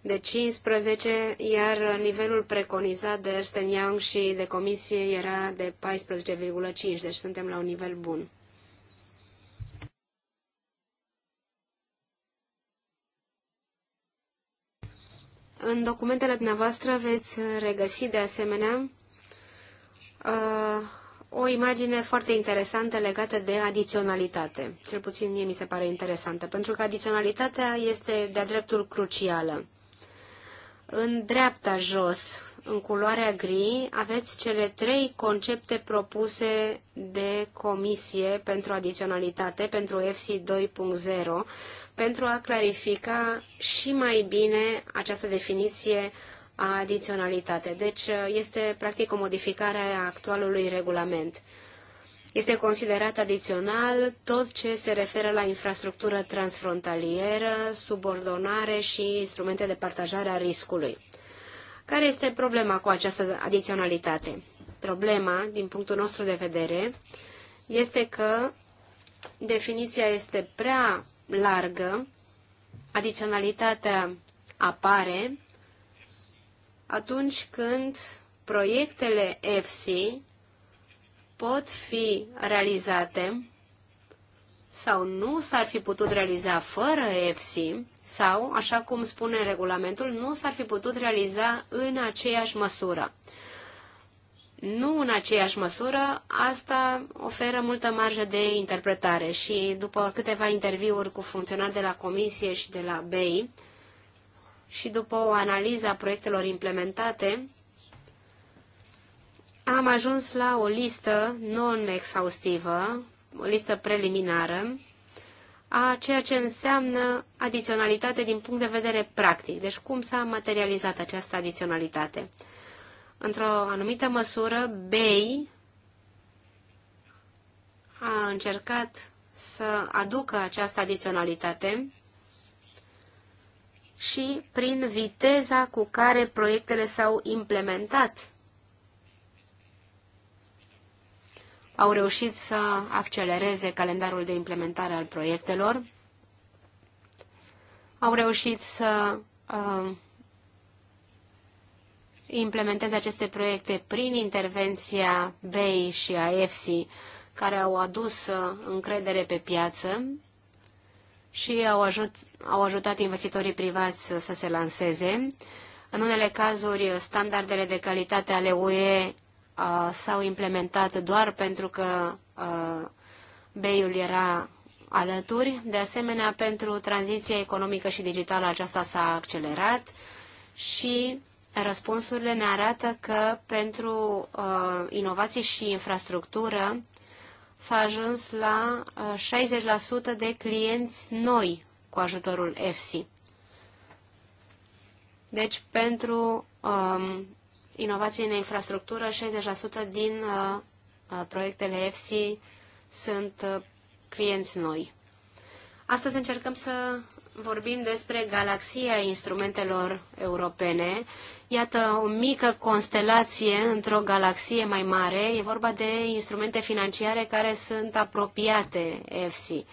de 15, iar nivelul preconizat de Ernst Young și de comisie era de 14,5, deci suntem la un nivel bun. În documentele dumneavoastră veți regăsi de asemenea uh, o imagine foarte interesantă legată de adiționalitate. Cel puțin mie mi se pare interesantă, pentru că adiționalitatea este de-a dreptul crucială. În dreapta jos, în culoarea gri, aveți cele trei concepte propuse de comisie pentru adiționalitate, pentru FC 2.0, pentru a clarifica și mai bine această definiție a adiționalitate. Deci este practic o modificare a actualului regulament. Este considerat adițional tot ce se referă la infrastructură transfrontalieră, subordonare și instrumente de partajare a riscului. Care este problema cu această adiționalitate? Problema, din punctul nostru de vedere, este că definiția este prea largă, adiționalitatea apare atunci când proiectele EFSI pot fi realizate sau nu s-ar fi putut realiza fără EFSI sau, așa cum spune regulamentul, nu s-ar fi putut realiza în aceeași măsură nu în aceeași măsură, asta oferă multă marjă de interpretare și după câteva interviuri cu funcționari de la Comisie și de la BEI și după o analiză a proiectelor implementate, am ajuns la o listă non-exhaustivă, o listă preliminară, a ceea ce înseamnă adiționalitate din punct de vedere practic. Deci cum s-a materializat această adiționalitate. Într-o anumită măsură, Bay a încercat să aducă această adiționalitate și prin viteza cu care proiectele s-au implementat. Au reușit să accelereze calendarul de implementare al proiectelor, au reușit să uh, implementeze aceste proiecte prin intervenția BEI și a EFSI, care au adus uh, încredere pe piață și au, ajut, au ajutat investitorii privați uh, să se lanseze. În unele cazuri, uh, standardele de calitate ale UE s-au implementat doar pentru că BEI-ul era alături. De asemenea, pentru tranziția economică și digitală aceasta s-a accelerat și răspunsurile ne arată că pentru uh, inovație și infrastructură s-a ajuns la uh, 60% de clienți noi cu ajutorul EFSI. Deci, pentru um, inovație în infrastructură, 60% din uh, uh proiectele EFSI sunt uh, clienți noi. Astăzi încercăm să vorbim despre galaxia instrumentelor europene. Iată o mică constelație într-o galaxie mai mare. E vorba de instrumente financiare care sunt apropiate EFSI.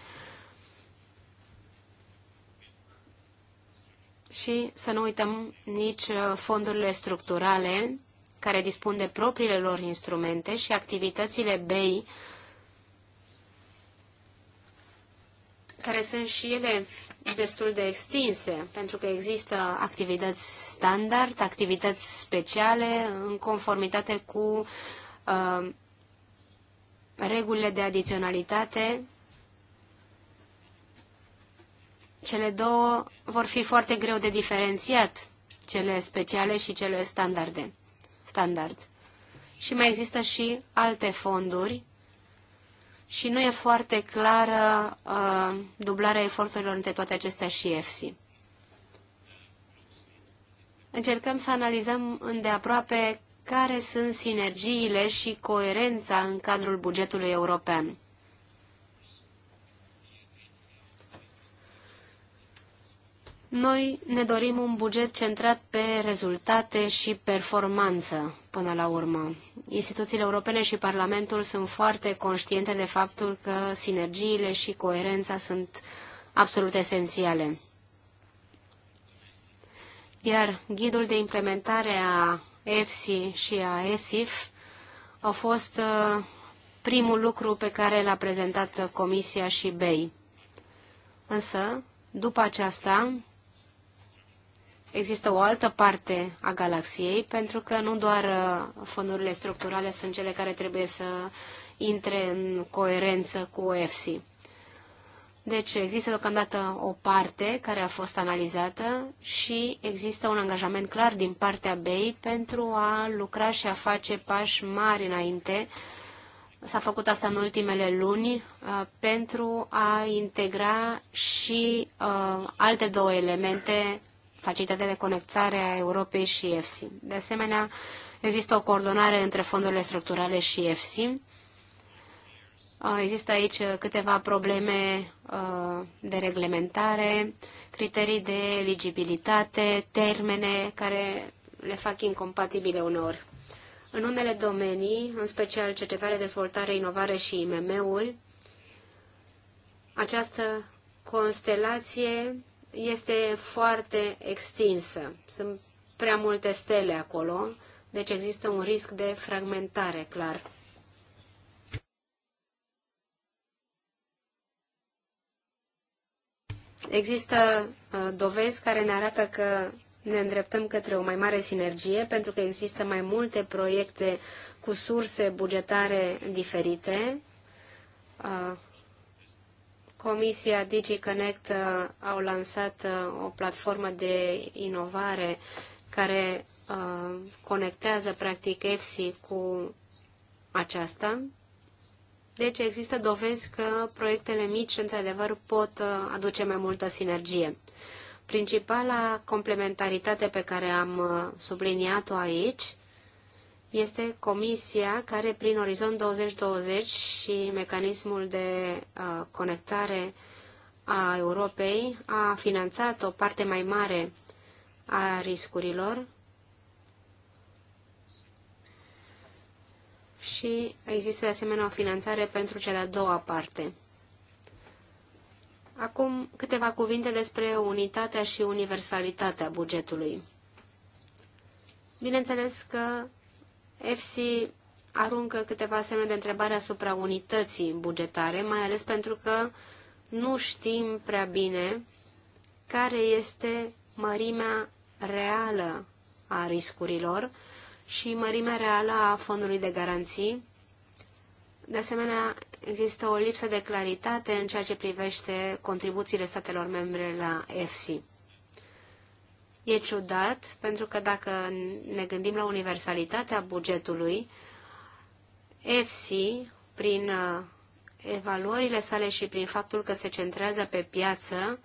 Și să nu uităm nici uh, fondurile structurale care dispun de propriile lor instrumente și activitățile BEI care sunt și ele destul de extinse, pentru că există activități standard, activități speciale, în conformitate cu uh, regulile de adiționalitate. Cele două vor fi foarte greu de diferențiat, cele speciale și cele standarde, standard. Și mai există și alte fonduri și nu e foarte clară uh, dublarea eforturilor între toate acestea și EFSI. Încercăm să analizăm îndeaproape care sunt sinergiile și coerența în cadrul bugetului european. Noi ne dorim un buget centrat pe rezultate și performanță până la urmă. Instituțiile europene și Parlamentul sunt foarte conștiente de faptul că sinergiile și coerența sunt absolut esențiale. Iar ghidul de implementare a EFSI și a ESIF a fost uh, primul lucru pe care l-a prezentat Comisia și BEI. Însă, după aceasta, există o altă parte a galaxiei, pentru că nu doar uh, fondurile structurale sunt cele care trebuie să intre în coerență cu EFSI. Deci există deocamdată o parte care a fost analizată și există un angajament clar din partea BEI pentru a lucra și a face pași mari înainte. S-a făcut asta în ultimele luni uh, pentru a integra și uh, alte două elemente facilitatea de conectare a Europei și EFSI. De asemenea, există o coordonare între fondurile structurale și EFSI. Uh, există aici câteva probleme uh, de reglementare, criterii de eligibilitate, termene care le fac incompatibile uneori. În unele domenii, în special cercetare, dezvoltare, inovare și IMM-uri, această constelație este foarte extinsă. Sunt prea multe stele acolo, deci există un risc de fragmentare, clar. Există uh, dovezi care ne arată că ne îndreptăm către o mai mare sinergie, pentru că există mai multe proiecte cu surse bugetare diferite, uh, Comisia DigiConnect uh, au lansat uh, o platformă de inovare care uh, conectează practic EFSI cu aceasta. Deci există dovezi că proiectele mici, într-adevăr, pot aduce mai multă sinergie. Principala complementaritate pe care am subliniat-o aici este comisia care, prin Orizont 2020 și mecanismul de uh, conectare a Europei, a finanțat o parte mai mare a riscurilor și există de asemenea o finanțare pentru cea de-a doua parte. Acum câteva cuvinte despre unitatea și universalitatea bugetului. Bineînțeles că EFSI aruncă câteva semne de întrebare asupra unității bugetare, mai ales pentru că nu știm prea bine care este mărimea reală a riscurilor și mărimea reală a fondului de garanții. De asemenea, există o lipsă de claritate în ceea ce privește contribuțiile statelor membre la EFSI. E ciudat, pentru că dacă ne gândim la universalitatea bugetului, FC, prin uh, evaluările sale și prin faptul că se centrează pe piață,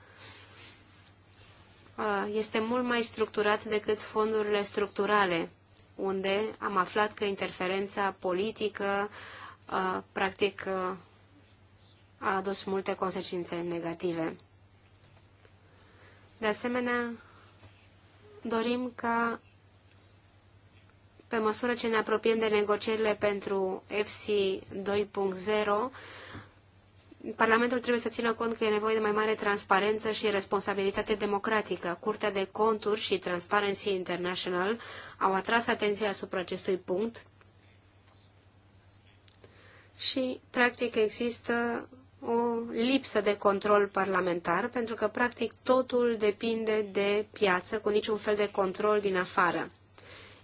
uh, este mult mai structurat decât fondurile structurale, unde am aflat că interferența politică uh, practic a adus multe consecințe negative. De asemenea, Dorim ca, pe măsură ce ne apropiem de negocierile pentru FC 2.0, Parlamentul trebuie să țină cont că e nevoie de mai mare transparență și responsabilitate democratică. Curtea de Conturi și Transparency International au atras atenția asupra acestui punct și, practic, există o lipsă de control parlamentar, pentru că practic totul depinde de piață, cu niciun fel de control din afară.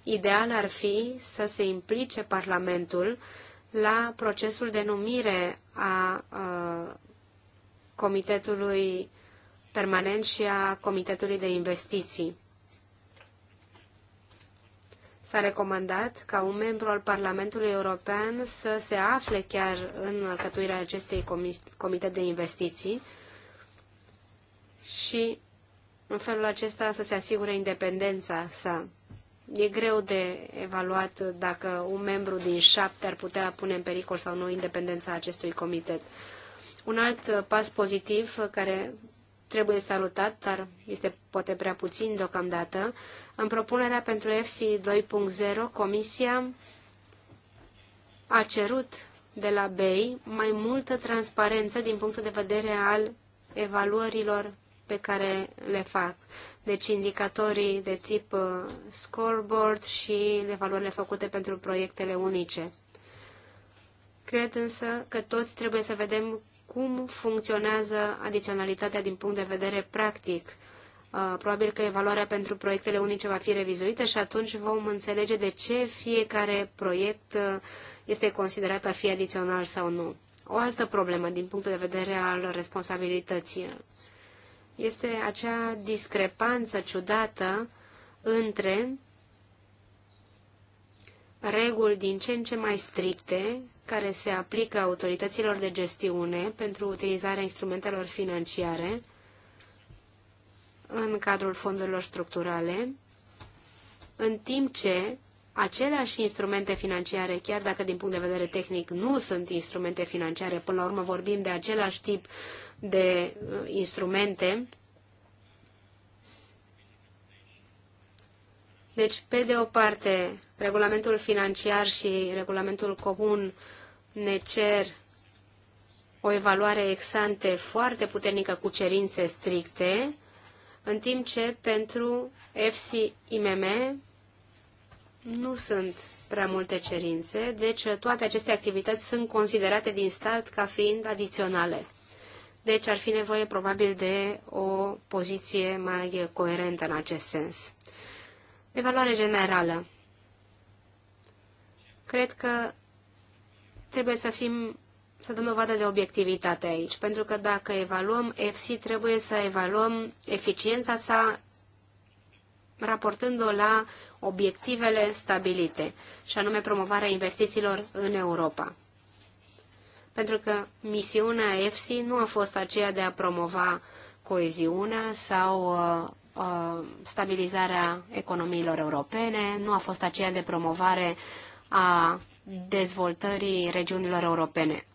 Ideal ar fi să se implice Parlamentul la procesul de numire a, a Comitetului Permanent și a Comitetului de Investiții. S-a recomandat ca un membru al Parlamentului European să se afle chiar în alcătuirea acestei comite de investiții și în felul acesta să se asigure independența sa. E greu de evaluat dacă un membru din șapte ar putea pune în pericol sau nu independența acestui comitet. Un alt pas pozitiv care trebuie salutat, dar este poate prea puțin deocamdată. În propunerea pentru FC 2.0, Comisia a cerut de la BEI mai multă transparență din punctul de vedere al evaluărilor pe care le fac. Deci indicatorii de tip uh, scoreboard și evaluările făcute pentru proiectele unice. Cred însă că toți trebuie să vedem cum funcționează adiționalitatea din punct de vedere practic. Uh, probabil că evaluarea pentru proiectele unice va fi revizuită și atunci vom înțelege de ce fiecare proiect uh, este considerat a fi adițional sau nu. O altă problemă din punctul de vedere al responsabilității este acea discrepanță ciudată între reguli din ce în ce mai stricte care se aplică autorităților de gestiune pentru utilizarea instrumentelor financiare în cadrul fondurilor structurale, în timp ce aceleași instrumente financiare, chiar dacă din punct de vedere tehnic nu sunt instrumente financiare, până la urmă vorbim de același tip de uh, instrumente, Deci, pe de o parte, regulamentul financiar și regulamentul comun ne cer o evaluare exante foarte puternică cu cerințe stricte, în timp ce pentru FC IMM nu sunt prea multe cerințe, deci toate aceste activități sunt considerate din start ca fiind adiționale. Deci ar fi nevoie probabil de o poziție mai coerentă în acest sens. Evaluare generală. Cred că trebuie să fim să dăm o vadă de obiectivitate aici, pentru că dacă evaluăm FC, trebuie să evaluăm eficiența sa raportând-o la obiectivele stabilite, și anume promovarea investițiilor în Europa. Pentru că misiunea EFSI nu a fost aceea de a promova coeziunea sau uh, Uh, stabilizarea economiilor europene, nu a fost aceea de promovare a dezvoltării regiunilor europene.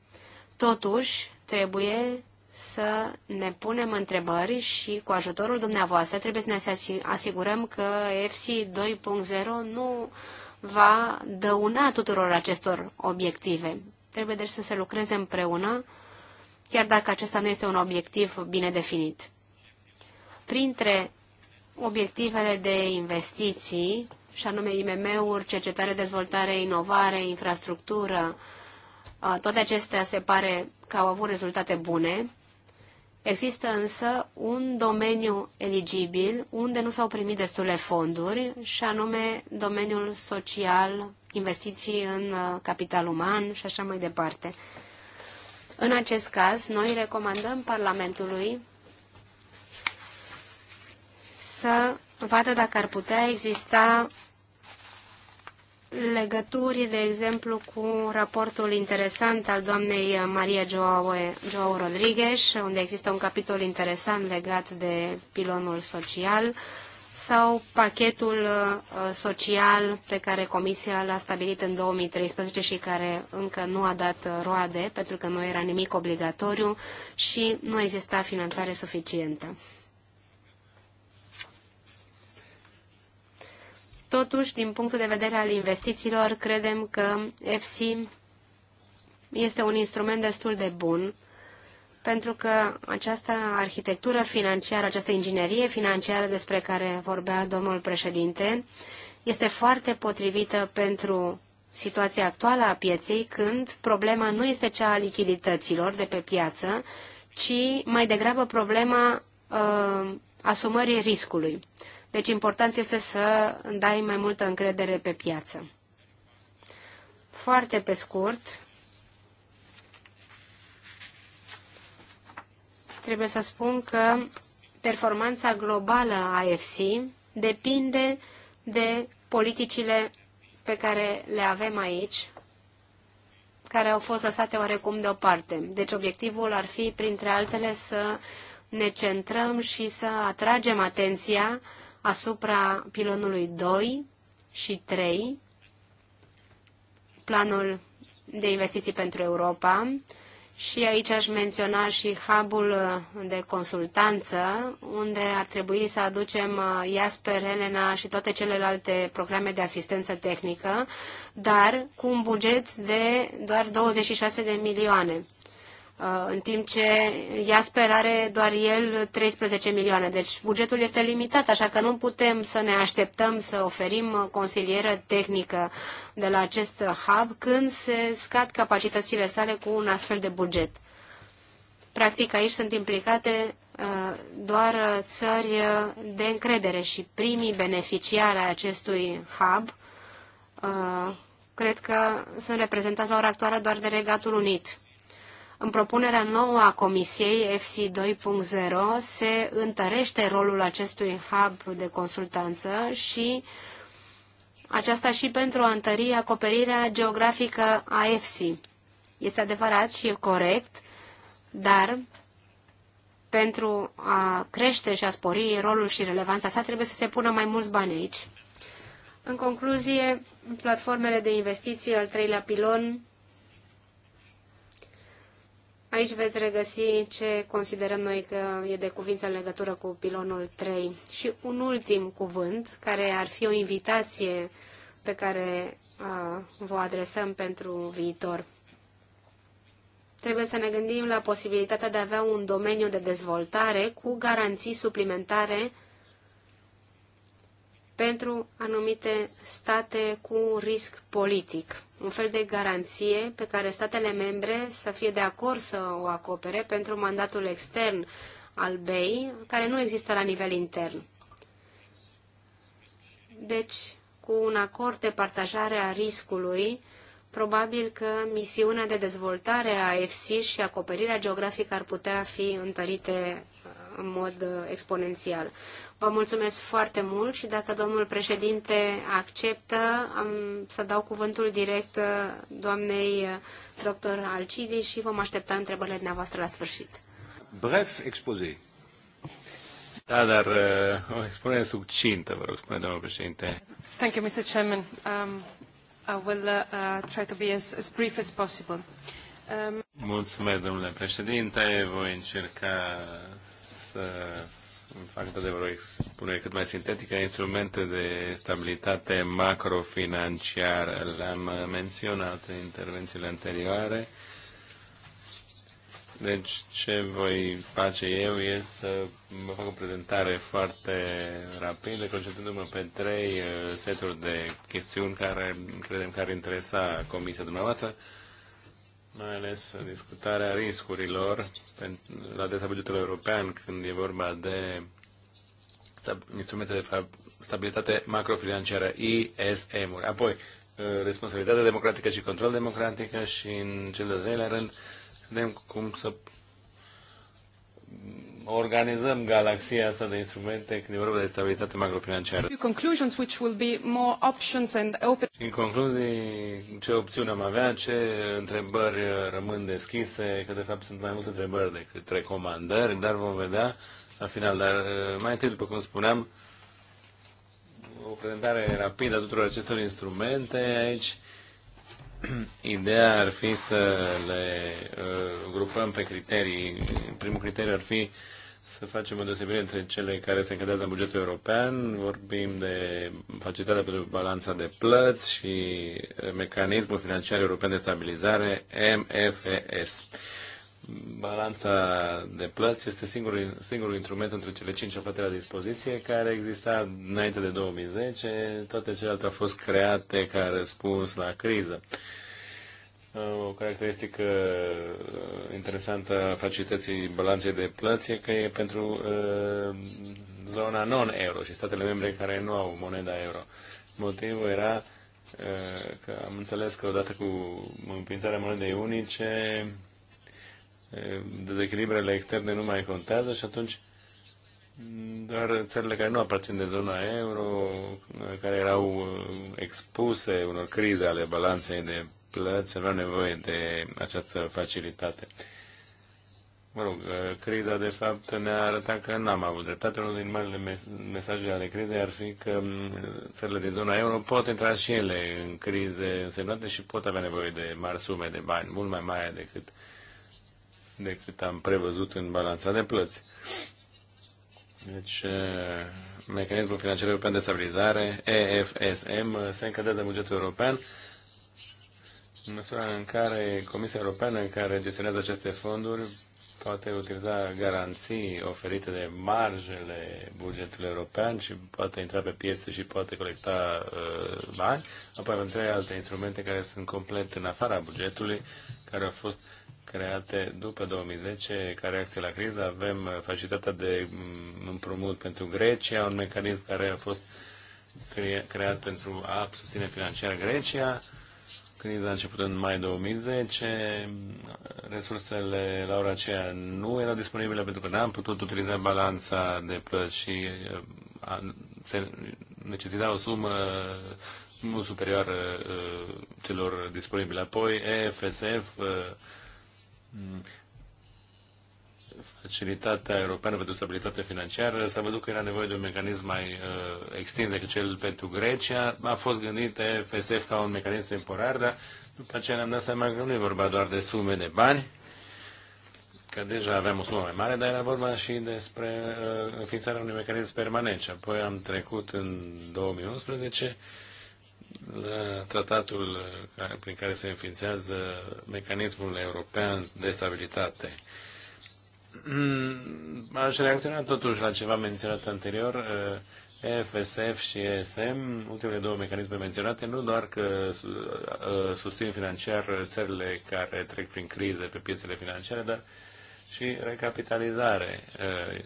Totuși, trebuie să ne punem întrebări și cu ajutorul dumneavoastră trebuie să ne asigurăm că EFSI 2.0 nu va dăuna tuturor acestor obiective. Trebuie deci să se lucreze împreună, chiar dacă acesta nu este un obiectiv bine definit. Printre obiectivele de investiții, și anume IMM-uri, cercetare, dezvoltare, inovare, infrastructură, toate acestea se pare că au avut rezultate bune. Există însă un domeniu eligibil unde nu s-au primit destule fonduri, și anume domeniul social, investiții în capital uman și așa mai departe. În acest caz, noi recomandăm Parlamentului să vadă dacă ar putea exista legături, de exemplu, cu raportul interesant al doamnei Maria Joao, Joao Rodriguez, unde există un capitol interesant legat de pilonul social, sau pachetul uh, social pe care Comisia l-a stabilit în 2013 și care încă nu a dat uh, roade, pentru că nu era nimic obligatoriu și nu exista finanțare suficientă. Totuși, din punctul de vedere al investițiilor, credem că FC este un instrument destul de bun pentru că această arhitectură financiară, această inginerie financiară despre care vorbea domnul președinte, este foarte potrivită pentru situația actuală a pieței, când problema nu este cea a lichidităților de pe piață, ci mai degrabă problema uh, asumării riscului. Deci important este să dai mai multă încredere pe piață. Foarte pe scurt, trebuie să spun că performanța globală a AFC depinde de politicile pe care le avem aici, care au fost lăsate oarecum deoparte. Deci obiectivul ar fi, printre altele, să ne centrăm și să atragem atenția uh, asupra pilonului 2 și 3, planul de investiții pentru Europa, și aici aș menționa și hubul de consultanță, unde ar trebui să aducem uh, Jasper, Elena și toate celelalte programe de asistență tehnică, dar cu un buget de doar 26 de milioane. Uh, în timp ce Iasper are doar el 13 milioane. Deci bugetul este limitat, așa că nu putem să ne așteptăm să oferim consilieră tehnică de la acest hub când se scad capacitățile sale cu un astfel de buget. Practic aici sunt implicate uh, doar țări de încredere și primii beneficiari ai acestui hub uh, cred că sunt reprezentați la ora actuală doar de Regatul Unit. În propunerea nouă a Comisiei FC 2.0 se întărește rolul acestui hub de consultanță și aceasta și pentru a întări acoperirea geografică a EFSI. Este adevărat și e corect, dar pentru a crește și a spori rolul și relevanța sa trebuie să se pună mai mulți bani aici. În concluzie, platformele de investiții, al treilea pilon, Aici veți regăsi ce considerăm noi că e de cuvință în legătură cu pilonul 3. Și un ultim cuvânt, care ar fi o invitație pe care uh, vă adresăm pentru viitor. Trebuie să ne gândim la posibilitatea de a avea un domeniu de dezvoltare cu garanții suplimentare pentru anumite state cu risc politic. Un fel de garanție pe care statele membre să fie de acord să o acopere pentru mandatul extern al BEI, care nu există la nivel intern. Deci, cu un acord de partajare a riscului, probabil că misiunea de dezvoltare a EFSI și acoperirea geografică ar putea fi întărite în mod uh, exponențial. Vă mulțumesc foarte mult și dacă domnul președinte acceptă, am să dau cuvântul direct uh, doamnei uh, dr. Alcidi și vom aștepta întrebările dumneavoastră la sfârșit. Bref expoze. Da, dar o expunere succintă, vă rog, spune domnul președinte. Thank you, Mr. Chairman. Um, I will uh, try to be as, as brief as possible. Um... Mulțumesc, domnule președinte. Voi încerca să fac într-adevăr o expunere cât mai sintetică. Instrumente de stabilitate macrofinanciară le-am menționat în intervențiile anterioare. Deci ce voi face eu e să vă fac o prezentare foarte rapidă, concentrându-mă pe trei uh, seturi de chestiuni care credem că ar interesa Comisia dumneavoastră mai ales discutarea riscurilor la adresa bugetului european când e vorba de instrumente de stabilitate macrofinanciară, ISM-uri. Apoi, uh, responsabilitatea democratică și control democratică și în cel de-al treilea rând, vedem cum să organizăm galaxia asta de instrumente când e vorba de stabilitate macrofinanciară. which will be more and open. În concluzii, ce opțiuni am avea, ce întrebări rămân deschise, că de fapt sunt mai multe întrebări decât recomandări, dar vom vedea la final. Dar eh, mai întâi, după cum spuneam, o prezentare rapidă a tuturor acestor instrumente aici. Ideea ar fi să le uh, grupăm pe criterii. Primul criteriu ar fi să facem o deosebire între cele care se încadrează în bugetul european, vorbim de facilitatea pentru balanța de plăți și mecanismul financiar european de stabilizare, MFS. Uh, balanța de plăți este singurul, singurul instrument între cele cinci aflate la dispoziție care exista înainte de 2010. Toate celelalte au fost create ca răspuns la criză. O caracteristică uh, interesantă a facilității balanței de plăți e că e pentru uh, zona non-euro și statele membre care nu au moneda euro. Motivul era uh, că am înțeles că odată cu înființarea monedei unice, dezechilibrele externe nu mai contează și atunci doar țările care nu aparțin de zona euro, care erau uh, expuse unor crize ale balanței de plăți, aveau nevoie de această facilitate. Mă rog, uh, criza de fapt ne-a arătat că n-am avut dreptate. Unul din marile mesaje ale crizei ar fi că um, țările din zona euro pot intra și ele în crize însemnate și pot avea nevoie de mari sume de bani, mult mai mari decât uh, decât am prevăzut în balanța de plăți. Deci, mecanismul financiar european de stabilizare, EFSM, se încadrează în bugetul european în măsura în care Comisia Europeană, care gestionează aceste fonduri, poate utiliza garanții oferite de marjele bugetului european și poate intra pe piețe și poate colecta uh, bani. Apoi avem trei alte instrumente care sunt complet în afara bugetului, care au fost uh, create după 2010 ca reacție la criză. Avem facilitatea de mm, împrumut pentru Grecia, un mecanism care a fost creat pentru a susține financiar Grecia. Criza a început în mai 2010, resursele la ora aceea nu erau disponibile pentru că n-am putut utiliza balanța de plăți și uh, a, se necesita o sumă mult superioară uh, celor disponibile. Apoi EFSF Facilitatea Europeană pentru Stabilitate Financiară s-a văzut că era nevoie de un mecanism mai uh, extins decât cel pentru Grecia. A fost gândit FSF ca un mecanism temporar, dar după aceea ne-am dat seama că nu e vorba doar de sume de bani, că deja aveam o sumă mai mare, dar era vorba și despre uh, înființarea unui mecanism permanent. Și apoi am trecut în 2011 la tratatul prin care se înființează mecanismul european de stabilitate. Mm, aș reacționa totuși la ceva menționat anterior. FSF și ESM, ultimele două mecanisme menționate, nu doar că uh, susțin financiar țările care trec prin crize pe piețele financiare, dar și recapitalizare uh,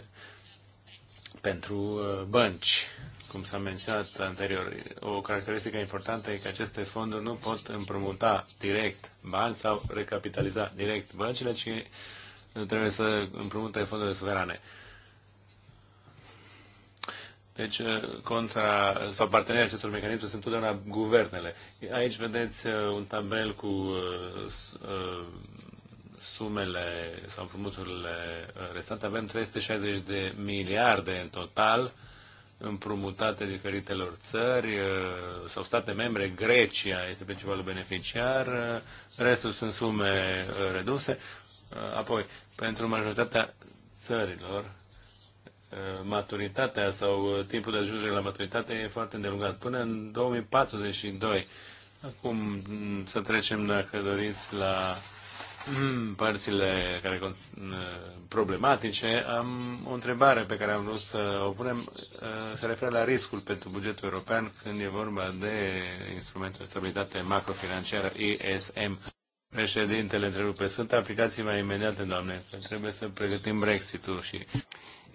pentru uh, bănci cum s-a menționat anterior, o caracteristică importantă e că aceste fonduri nu pot împrumuta direct bani sau recapitaliza direct băncile, ci trebuie să împrumute fondurile suverane. Deci, eh, contra sau partenerii acestor mecanisme sunt întotdeauna guvernele. Aici vedeți eh, un tabel cu eh, sumele sau împrumuturile restante. Avem 360 de miliarde în total împrumutate diferitelor țări uh, sau state membre. Grecia este principalul beneficiar, uh, restul sunt sume uh, reduse. Apoi, pentru majoritatea țărilor, maturitatea sau timpul de ajungere la maturitate e foarte îndelungat, până în 2042. Acum să trecem, dacă doriți, la Mm, părțile care mm, problematice, am o întrebare pe care am vrut să o punem, uh, se referă la riscul pentru bugetul european când e vorba de instrumentul de stabilitate macrofinanciară ESM. Președintele întrerupe, sunt aplicații mai imediate, doamne, că trebuie să pregătim Brexit-ul și...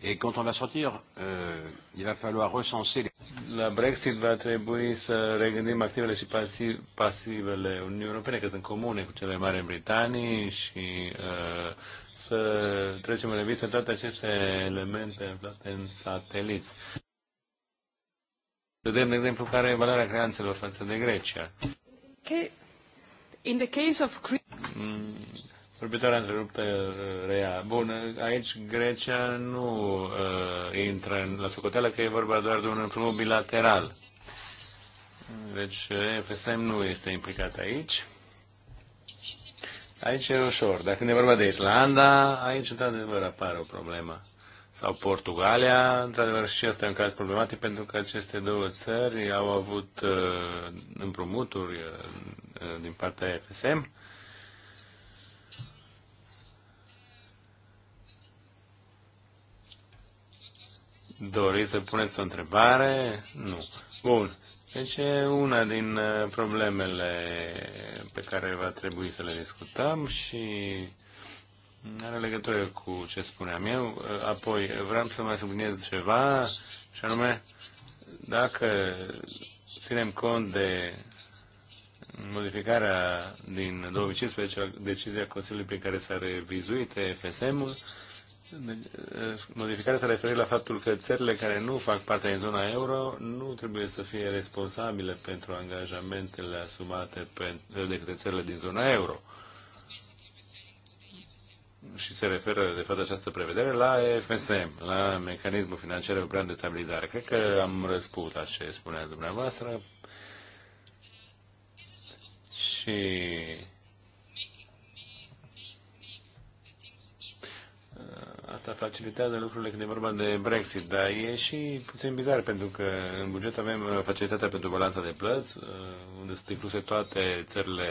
Et quand on va sortir, euh, il va falloir recenser la Brexit va trebui să regândim activele și pasivele Uniunii Europene, că sunt comune cu cele mari Britanii și uh, să trecem în revistă toate aceste elemente aflate în sateliți. Vedem, de exemplu, care e valoarea creanțelor față de Grecia. In the case of... Mm. Vorbitoarea întreruptă uh, rea. Bun, aici Grecia nu uh, intră la socoteală că e vorba doar de un împrumut bilateral. Deci FSM nu este implicat aici. Aici e ușor. Dacă ne vorba de Irlanda, aici într-adevăr apare o problemă. Sau Portugalia, într-adevăr și asta e un caz problematic pentru că aceste două țări au avut uh, împrumuturi uh, din partea FSM. Uh, Doriți să puneți o întrebare? Nu. Bun. Deci e una din uh, problemele pe care va trebui să le discutăm și are legătură cu ce spuneam eu. Uh, apoi vreau să mai subliniez ceva și anume dacă ținem cont de modificarea din 2015 decizia Consiliului prin care s-a revizuit FSM-ul, modificarea se referă la faptul că țările care nu fac parte din zona euro nu trebuie să fie responsabile pentru angajamentele asumate de către țările din zona euro. Și se referă, de fapt, această prevedere la FSM, la Mecanismul Financiar European de Stabilizare. Cred că am răspuns la ce spunea dumneavoastră. Și asta facilitează lucrurile când e vorba de Brexit, dar e și puțin bizar pentru că în buget avem uh, facilitatea pentru balanța de plăți, uh, unde sunt incluse toate țările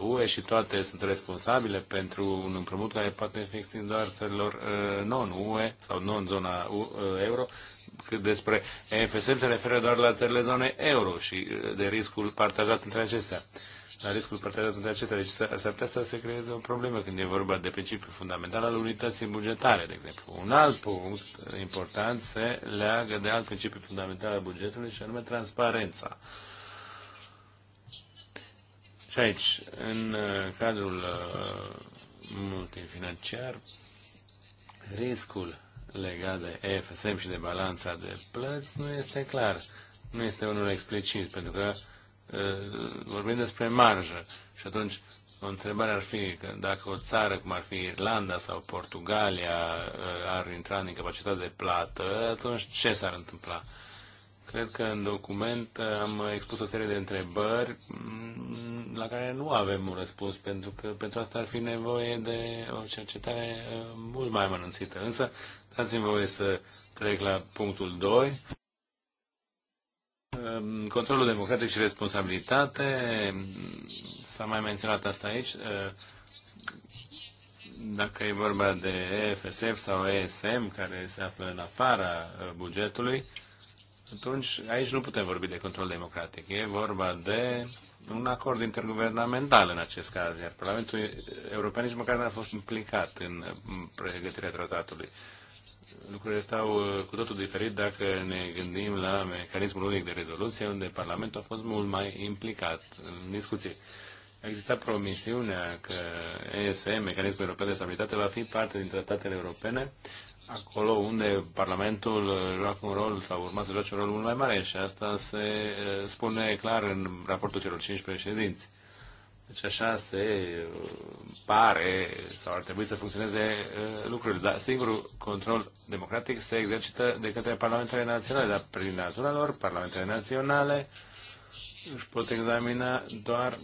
UE uh, și toate sunt responsabile pentru un împrumut care poate fi extins doar țărilor non-UE sau non-zona euro, cât despre EFSM se referă doar la țările zone euro și de riscul partajat între acestea la riscul partajat de acestea. Deci s-ar putea să se creeze o problemă când e vorba de principiul fundamental al unității bugetare, de exemplu. Un alt punct important se leagă de alt principiu fundamental al bugetului și anume transparența. Și aici, în uh, cadrul uh, multifinanciar, riscul legat de EFSM și de balanța de plăți nu este clar, nu este unul explicit, pentru că uh, vorbim despre marjă. Și atunci, o întrebare ar fi că dacă o țară cum ar fi Irlanda sau Portugalia ar intra în incapacitate de plată, atunci ce s-ar întâmpla? Cred că în document am expus o serie de întrebări mm, la care nu avem un răspuns, pentru că pentru asta ar fi nevoie de o cercetare mult mai amănunțită. Însă, dați-mi voie să trec la punctul 2. Controlul democratic și responsabilitate, s-a mai menționat asta aici, ă, dacă e vorba de EFSF sau ESM, care se află în afara ă, bugetului, atunci aici nu putem vorbi de control democratic. E vorba de un acord interguvernamental în acest caz, iar Parlamentul European nici măcar n-a fost implicat în pregătirea tratatului lucrurile stau uh, cu totul diferit dacă ne gândim la mecanismul unic de rezoluție, unde Parlamentul a fost mult mai implicat în discuție. A existat promisiunea că ESM, Mecanismul European de Stabilitate, va fi parte din tratatele europene, acolo unde Parlamentul uh, joacă un rol sau urma să joace un rol mult mai mare și asta se uh, spune clar în raportul celor cinci președinți. Deci așa se uh, pare sau ar trebui să funcționeze uh, lucrurile. Dar singurul control democratic se exercită de către parlamentele naționale, dar prin natura lor, parlamentele naționale își pot examina doar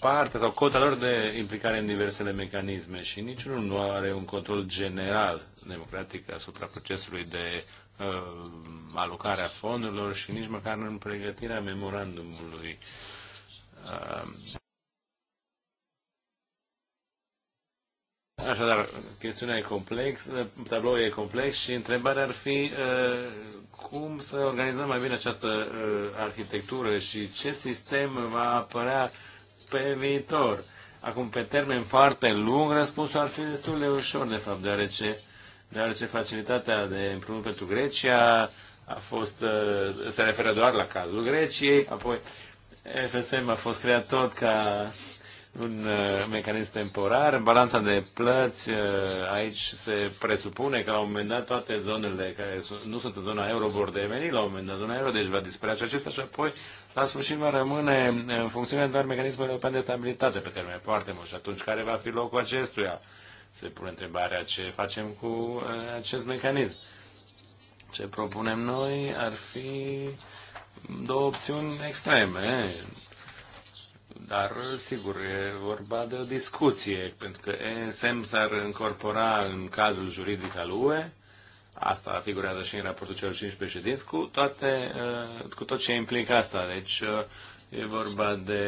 partea sau cota lor de implicare în diversele mecanisme și niciunul nu are un control general democratic asupra procesului de uh, alocare a fondurilor și nici măcar în pregătirea memorandumului. Uh, Așadar, chestiunea e complexă, tabloul e complex și întrebarea ar fi uh, cum să organizăm mai bine această uh, arhitectură și ce sistem va apărea pe viitor. Acum, pe termen foarte lung, răspunsul ar fi destul de ușor, de fapt, deoarece, deoarece facilitatea de împrumut pentru Grecia a fost, uh, se referă doar la cazul Greciei, apoi FSM a fost creat tot ca un uh, mecanism temporar. Balanța de plăți, uh, aici se presupune că la un moment dat toate zonele care nu sunt în zona euro vor deveni la un moment dat zona euro, deci va dispărea și acesta și apoi la sfârșit va rămâne în funcțiune doar mecanismul european de stabilitate pe termen foarte mult și atunci care va fi locul acestuia? Se pune întrebarea ce facem cu uh, acest mecanism. Ce propunem noi ar fi două opțiuni extreme. Dar, sigur, e vorba de o discuție, pentru că ESM s-ar încorpora în cadrul juridic al UE, asta figurează și în raportul celor 5 ședinți, cu, toate, uh, cu tot ce implică asta. Deci, uh, e vorba de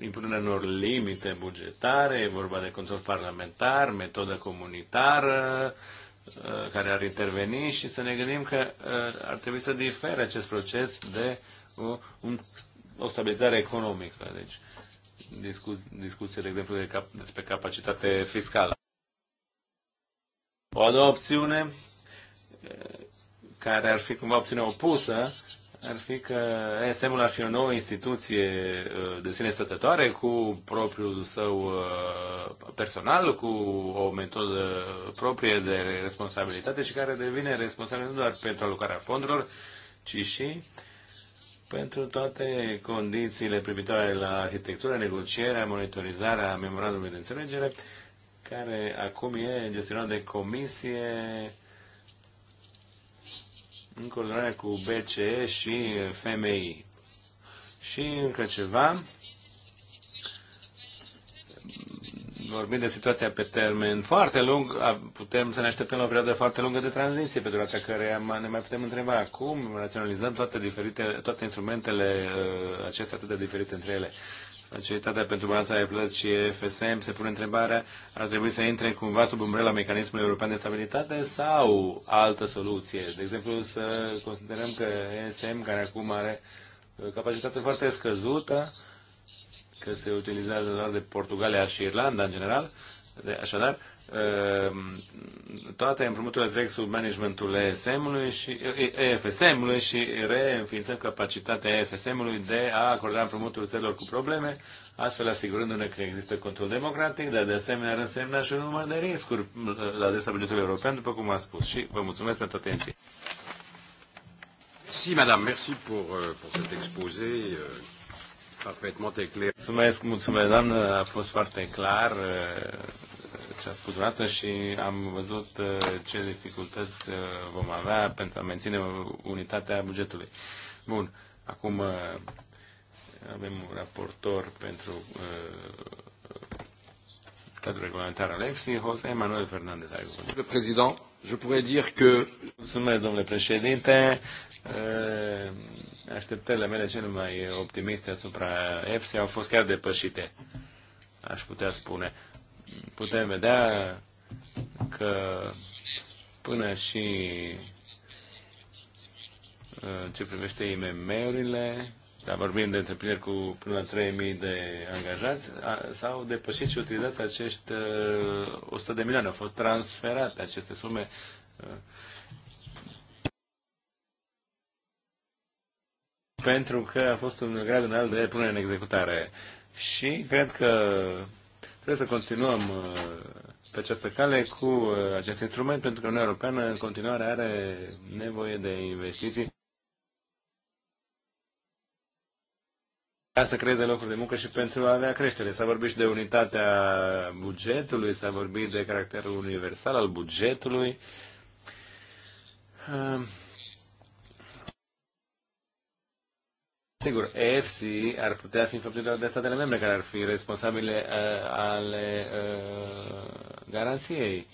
impunerea unor limite bugetare, e vorba de control parlamentar, metodă comunitară, uh, care ar interveni și să ne gândim că ar trebui să difere acest proces de un o stabilizare economică. Deci, discu- discuție, de exemplu, de cap- despre capacitate fiscală. O a doua opțiune, care ar fi cumva opțiunea opusă, ar fi că ESM-ul ar fi o nouă instituție uh, de sine stătătoare cu propriul său uh, personal, cu o metodă proprie de responsabilitate și care devine responsabil nu doar pentru alocarea fondurilor, ci și uh, pentru toate condițiile privitoare la arhitectură, negocierea, monitorizarea memorandumului de înțelegere, care acum e gestionat de comisie în coordonare cu BCE și FMI. Și încă ceva, vorbim de situația pe termen foarte lung, putem să ne așteptăm la o perioadă foarte lungă de tranziție, pe durata care ne mai putem întreba cum raționalizăm toate, diferite, toate instrumentele uh, acestea atât de diferite între ele. Facilitatea pentru balanța de plăți și FSM se pune întrebarea, ar trebui să intre cumva sub umbrela mecanismului european de stabilitate sau altă soluție? De exemplu, să considerăm că ESM, care acum are uh, capacitate foarte scăzută, că se utilizează doar de Portugalia și Irlanda în general. De, așadar, ehm, toate împrumuturile trec sub managementul ESM-ului și EFSM-ului și reînființăm capacitatea EFSM-ului de a acorda împrumuturi țărilor cu probleme, astfel asigurându-ne că există control democratic, dar de asemenea ar însemna și un număr de riscuri la adresa bugetului european, după cum am spus. Și vă mulțumesc pentru atenție. Si, madame, merci pour, euh, pour cet exposé. Euh, Mulțumesc, mulțumesc, doamnă, a fost foarte clar uh, ce a spus dumneavoastră și am văzut uh, ce dificultăți uh, vom avea pentru a menține unitatea bugetului. Bun, acum avem un raportor pentru cadrul regulamentar al EFSI, José Manuel Fernández Mulțumesc, domnule președinte așteptările mele cele mai optimiste asupra FC au fost chiar depășite, aș putea spune. Putem vedea că până și ce privește IMM-urile, dar vorbim de întreprinderi cu până la 3.000 de angajați, s-au depășit și utilizat acești 100 uh, de milioane. Au fost transferate aceste sume uh, pentru că a fost un grad înalt de punere în executare. Și cred că trebuie să continuăm uh, pe această cale cu uh, acest instrument, pentru că Uniunea Europeană în continuare are nevoie de investiții ca să creeze locuri de muncă și pentru a avea creștere. S-a vorbit și de unitatea bugetului, s-a vorbit de caracterul universal al bugetului. Uh, Sigur, EFSI ar putea fi înfăptuită de statele membre care ar fi responsabile uh, ale uh, garanției.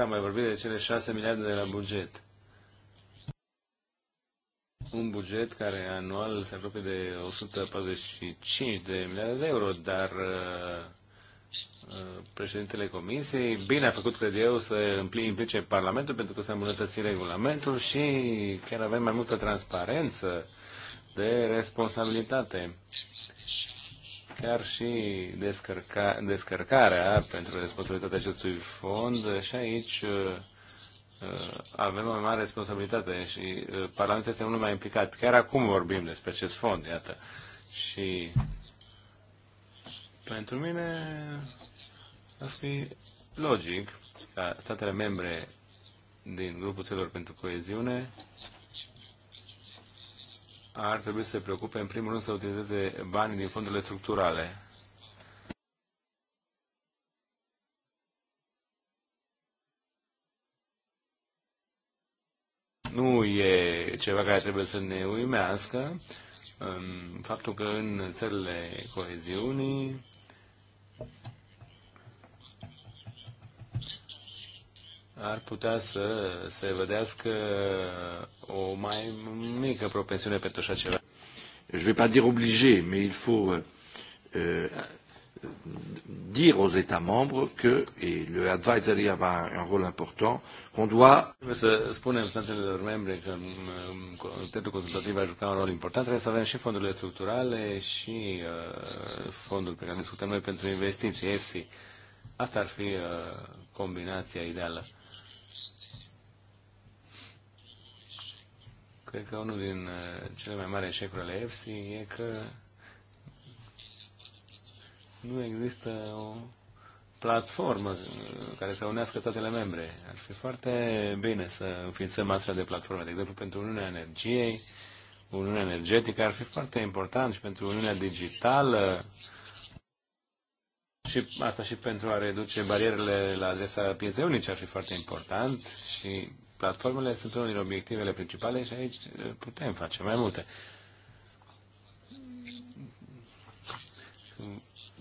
Am mai vorbit de cele 6 miliarde de la buget. Un buget care anual se apropie de 145 de miliarde de euro, dar uh, președintele Comisiei. Bine a făcut, cred eu, să implice Parlamentul pentru că s-a îmbunătățit regulamentul și chiar avem mai multă transparență de responsabilitate. Chiar și descărca, descărcarea pentru responsabilitatea acestui fond și aici uh, uh, avem o mare responsabilitate și uh, Parlamentul este unul mai implicat. Chiar acum vorbim despre acest fond, iată. Și pentru mine ar fi logic ca statele membre din grupul celor pentru coeziune ar trebui să se preocupe în primul rând să utilizeze banii din fondurile structurale. Nu e ceva care trebuie să ne uimească faptul că în țările coeziunii ar putea să se vedească o mai mică propensiune pentru așa ceva. Je vais pas dire obligé, mais il faut euh, euh dire aux États membres que, et le advisory a un rôle important, qu'on doit... Trebuie să spunem statelor membre că um, Comitetul Consultativ va juca un rol important, trebuie să avem și fondurile structurale și uh, fondul pe care discutăm noi pentru investiții, EFSI. Asta ar fi uh, combinația ideală. Cred că unul din uh, cele mai mari eșecuri ale EFSI e că nu există o platformă uh, care să unească toatele membre. Ar fi foarte bine să înființăm astfel de platforme. De exemplu, pentru Uniunea Energiei, Uniunea Energetică ar fi foarte important și pentru Uniunea Digitală și asta și pentru a reduce barierele la adresa pieței unice ar fi foarte important și Platformele sunt unul din obiectivele principale și aici uh, putem face mai multe.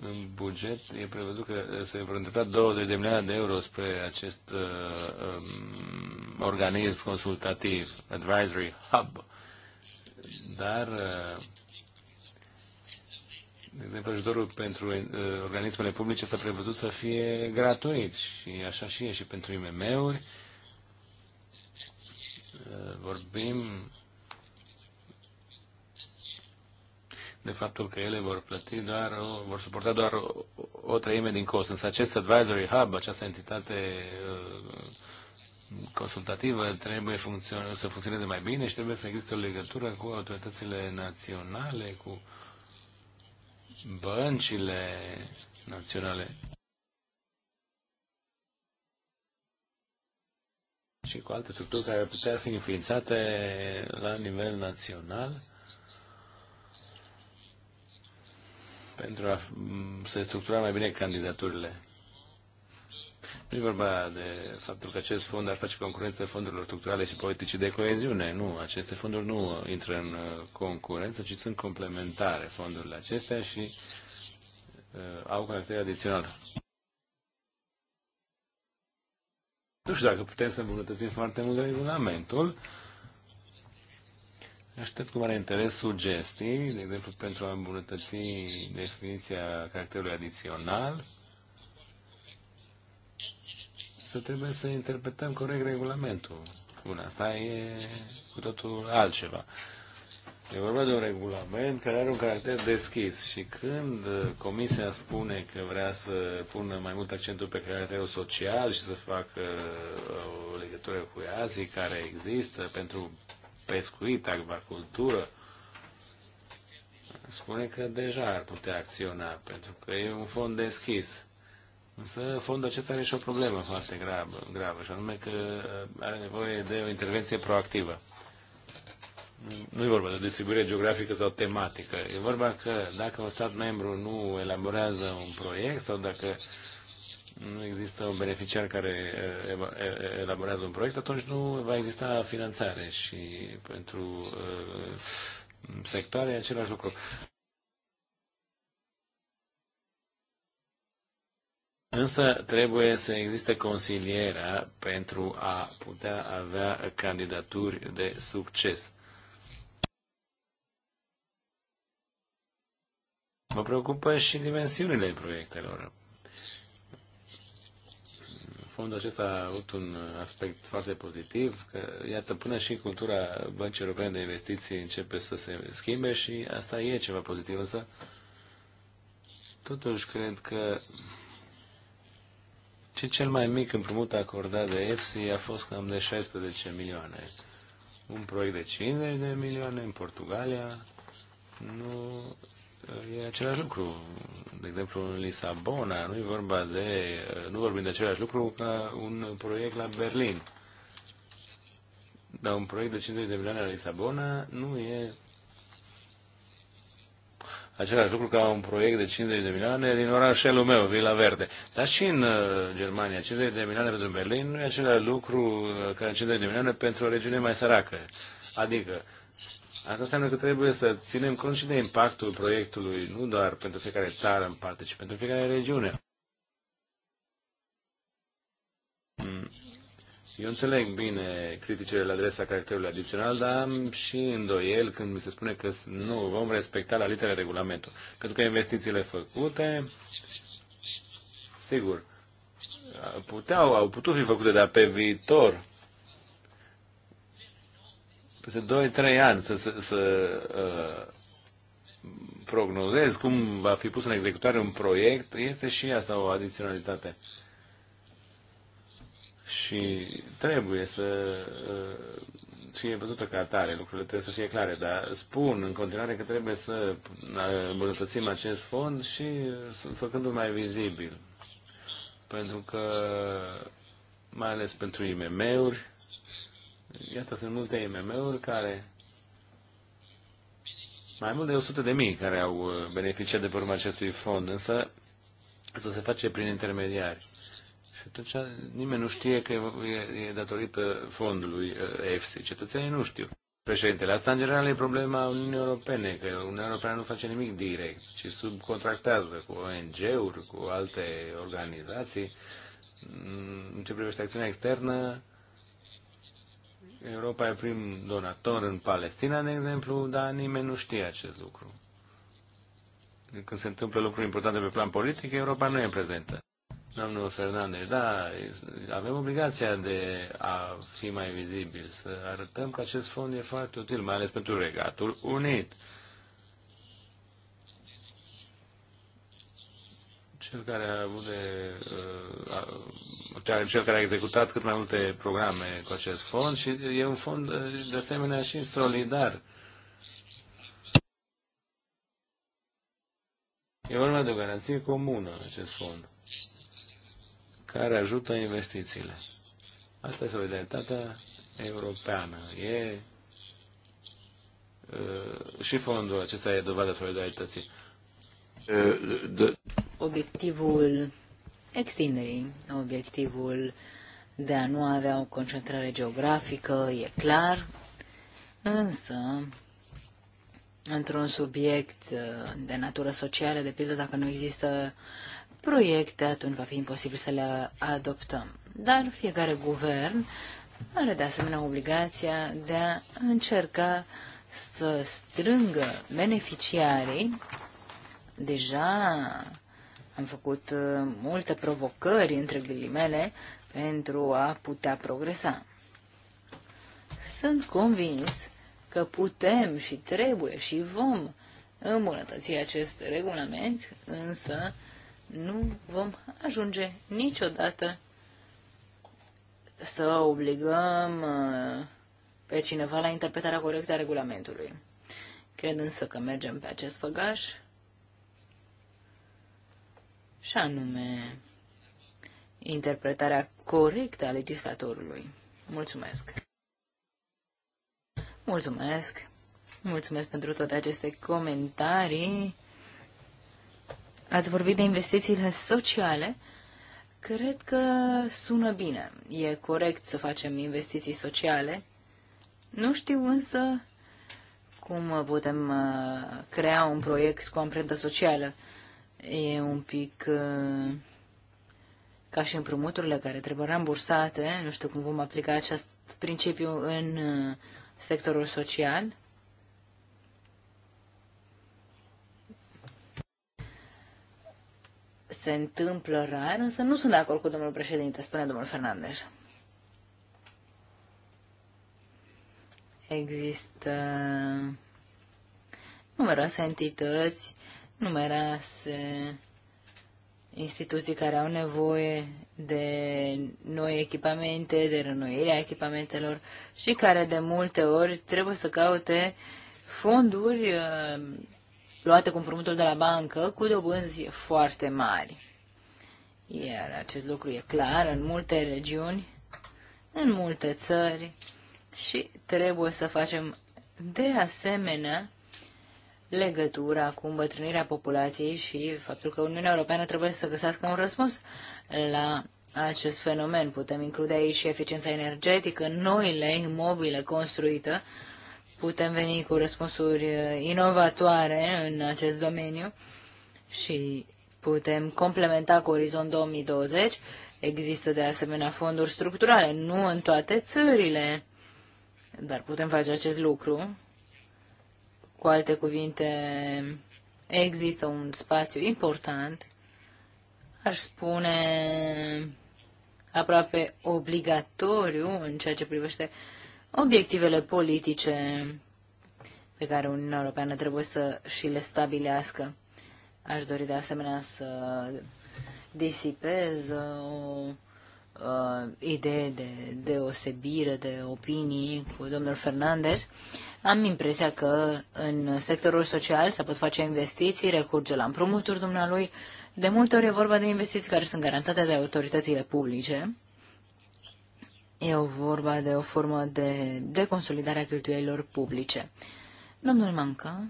în buget e prevăzut că uh, se vor îndrepta 20 de milioane de euro spre acest uh, um, organism consultativ, Advisory Hub. Dar, uh, de exemplu, ajutorul pentru uh, organismele publice s-a prevăzut să fie gratuit și așa și e și pentru IMM-uri vorbim de faptul că ele vor plăti doar, vor suporta doar o, o treime din cost. Însă acest advisory hub, această entitate uh, consultativă trebuie funcțione, să funcționeze mai bine și trebuie să existe o legătură cu autoritățile naționale, cu băncile naționale. și cu alte structuri care putea fi înființate la nivel național pentru a se structura mai bine candidaturile. Nu e vorba de faptul că acest fond ar face concurență fondurilor structurale și politice de coeziune. Nu, aceste fonduri nu intră în uh, concurență, ci sunt complementare fondurile acestea și uh, au caracter adițional. Nu știu dacă putem să îmbunătățim foarte mult regulamentul. Aștept cu mare interes sugestii, de exemplu, pentru a îmbunătăți definiția caracterului adițional. Să trebuie să interpretăm corect regulamentul. Bun, asta e cu totul altceva. E vorba de un regulament care are un caracter deschis și când uh, Comisia spune că vrea să pună mai mult accentul pe caracterul social și să facă uh, o legătură cu Azii care există pentru pescuit, acvacultură, spune că deja ar putea acționa pentru că e un fond deschis. Însă fondul acesta are și o problemă foarte gravă, gravă și anume că uh, are nevoie de o intervenție proactivă nu e vorba de distribuire geografică sau tematică. E vorba că dacă un stat membru nu elaborează un proiect sau dacă nu există un beneficiar care eh, eh, elaborează un proiect, atunci nu va exista finanțare și pentru eh, sectoare același lucru. Însă trebuie să existe consilierea pentru a putea avea candidaturi de succes. Mă preocupă și dimensiunile proiectelor. Fondul acesta a avut un aspect foarte pozitiv, că iată, până și cultura Băncii Europene de Investiții începe să se schimbe și asta e ceva pozitiv, însă totuși cred că și cel mai mic împrumut acordat de EFSI a fost cam de 16 milioane. Un proiect de 50 de milioane în Portugalia nu e același lucru. De exemplu, în Lisabona, nu e vorba de, nu vorbim de același lucru ca un proiect la Berlin. Dar un proiect de 50 de milioane la Lisabona nu e același lucru ca un proiect de 50 de milioane din orașelul meu, Vila Verde. Dar și în uh, Germania, 50 de milioane pentru Berlin nu e același lucru ca 50 de milioane pentru o regiune mai săracă. Adică, Asta înseamnă că trebuie să ținem cont și de impactul proiectului, nu doar pentru fiecare țară în parte, ci pentru fiecare regiune. Mm. Eu înțeleg bine criticile la adresa caracterului adițional, dar am și îndoiel când mi se spune că nu vom respecta la litere regulamentul. Pentru că investițiile făcute, sigur, puteau, au putut fi făcute, dar pe viitor peste 2-3 ani să, să, să uh, prognozezi cum va fi pus în executare un proiect, este și asta o adiționalitate. Și trebuie să uh, fie văzută ca atare, lucrurile trebuie să fie clare, dar spun în continuare că trebuie să uh, îmbunătățim acest fond și uh, făcându-l mai vizibil. Pentru că, mai ales pentru IMM-uri, Iată, sunt multe IMM-uri care, mai mult de 100 de mii care au uh, beneficiat de pe urma acestui fond, însă asta se face prin intermediari. Și atunci nimeni nu știe că e, e datorită fondului EFSI. Uh, Cetățenii nu știu. Președintele, asta în general e problema Uniunii Europene, că Uniunea Europeană nu face nimic direct, ci subcontractează cu ONG-uri, cu alte organizații. În ce privește acțiunea externă, Europa e prim donator în Palestina, de exemplu, dar nimeni nu știe acest lucru. Când se întâmplă lucruri importante pe plan politic, Europa nu e prezentă. Domnul Fernandez, da, avem obligația de a fi mai vizibili, să arătăm că acest fond e foarte util, mai ales pentru Regatul Unit. cel care a avut de, uh, cel care a executat cât mai multe programe cu acest fond și e un fond uh, de asemenea și solidar. E vorba de o garanție comună acest fond care ajută investițiile. Asta e solidaritatea europeană. E uh, și fondul acesta e dovadă solidarității. Uh, the obiectivul extinderii, obiectivul de a nu avea o concentrare geografică, e clar, însă, într-un subiect uh, de natură socială, de pildă, dacă nu există proiecte, atunci va fi imposibil să le adoptăm. Dar fiecare guvern are de asemenea obligația de a încerca să strângă beneficiarii. Deja am făcut uh, multe provocări, între ghilimele, pentru a putea progresa. Sunt convins că putem și trebuie și vom îmbunătăți acest regulament, însă nu vom ajunge niciodată să obligăm uh, pe cineva la interpretarea corectă a regulamentului. Cred însă că mergem pe acest făgaș și anume interpretarea corectă a legislatorului. Mulțumesc! Mulțumesc! Mulțumesc pentru toate aceste comentarii. Ați vorbit de investițiile sociale. Cred că sună bine. E corect să facem investiții sociale. Nu știu însă cum putem uh, crea un proiect cu amprentă socială. E un pic uh, ca și împrumuturile care trebuie rambursate. Nu știu cum vom aplica acest principiu în uh, sectorul social. Se întâmplă rar, însă nu sunt de acord cu domnul președinte, spune domnul Fernandez. Există numeroase entități numeroase instituții care au nevoie de noi echipamente, de renoirea echipamentelor și care de multe ori trebuie să caute fonduri uh, luate cu împrumutul de la bancă cu dobânzi foarte mari. Iar acest lucru e clar în multe regiuni, în multe țări și trebuie să facem de asemenea legătura cu îmbătrânirea populației și faptul că Uniunea Europeană trebuie să găsească un răspuns la acest fenomen. Putem include aici și eficiența energetică, noile imobile construite, putem veni cu răspunsuri inovatoare în acest domeniu și putem complementa cu Orizont 2020. Există de asemenea fonduri structurale, nu în toate țările, dar putem face acest lucru cu alte cuvinte, există un spațiu important, aș spune aproape obligatoriu în ceea ce privește obiectivele politice pe care Uniunea Europeană trebuie să și le stabilească. Aș dori de asemenea să disipez o uh, idee de deosebire de opinii cu domnul Fernandez, am impresia că în sectorul social se pot face investiții, recurge la împrumuturi dumnealui. De multe ori e vorba de investiții care sunt garantate de autoritățile publice. E o vorba de o formă de consolidare a cheltuielilor publice. Domnul Manca.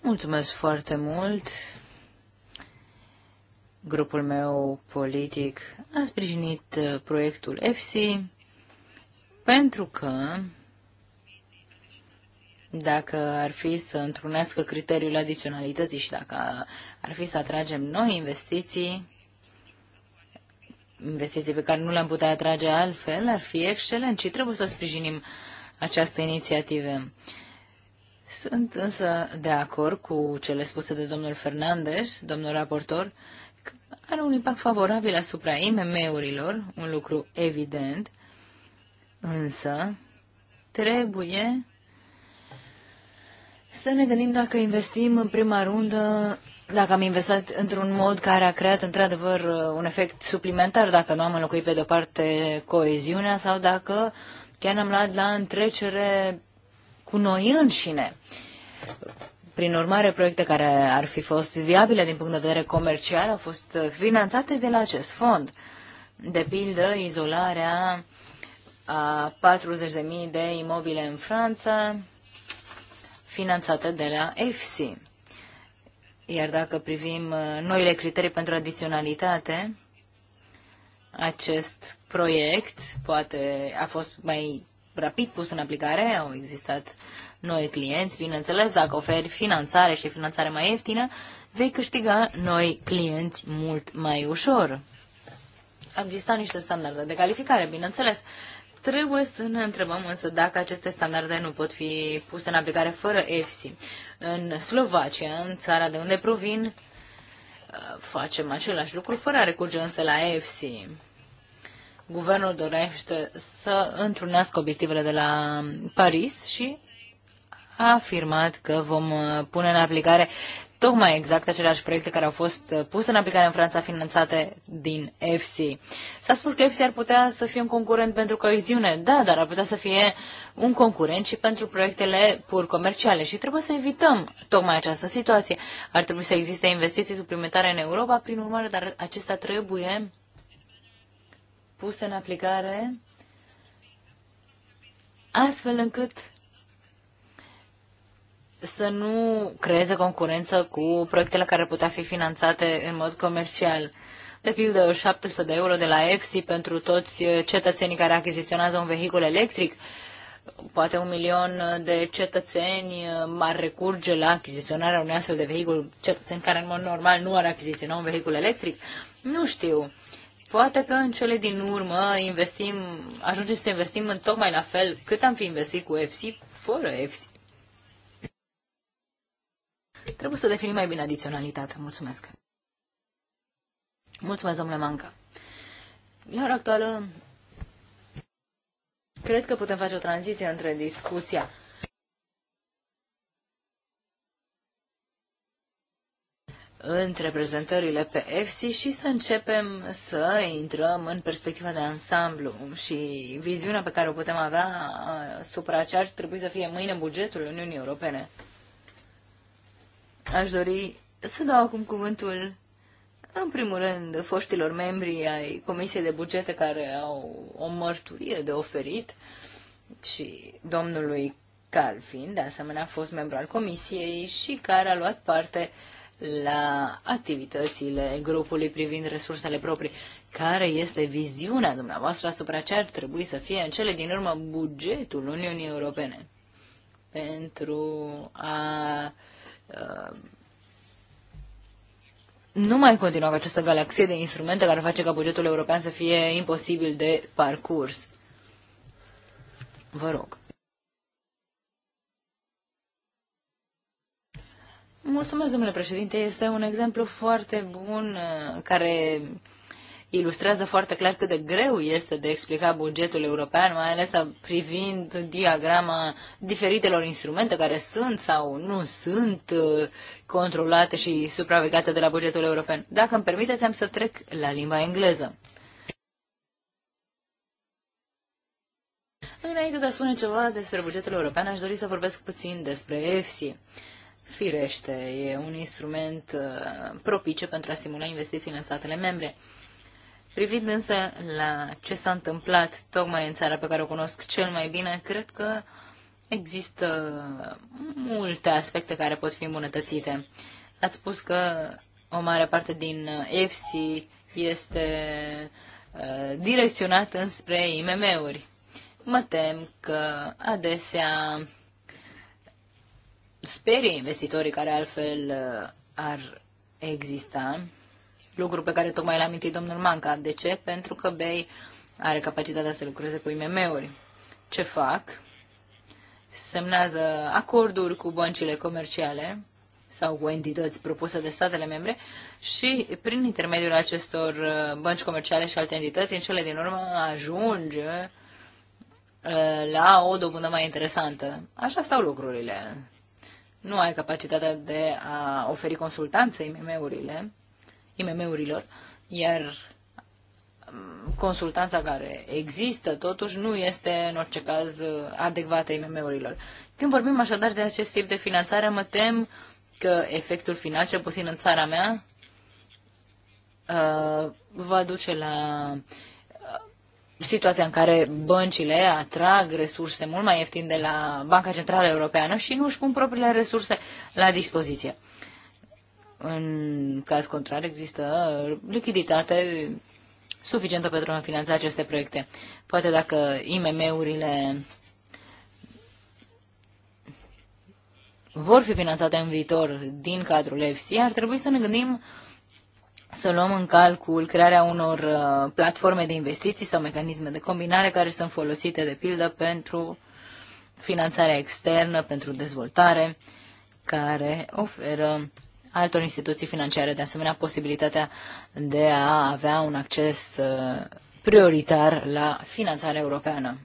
Mulțumesc foarte mult grupul meu politic a sprijinit uh, proiectul EFSI pentru că dacă ar fi să întrunească criteriul adiționalității și dacă ar fi să atragem noi investiții, investiții pe care nu le-am putea atrage altfel, ar fi excelent și trebuie să sprijinim această inițiativă. Sunt însă de acord cu cele spuse de domnul Fernandez, domnul raportor, are un impact favorabil asupra IMM-urilor, un lucru evident, însă trebuie să ne gândim dacă investim în prima rundă, dacă am investat într-un mod care a creat într-adevăr uh, un efect suplimentar, dacă nu am înlocuit pe de-o parte coeziunea sau dacă chiar am luat la întrecere cu noi înșine. Prin urmare, proiecte care ar fi fost viabile din punct de vedere comercial au fost finanțate de la acest fond. De pildă, izolarea a 40.000 de imobile în Franța, finanțată de la EFSI. Iar dacă privim uh, noile criterii pentru adiționalitate, acest proiect poate a fost mai rapid pus în aplicare, au existat noi clienți, bineînțeles, dacă oferi finanțare și finanțare mai ieftină, vei câștiga noi clienți mult mai ușor. Există niște standarde de calificare, bineînțeles. Trebuie să ne întrebăm însă dacă aceste standarde nu pot fi puse în aplicare fără EFSI. În Slovacia, în țara de unde provin, uh, facem același lucru fără a recurge însă la EFSI. Guvernul dorește să întrunească obiectivele de la Paris și a afirmat că vom uh, pune în aplicare tocmai exact aceleași proiecte care au fost uh, puse în aplicare în Franța, finanțate din FC. S-a spus că FC ar putea să fie un concurent pentru coeziune, da, dar ar putea să fie un concurent și pentru proiectele pur comerciale și trebuie să evităm tocmai această situație. Ar trebui să existe investiții suplimentare în Europa, prin urmare, dar acestea trebuie puse în aplicare astfel încât să nu creeze concurență cu proiectele care putea fi finanțate în mod comercial. De pildă, 700 de euro de la EFSI pentru toți cetățenii care achiziționează un vehicul electric. Poate un milion de cetățeni ar recurge la achiziționarea unui astfel de vehicul, cetățeni care în mod normal nu ar achiziționa un vehicul electric. Nu știu. Poate că în cele din urmă investim, ajungem să investim în tocmai la fel cât am fi investit cu EFSI fără EFSI. Trebuie să definim mai bine adiționalitatea. Mulțumesc. Mulțumesc, domnule Manca. La ora actuală, cred că putem face o tranziție între discuția între prezentările pe EFSI și să începem să intrăm în perspectiva de ansamblu și viziunea pe care o putem avea asupra uh, ce ar trebui să fie mâine bugetul Uniunii Europene. Aș dori să dau acum cuvântul, în primul rând, foștilor membri ai Comisiei de Bugete care au o mărturie de oferit și domnului Calvin, de asemenea, a fost membru al Comisiei și care a luat parte la activitățile grupului privind resursele proprii. Care este viziunea dumneavoastră asupra ce ar trebui să fie în cele din urmă bugetul Uniunii Europene pentru a Uh, nu mai continuăm această galaxie de instrumente care face ca bugetul european să fie imposibil de parcurs. Vă rog. Mulțumesc, domnule președinte. Este un exemplu foarte bun uh, care ilustrează foarte clar cât de greu este de explicat bugetul european, mai ales privind diagrama diferitelor instrumente care sunt sau nu sunt uh, controlate și supravegate de la bugetul european. Dacă îmi permiteți, am să trec la limba engleză. Înainte de a spune ceva despre bugetul european, aș dori să vorbesc puțin despre EFSI. Firește, e un instrument uh, propice pentru a stimula investițiile în statele membre. Privind însă la ce s-a întâmplat tocmai în țara pe care o cunosc cel mai bine, cred că există multe aspecte care pot fi îmbunătățite. Ați spus că o mare parte din FC este uh, direcționat înspre IMM-uri. Mă tem că adesea sperie investitorii care altfel uh, ar exista lucru pe care tocmai l-a amintit domnul Manca. De ce? Pentru că BEI are capacitatea să lucreze cu IMM-uri. Ce fac? Semnează acorduri cu băncile comerciale sau cu entități propuse de statele membre și prin intermediul acestor uh, bănci comerciale și alte entități, în cele din urmă ajunge uh, la o dobândă mai interesantă. Așa stau lucrurile. Nu ai capacitatea de a oferi consultanțe IMM-urile, IMM-urilor, iar mm, consultanța care există, totuși nu este în orice caz adecvată IMM-urilor. Când vorbim așadar de acest tip de finanțare, mă tem că efectul final, cel puțin în țara mea, uh, va duce la uh, situația în care băncile atrag resurse mult mai ieftin de la Banca Centrală Europeană și nu își pun propriile resurse la dispoziție. În caz contrar, există lichiditate suficientă pentru a finanța aceste proiecte. Poate dacă IMM-urile vor fi finanțate în viitor din cadrul EFSI, ar trebui să ne gândim să luăm în calcul crearea unor uh, platforme de investiții sau mecanisme de combinare care sunt folosite, de pildă, pentru finanțarea externă, pentru dezvoltare, care oferă altor instituții financiare, de asemenea posibilitatea de a avea un acces uh, prioritar la finanțarea europeană.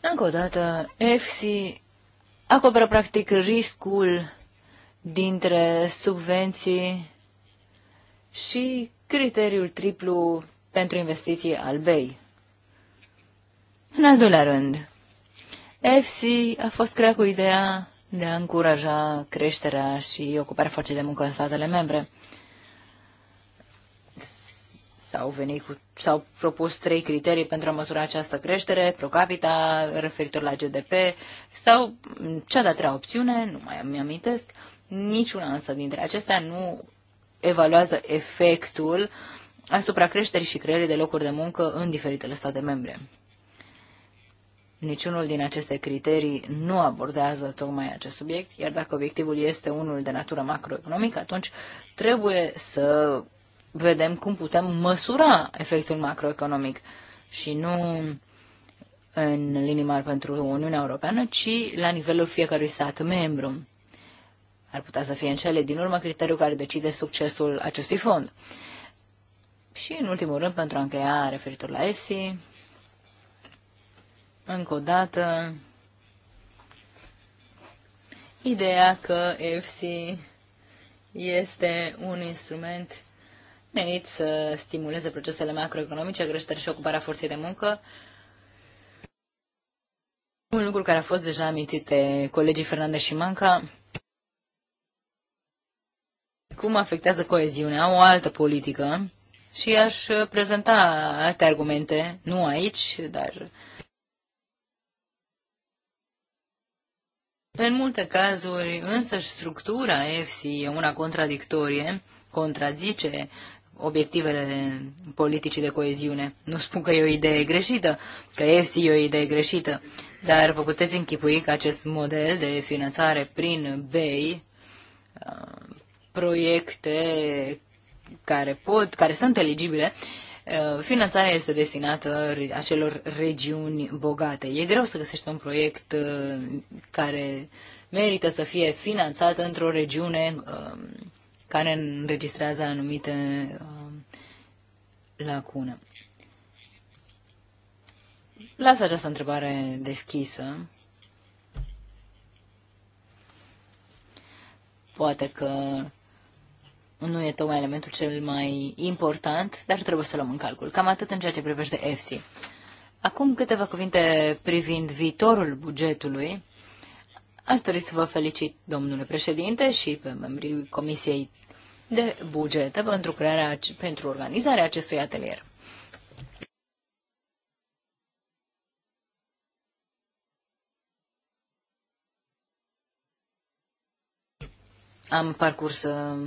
Încă o dată, EFSI acoperă practic riscul dintre subvenții și criteriul triplu pentru investiții al BEI. În al doilea rând, EFSI a fost creat cu ideea de a încuraja creșterea și ocuparea forței de muncă în statele membre. S-au, venit cu, s-au propus trei criterii pentru a măsura această creștere, pro capita, referitor la GDP, sau cea de-a treia opțiune, nu mai îmi amintesc, niciuna însă dintre acestea nu evaluează efectul asupra creșterii și creării de locuri de muncă în diferitele state membre. Niciunul din aceste criterii nu abordează tocmai acest subiect, iar dacă obiectivul este unul de natură macroeconomică, atunci trebuie să vedem cum putem măsura efectul macroeconomic și nu în linii mari pentru Uniunea Europeană, ci la nivelul fiecărui stat membru. Ar putea să fie în cele din urmă criteriul care decide succesul acestui fond. Și, în ultimul rând, pentru a încheia referitor la EFSI, încă o dată, ideea că FC este un instrument menit să stimuleze procesele macroeconomice, creștere și ocuparea forței de muncă. Un lucru care a fost deja amintit de colegii Fernandez și Manca, cum afectează coeziunea, o altă politică, și aș prezenta alte argumente, nu aici, dar În multe cazuri, însă, structura EFSI e una contradictorie, contrazice obiectivele politicii de coeziune. Nu spun că e o idee greșită, că EFSI e o idee greșită, dar vă puteți închipui că acest model de finanțare prin BEI, uh, proiecte care pot, care sunt eligibile, Uh, finanțarea este destinată acelor regiuni bogate. E greu să găsești un proiect uh, care merită să fie finanțat într-o regiune um, care înregistrează anumite um, lacune. Las această întrebare deschisă. Poate că nu e tocmai elementul cel mai important, dar trebuie să luăm în calcul. Cam atât în ceea ce privește FC. Acum câteva cuvinte privind viitorul bugetului. Aș dori să vă felicit, domnule președinte, și pe membrii Comisiei de Bugetă pentru, crearea, pentru organizarea acestui atelier. Am parcurs uh,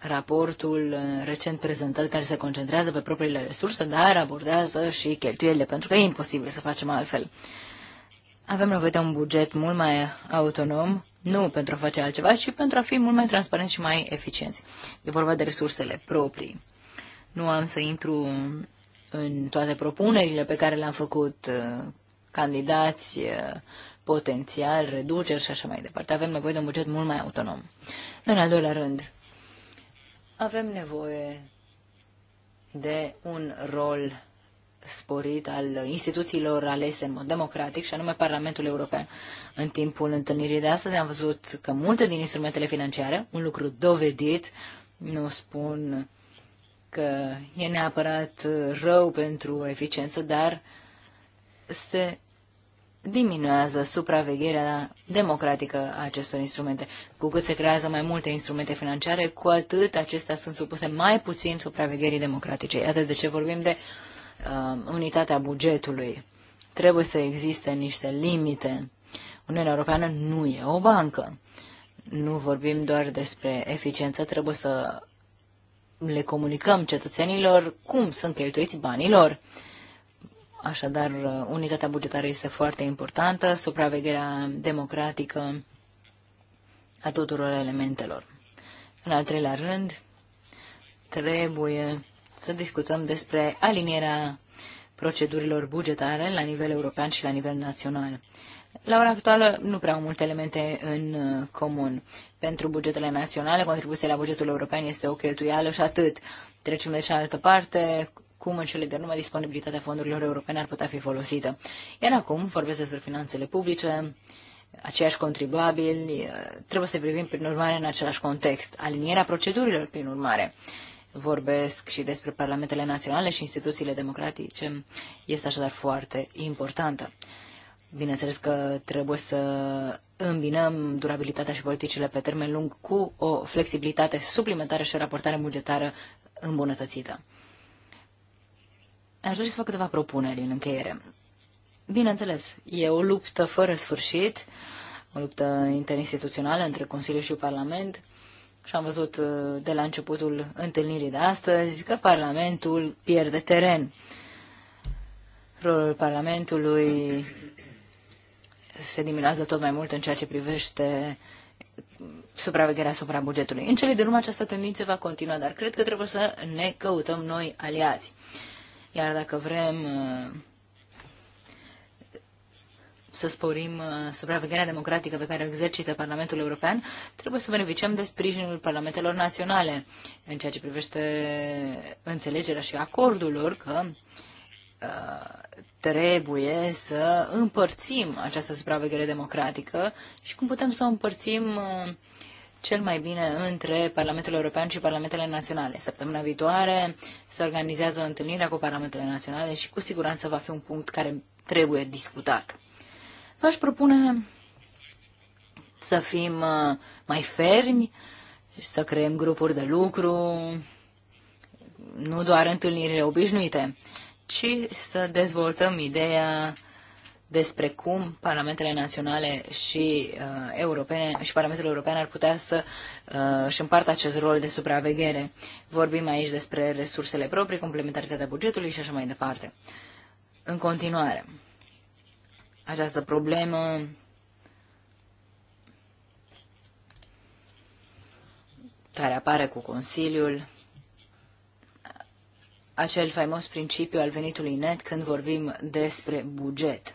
raportul uh, recent prezentat care se concentrează pe propriile resurse, dar abordează și cheltuielile, pentru că e imposibil să facem altfel. Avem nevoie de un buget mult mai autonom, nu pentru a face altceva, ci pentru a fi mult mai transparenți și mai eficienți. E vorba de resursele proprii. Nu am să intru în toate propunerile pe care le-am făcut uh, candidați uh, potențial, reduceri și așa mai departe. Avem nevoie de un buget mult mai autonom. În al doilea rând, avem nevoie de un rol sporit al instituțiilor alese în mod democratic, și anume Parlamentul European. În timpul întâlnirii de astăzi am văzut că multe din instrumentele financiare, un lucru dovedit, nu spun că e neapărat rău pentru eficiență, dar se diminuează supravegherea democratică a acestor instrumente. Cu cât se creează mai multe instrumente financiare, cu atât acestea sunt supuse mai puțin supravegherii democratice. Iată de ce vorbim de uh, unitatea bugetului. Trebuie să existe niște limite. Uniunea Europeană nu e o bancă. Nu vorbim doar despre eficiență, trebuie să le comunicăm cetățenilor cum sunt cheltuiți banii lor. Uh, Așadar, unitatea bugetară este foarte importantă, supravegherea democratică a tuturor elementelor. În al treilea rând, trebuie să discutăm despre alinierea procedurilor bugetare la nivel european și la nivel național. La ora actuală nu prea au multe elemente în uh, comun. Pentru bugetele naționale, contribuția la bugetul european este o cheltuială și atât. Trecem de cealaltă parte, cum în cele de urmă disponibilitatea fondurilor europene ar putea fi folosită. Iar acum vorbesc despre finanțele publice, aceiași contribuabili, eh, trebuie să privim prin urmare în același context, alinierea procedurilor prin urmare. Vorbesc și despre parlamentele naționale și instituțiile democratice, este așadar foarte importantă. Bineînțeles că trebuie să îmbinăm durabilitatea și politicile pe termen lung cu o flexibilitate suplimentară și o raportare bugetară îmbunătățită. Aș dori să fac câteva propuneri în încheiere. Bineînțeles, e o luptă fără sfârșit, o luptă interinstituțională între Consiliu și Parlament și am văzut uh, de la începutul întâlnirii de astăzi că Parlamentul pierde teren. Rolul Parlamentului se diminuează tot mai mult în ceea ce privește supravegherea asupra bugetului. În cele din urmă această tendință va continua, dar cred că trebuie să ne căutăm noi aliați. Iar dacă vrem uh, să sporim uh, supravegherea democratică pe care o exercită Parlamentul European, trebuie să beneficiem de sprijinul parlamentelor naționale în ceea ce privește înțelegerea și acordul lor că uh, trebuie să împărțim această supraveghere democratică și cum putem să o împărțim uh, cel mai bine între Parlamentul European și Parlamentele Naționale. Săptămâna viitoare se organizează întâlnirea cu Parlamentele Naționale și cu siguranță va fi un punct care trebuie discutat. V-aș propune să fim uh, mai fermi, să creăm grupuri de lucru, nu doar întâlnirile obișnuite, ci să dezvoltăm ideea despre cum parlamentele naționale și uh, europene și Parlamentul European ar putea să uh, își împartă acest rol de supraveghere. Vorbim aici despre resursele proprii, complementaritatea bugetului și așa mai departe. În continuare, această problemă care apare cu Consiliul, acel faimos principiu al venitului net când vorbim despre buget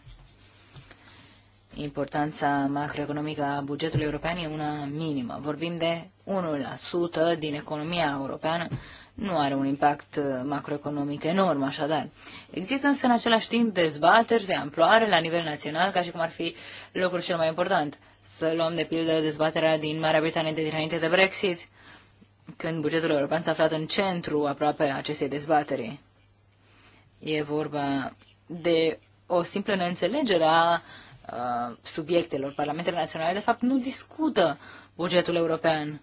importanța macroeconomică a bugetului european e una minimă. Vorbim de 1% din economia europeană, nu are un impact uh, macroeconomic enorm, așadar. Există însă în același timp dezbateri de amploare la nivel național, ca și cum ar fi locul cel mai important. Să luăm de pildă dezbaterea din Marea Britanie de dinainte de Brexit, când bugetul european s-a aflat în centru aproape acestei dezbateri. E vorba de o simplă neînțelegere a Uh, subiectelor. Parlamentele naționale, de fapt, nu discută bugetul european.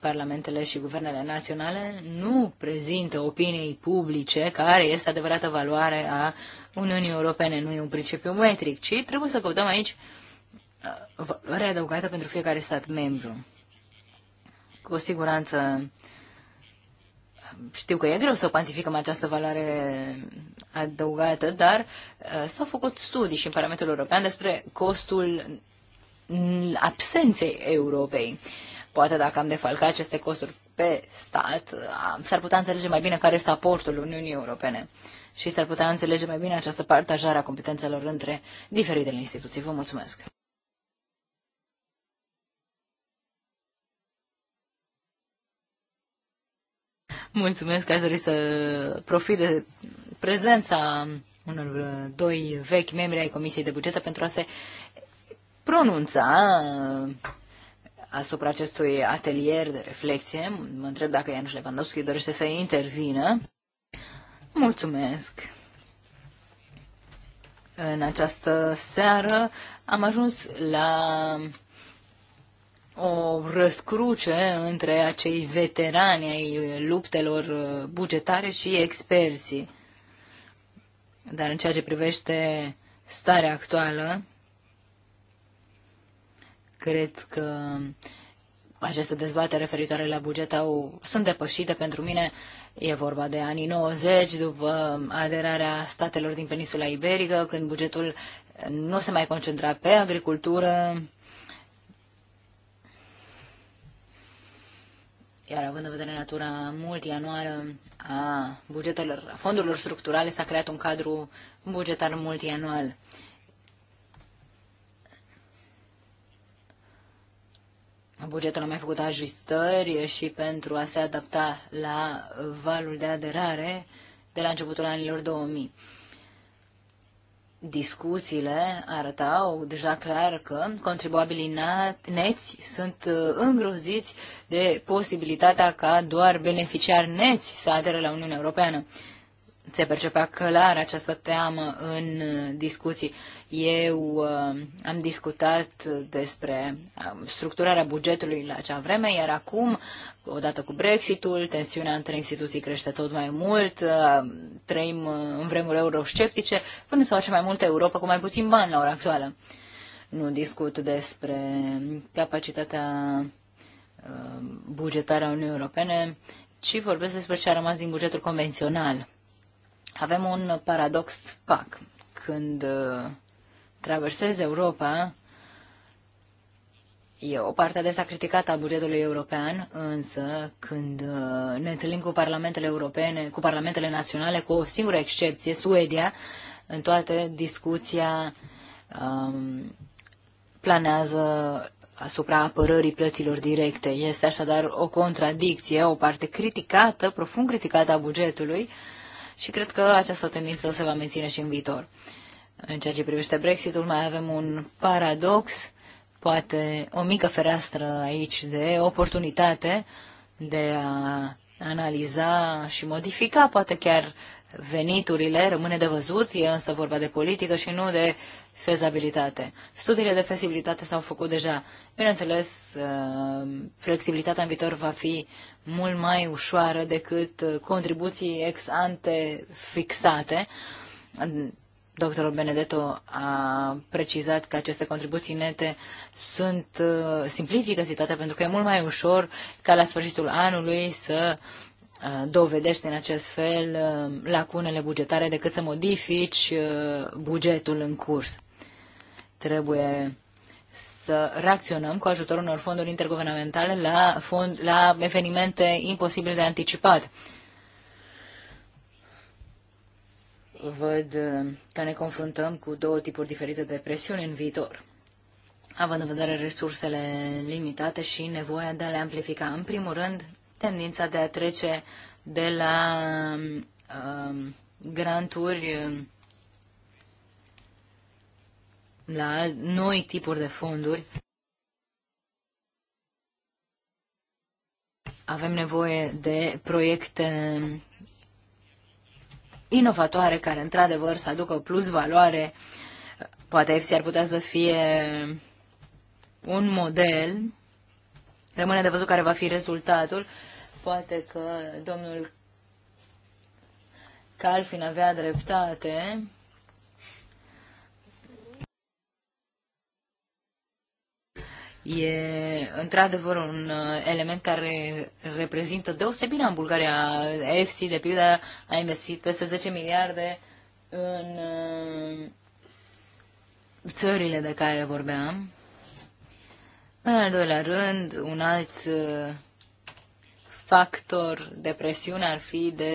Parlamentele și guvernele naționale nu prezintă opiniei publice care este adevărată valoare a Uniunii Europene. Nu e un principiu metric, ci trebuie să căutăm aici uh, valoarea adăugată pentru fiecare stat membru. Cu siguranță știu că e greu să cuantificăm această valoare adăugată, dar uh, s-au făcut studii și în Parlamentul european despre costul absenței Europei. Poate dacă am defalcat aceste costuri pe stat, s-ar putea înțelege mai bine care este aportul Uniunii Europene și s-ar putea înțelege mai bine această partajare a competențelor între diferitele instituții. Vă mulțumesc! Mulțumesc, aș dori să profit de prezența unor doi vechi membri ai Comisiei de Bugetă pentru a se pronunța uh, asupra acestui atelier de reflexie. Mă întreb dacă Ianuș Lewandowski dorește să intervină. Mulțumesc! În această seară am ajuns la o răscruce între acei veterani ai luptelor uh, bugetare și experții. Dar în ceea ce privește starea actuală, cred că aceste dezbatere referitoare la buget au, sunt depășite pentru mine. E vorba de anii 90, după aderarea statelor din peninsula iberică, când bugetul nu se mai concentra pe agricultură, Iar având în vedere natura multianuală a bugetelor, a fondurilor structurale, s-a creat un cadru bugetar multianual. Bugetul a mai făcut ajustări și pentru a se adapta la valul de aderare de la începutul anilor 2000. Discuțiile arătau deja clar că contribuabilii neți sunt uh, îngroziți de posibilitatea ca doar beneficiari neți să adere la Uniunea Europeană. Se percepea clar această teamă în uh, discuții. Eu uh, am discutat despre uh, structurarea bugetului la acea vreme, iar acum, odată cu Brexitul, tensiunea între instituții crește tot mai mult, uh, trăim uh, în vremuri eurosceptice, până să facem mai multă Europa cu mai puțin bani la ora actuală. Nu discut despre capacitatea Uh, bugetare a Uniunii Europene, ci vorbesc despre ce a rămas din bugetul convențional. Avem un paradox PAC. Când uh, traversez Europa, E o parte adesea criticată a bugetului european, însă când uh, ne întâlnim cu parlamentele europene, cu parlamentele naționale, cu o singură excepție, Suedia, în toate discuția um, planează asupra apărării plăților directe. Este așadar o contradicție, o parte criticată, profund criticată a bugetului și cred că această tendință se va menține și în viitor. În ceea ce privește Brexitul, mai avem un paradox, poate o mică fereastră aici de oportunitate de a analiza și modifica poate chiar veniturile, rămâne de văzut, e însă vorba de politică și nu de fezabilitate. Studiile de fezabilitate s-au făcut deja. Bineînțeles, uh, flexibilitatea în viitor va fi mult mai ușoară decât uh, contribuții ex ante fixate. Doctorul Benedetto a precizat că aceste contribuții nete sunt, uh, simplifică situația pentru că e mult mai ușor ca la sfârșitul anului să Uh, dovedește în acest fel uh, lacunele bugetare decât să modifici uh, bugetul în curs. Trebuie să reacționăm cu ajutorul unor fonduri interguvernamentale la, fond, la evenimente imposibil de anticipat. Văd că ne confruntăm cu două tipuri diferite de presiuni în viitor având în vedere resursele limitate și nevoia de a le amplifica. În primul rând, tendința de a trece de la uh, granturi um, la noi tipuri de fonduri. Avem nevoie de proiecte inovatoare care într-adevăr să aducă plus valoare. Poate EFSI ar putea să fie un model. Rămâne de văzut care va fi rezultatul. Poate că domnul Calfin avea dreptate. E într-adevăr un uh, element care reprezintă deosebire în Bulgaria. FC de pildă, a investit peste 10 miliarde în uh, țările de care vorbeam. În al doilea rând, un alt uh, factor de presiune ar fi de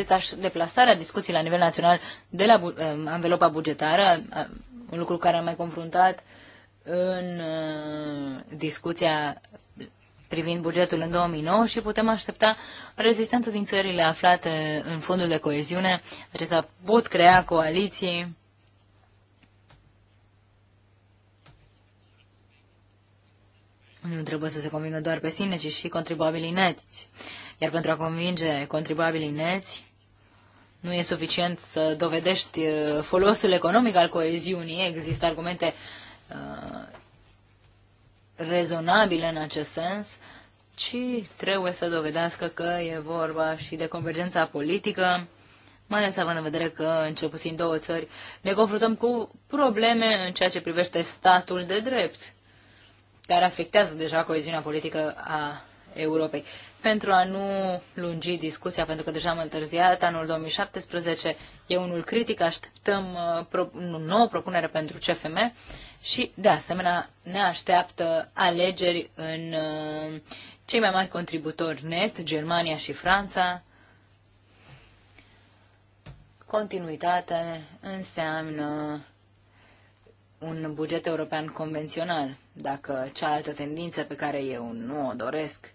detaș- deplasarea discuției la nivel național de la bu- um, anvelopa bugetară, un lucru care am mai confruntat în uh, discuția privind bugetul în 2009 și putem aștepta rezistență din țările aflate în fondul de coeziune. Acestea pot crea coaliții Nu trebuie să se convingă doar pe sine, ci și contribuabilii neți. Iar pentru a convinge contribuabilii neți, nu e suficient să dovedești uh, folosul economic al coeziunii. Există argumente uh, rezonabile în acest sens, ci trebuie să dovedească că e vorba și de convergența politică, mai ales având în vedere că, în cel puțin două țări, ne confruntăm cu probleme în ceea ce privește statul de drept care afectează deja coeziunea politică a Europei. Pentru a nu lungi discuția, pentru că deja am întârziat, anul 2017 e unul critic, așteptăm uh, pro, o nouă propunere pentru CFM și, de asemenea, ne așteaptă alegeri în uh, cei mai mari contributori net, Germania și Franța. Continuitate înseamnă un buget european convențional. Dacă cealaltă tendință pe care eu nu o doresc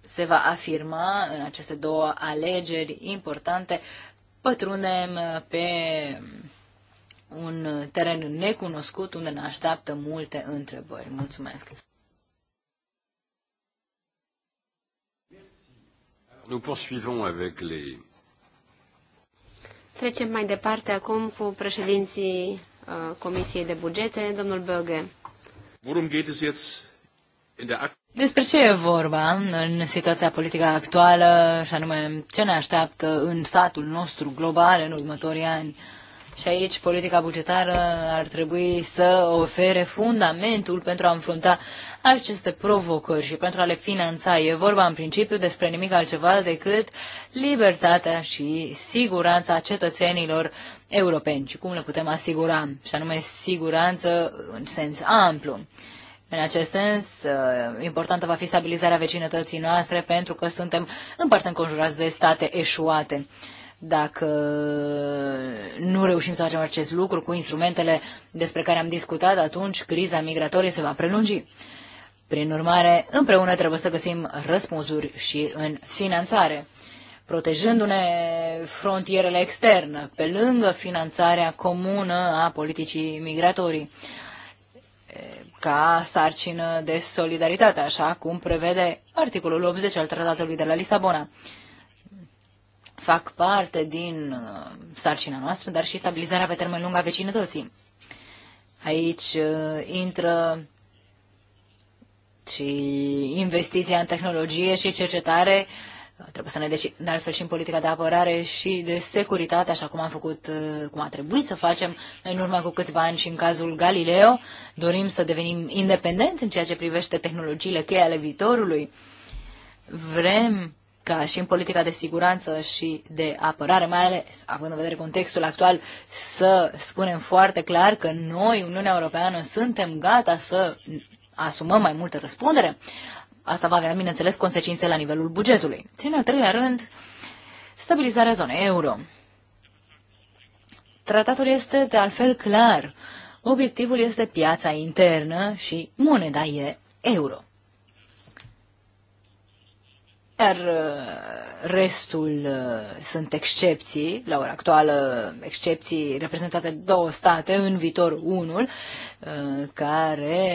se va afirma în aceste două alegeri importante, pătrunem pe un teren necunoscut unde ne așteaptă multe întrebări. Mulțumesc! Nous poursuivons avec les... Trecem mai departe acum cu președinții uh, Comisiei de Bugete, domnul Böge. Despre ce e vorba în situația politică actuală, și anume ce ne așteaptă în statul nostru global în următorii ani? Și aici politica bugetară ar trebui să ofere fundamentul pentru a înfrunta aceste provocări și pentru a le finanța. E vorba în principiu despre nimic altceva decât libertatea și siguranța cetățenilor europeni și cum le putem asigura, și anume siguranță în sens amplu. În acest sens, uh, importantă va fi stabilizarea vecinătății noastre pentru că suntem în parte înconjurați de state eșuate. Dacă nu reușim să facem acest lucru cu instrumentele despre care am discutat, atunci criza migratorie se va prelungi. Prin urmare, împreună trebuie să găsim răspunsuri și în finanțare, protejându-ne frontierele externe, pe lângă finanțarea comună a politicii migratorii, ca sarcină de solidaritate, așa cum prevede articolul 80 al Tratatului de la Lisabona fac parte din uh, sarcina noastră, dar și stabilizarea pe termen lung a vecinătății. Aici uh, intră și investiția în tehnologie și cercetare, trebuie să ne deci, de altfel și în politica de apărare și de securitate, așa cum am făcut, uh, cum a trebuit să facem în urmă cu câțiva ani și în cazul Galileo. Dorim să devenim independenți în ceea ce privește tehnologiile cheie ale viitorului. Vrem ca și în politica de siguranță și de apărare, mai ales având în vedere contextul actual, să spunem foarte clar că noi, Uniunea Europeană, suntem gata să asumăm mai multă răspundere. Asta va avea, bineînțeles, consecințe la nivelul bugetului. Și în al treilea rând, stabilizarea zonei euro. Tratatul este de altfel clar. Obiectivul este piața internă și moneda e euro iar uh, restul uh, sunt excepții, la ora actuală excepții reprezentate de două state, în viitor unul, uh, care,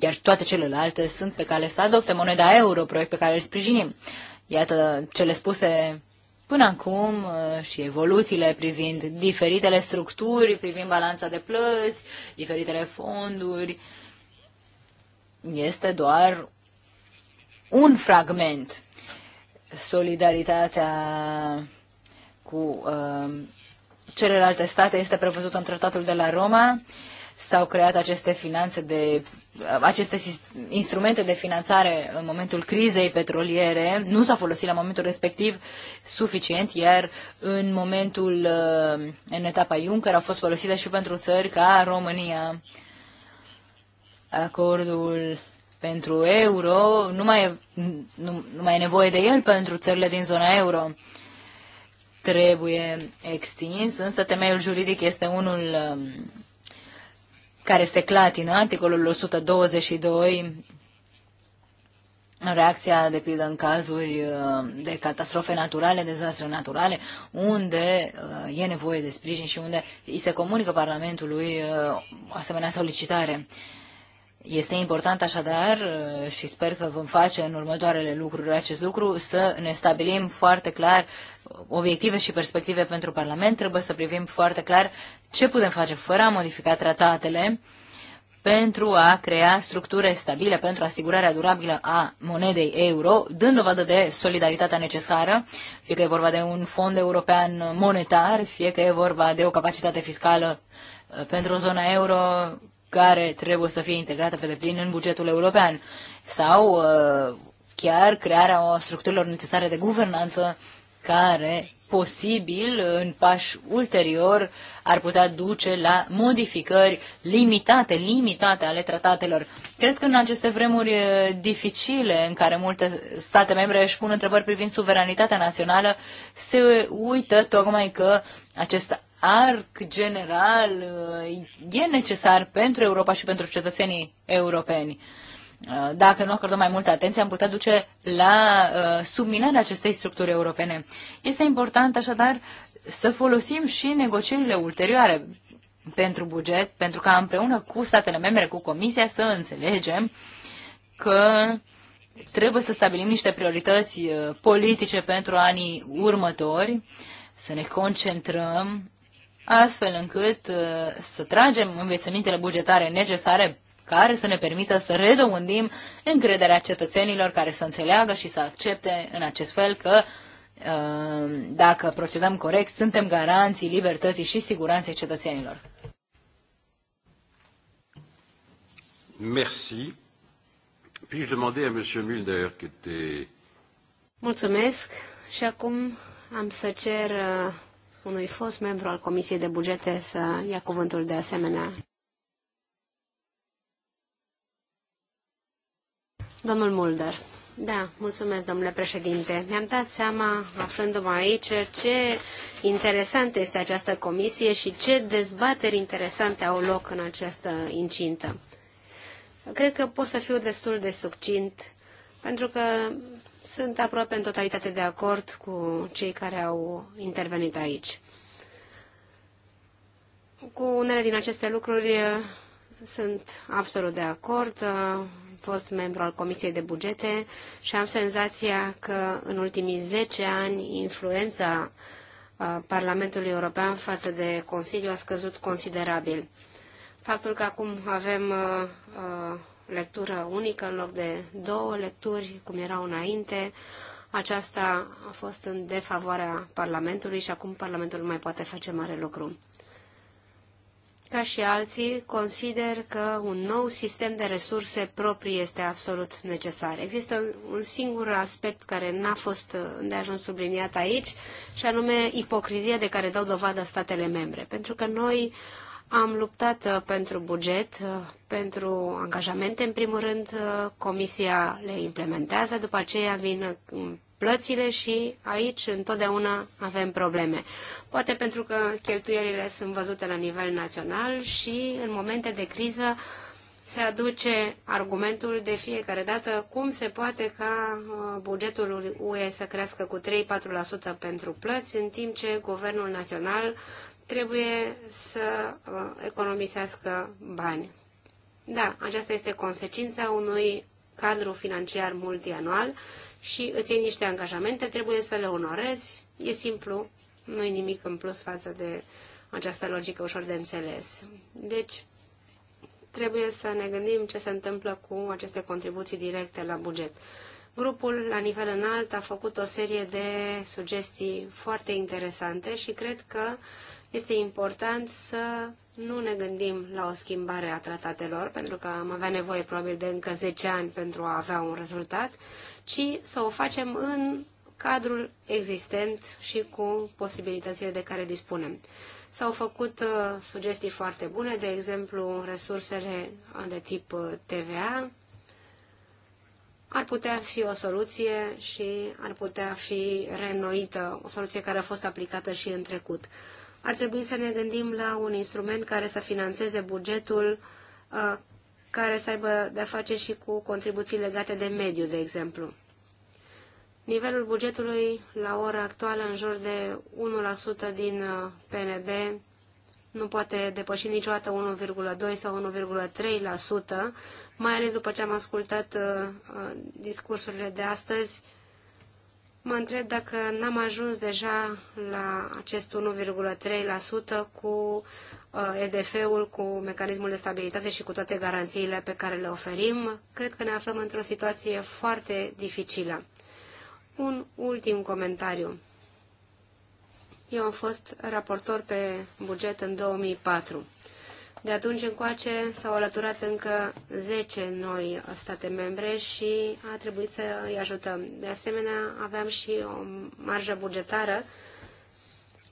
iar toate celelalte sunt pe cale să adopte moneda euro, proiect pe care îl sprijinim. Iată cele spuse până acum și evoluțiile privind diferitele structuri, privind balanța de plăți, diferitele fonduri, este doar un fragment. Solidaritatea cu uh, celelalte state este prevăzută în tratatul de la Roma. S-au creat aceste finanțe de uh, aceste instrumente de finanțare în momentul crizei petroliere nu s-a folosit la momentul respectiv suficient, iar în momentul, uh, în etapa Juncker, au fost folosite și pentru țări ca România. Acordul pentru euro, nu mai, e, nu, nu mai e nevoie de el pentru țările din zona euro. Trebuie extins, însă temeiul juridic este unul um, care se clatină, articolul 122, reacția, de pildă, în cazuri uh, de catastrofe naturale, dezastre naturale, unde uh, e nevoie de sprijin și unde îi se comunică Parlamentului uh, o asemenea solicitare. Este important așadar, uh, și sper că vom face în următoarele lucruri acest lucru, să ne stabilim foarte clar obiective și perspective pentru Parlament. Trebuie să privim foarte clar ce putem face fără a modifica tratatele pentru a crea structure stabile pentru asigurarea durabilă a monedei euro, dând dovadă de solidaritatea necesară, fie că e vorba de un fond european monetar, fie că e vorba de o capacitate fiscală uh, pentru zona euro care trebuie să fie integrată pe deplin în bugetul european sau uh, chiar crearea structurilor necesare de guvernanță care posibil în pași ulterior ar putea duce la modificări limitate, limitate ale tratatelor. Cred că în aceste vremuri uh, dificile în care multe state membre își pun întrebări privind suveranitatea națională, se uită tocmai că acest arc general uh, e necesar pentru Europa și pentru cetățenii europeni. Uh, dacă nu acordăm mai multă atenție, am putea duce la uh, subminarea acestei structuri europene. Este important, așadar, să folosim și negocierile ulterioare pentru buget, pentru ca împreună cu statele membre, cu Comisia, să înțelegem că trebuie să stabilim niște priorități politice pentru anii următori, să ne concentrăm astfel încât uh, să tragem învețămintele bugetare necesare care să ne permită să redobândim încrederea cetățenilor care să înțeleagă și să accepte în acest fel că uh, dacă procedăm corect, suntem garanții libertății și siguranței cetățenilor. Merci. Puis-je demander à Monsieur Mulder, qui était... Mulțumesc. Și acum am să cer uh, unui fost membru al Comisiei de Bugete să ia cuvântul de asemenea. Domnul Mulder. Da, mulțumesc, domnule președinte. Mi-am dat seama, aflându-mă aici, ce interesantă este această comisie și ce dezbateri interesante au loc în această incintă. Cred că pot să fiu destul de succint, pentru că sunt aproape în totalitate de acord cu cei care au intervenit aici. Cu unele din aceste lucruri eh, sunt absolut de acord. Eh, am fost membru al Comisiei de Bugete și am senzația că în ultimii 10 ani influența eh, Parlamentului European față de Consiliu a scăzut considerabil. Faptul că acum avem lectură unică în loc de două lecturi, cum erau înainte. Aceasta a fost în defavoarea Parlamentului și acum Parlamentul nu mai poate face mare lucru. Ca și alții, consider că un nou sistem de resurse proprii este absolut necesar. Există un singur aspect care n-a fost îndeajuns subliniat aici, și anume ipocrizia de care dau dovadă statele membre. Pentru că noi uh, am luptat uh, pentru buget, uh, pentru angajamente, în primul rând, uh, comisia le implementează, după aceea vin plățile și aici întotdeauna avem probleme. Poate pentru că cheltuielile sunt văzute la nivel național și în momente de criză se aduce argumentul de fiecare dată cum se poate ca bugetul UE să crească cu 3-4% pentru plăți, în timp ce guvernul național trebuie să uh, economisească bani. Da, aceasta este consecința unui cadru financiar multianual și îți iei niște angajamente, trebuie să le onorezi, e simplu, nu e nimic în plus față de această logică ușor de înțeles. Deci, trebuie să ne gândim ce se întâmplă cu aceste contribuții directe la buget. Grupul, la nivel înalt, a făcut o serie de sugestii foarte interesante și cred că este important să nu ne gândim la o schimbare a tratatelor, pentru că am avea nevoie probabil de încă 10 ani pentru a avea un rezultat, ci să o facem în cadrul existent și cu posibilitățile de care dispunem. S-au făcut uh, sugestii foarte bune, de exemplu, resursele de tip uh, TVA ar putea fi o soluție și ar putea fi reînnoită, o soluție care a fost aplicată și în trecut ar trebui să ne gândim la un instrument care să financeze bugetul, uh, care să aibă de-a face și cu contribuții legate de mediu, de exemplu. Nivelul bugetului la ora actuală, în jur de 1% din uh, PNB, nu poate depăși niciodată 1,2 sau 1,3%, mai ales după ce am ascultat uh, discursurile de astăzi, Mă întreb dacă n-am ajuns deja la acest 1,3% cu uh, EDF-ul, cu mecanismul de stabilitate și cu toate garanțiile pe care le oferim. Cred că ne aflăm într-o situație foarte dificilă. Un ultim comentariu. Eu am fost raportor pe buget în 2004 de atunci încoace s-au alăturat încă 10 noi state membre și a trebuit să îi ajutăm. De asemenea, aveam și o marjă bugetară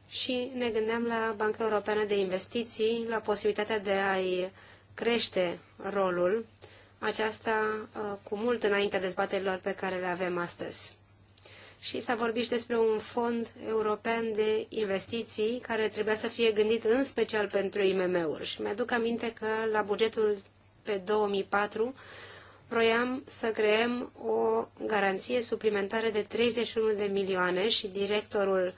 și ne gândeam la Banca Europeană de Investiții, la posibilitatea de a-i crește rolul, aceasta uh, cu mult înaintea dezbaterilor pe care le avem astăzi și s-a vorbit și despre un fond european de investiții care trebuia să fie gândit în special pentru IMM-uri. Și mi-aduc aminte că la bugetul pe 2004 proiam să creăm o garanție suplimentară de 31 de milioane și directorul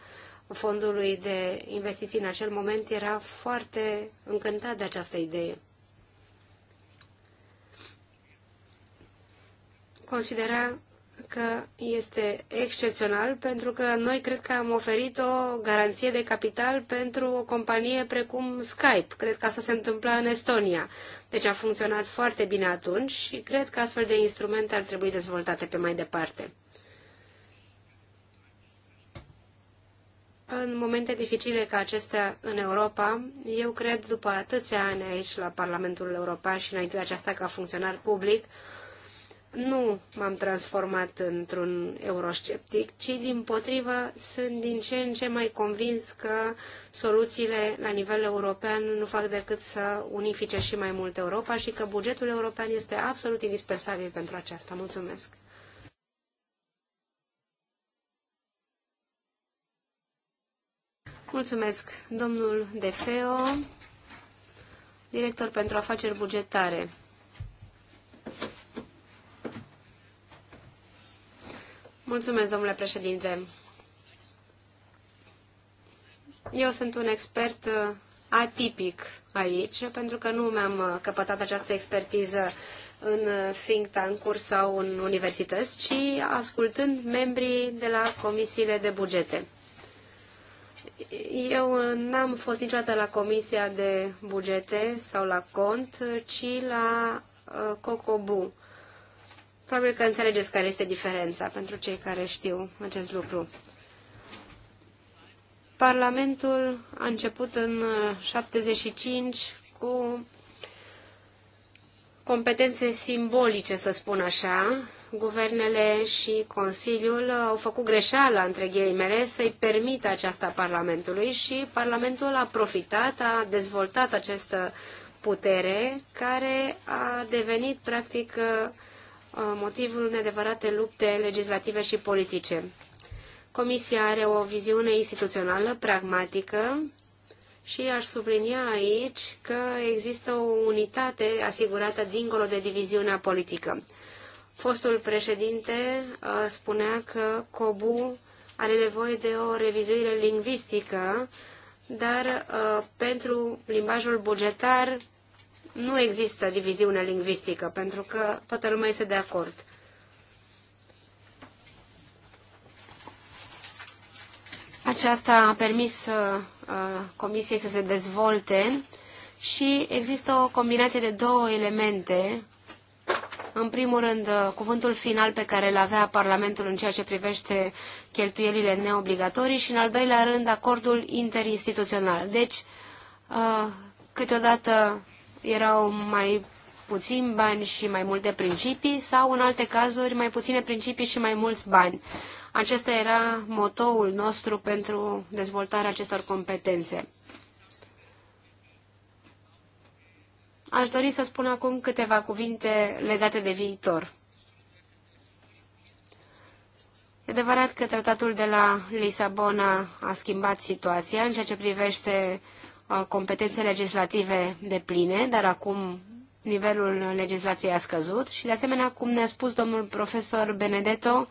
fondului de investiții în acel moment era foarte încântat de această idee. Considera că este excepțional pentru că noi cred că am oferit o garanție de capital pentru o companie precum Skype. Cred că asta se întâmpla în Estonia. Deci a funcționat foarte bine atunci și cred că astfel de instrumente ar trebui dezvoltate pe mai departe. În momente dificile ca acestea în Europa, eu cred, după atâția ani aici la Parlamentul European și înainte de aceasta ca funcționar public, nu m-am transformat într-un eurosceptic, ci din potrivă sunt din ce în ce mai convins că soluțiile la nivel european nu fac decât să unifice și mai mult Europa și că bugetul european este absolut indispensabil pentru aceasta. Mulțumesc! Mulțumesc, domnul Defeo, director pentru afaceri bugetare. Mulțumesc, domnule președinte. Eu sunt un expert uh, atipic aici, pentru că nu mi-am uh, căpătat această expertiză în uh, think tank-uri sau în universități, ci ascultând membrii de la comisiile de bugete. Eu n-am fost niciodată la Comisia de Bugete sau la Cont, ci la uh, COCOBU. Probabil că înțelegeți care este diferența pentru cei care știu acest lucru. Parlamentul a început în 75 uh, cu competențe simbolice, să spun așa. Guvernele și Consiliul uh, au făcut greșeala, între ghilimele, să-i permită aceasta Parlamentului și Parlamentul a profitat, a dezvoltat această putere care a devenit, practic, uh, Uh, motivul unei adevărate lupte legislative și politice. Comisia are o viziune instituțională, pragmatică, și aș sublinia aici că există o unitate asigurată dincolo de diviziunea politică. Fostul președinte uh, spunea că COBU are nevoie de o revizuire lingvistică, dar uh, pentru limbajul bugetar nu există diviziune lingvistică, pentru că toată lumea este de acord. Aceasta a permis uh, uh Comisiei să se dezvolte și există o combinație de două elemente. În primul rând, uh, cuvântul final pe care îl avea Parlamentul în ceea ce privește cheltuielile neobligatorii și, în al doilea rând, acordul interinstituțional. Deci, uh, câteodată erau mai puțin bani și mai multe principii sau, în alte cazuri, mai puține principii și mai mulți bani. Acesta era motoul nostru pentru dezvoltarea acestor competențe. Aș dori să spun acum câteva cuvinte legate de viitor. E adevărat că tratatul de la Lisabona a schimbat situația în ceea ce privește uh, competențe legislative de pline, dar acum nivelul legislației a scăzut și, de asemenea, cum ne-a spus domnul profesor Benedetto,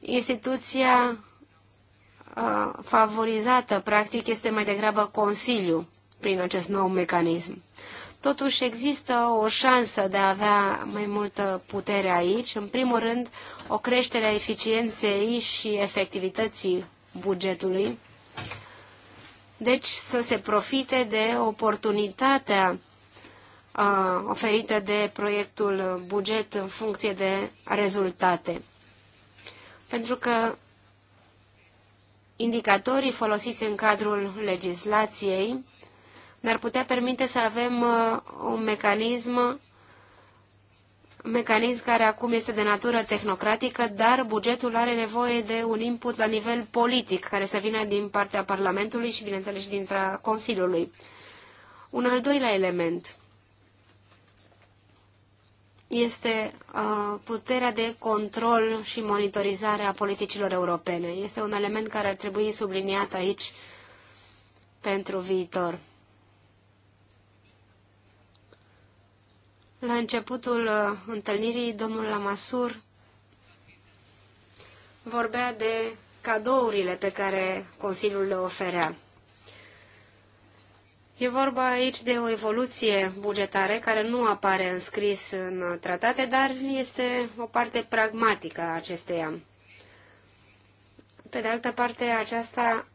instituția favorizată, practic, este mai degrabă Consiliu prin acest nou mecanism. Totuși există o șansă de a avea mai multă putere aici. În primul rând, o creștere a eficienței și efectivității bugetului deci să se profite de oportunitatea oferită de proiectul buget în funcție de rezultate. Pentru că indicatorii folosiți în cadrul legislației ne-ar putea permite să avem un mecanism mecanism care acum este de natură tehnocratică, dar bugetul are nevoie de un input la nivel politic, care să vină din partea Parlamentului și, bineînțeles, și dintre Consiliului. Un al doilea element este uh, puterea de control și monitorizare a politicilor europene. Este un element care ar trebui subliniat aici pentru viitor. La începutul uh, întâlnirii, domnul Lamasur vorbea de cadourile pe care Consiliul le oferea. E vorba aici de o evoluție bugetare care nu apare înscris în tratate, dar este o parte pragmatică a acesteia. Pe de altă parte, aceasta,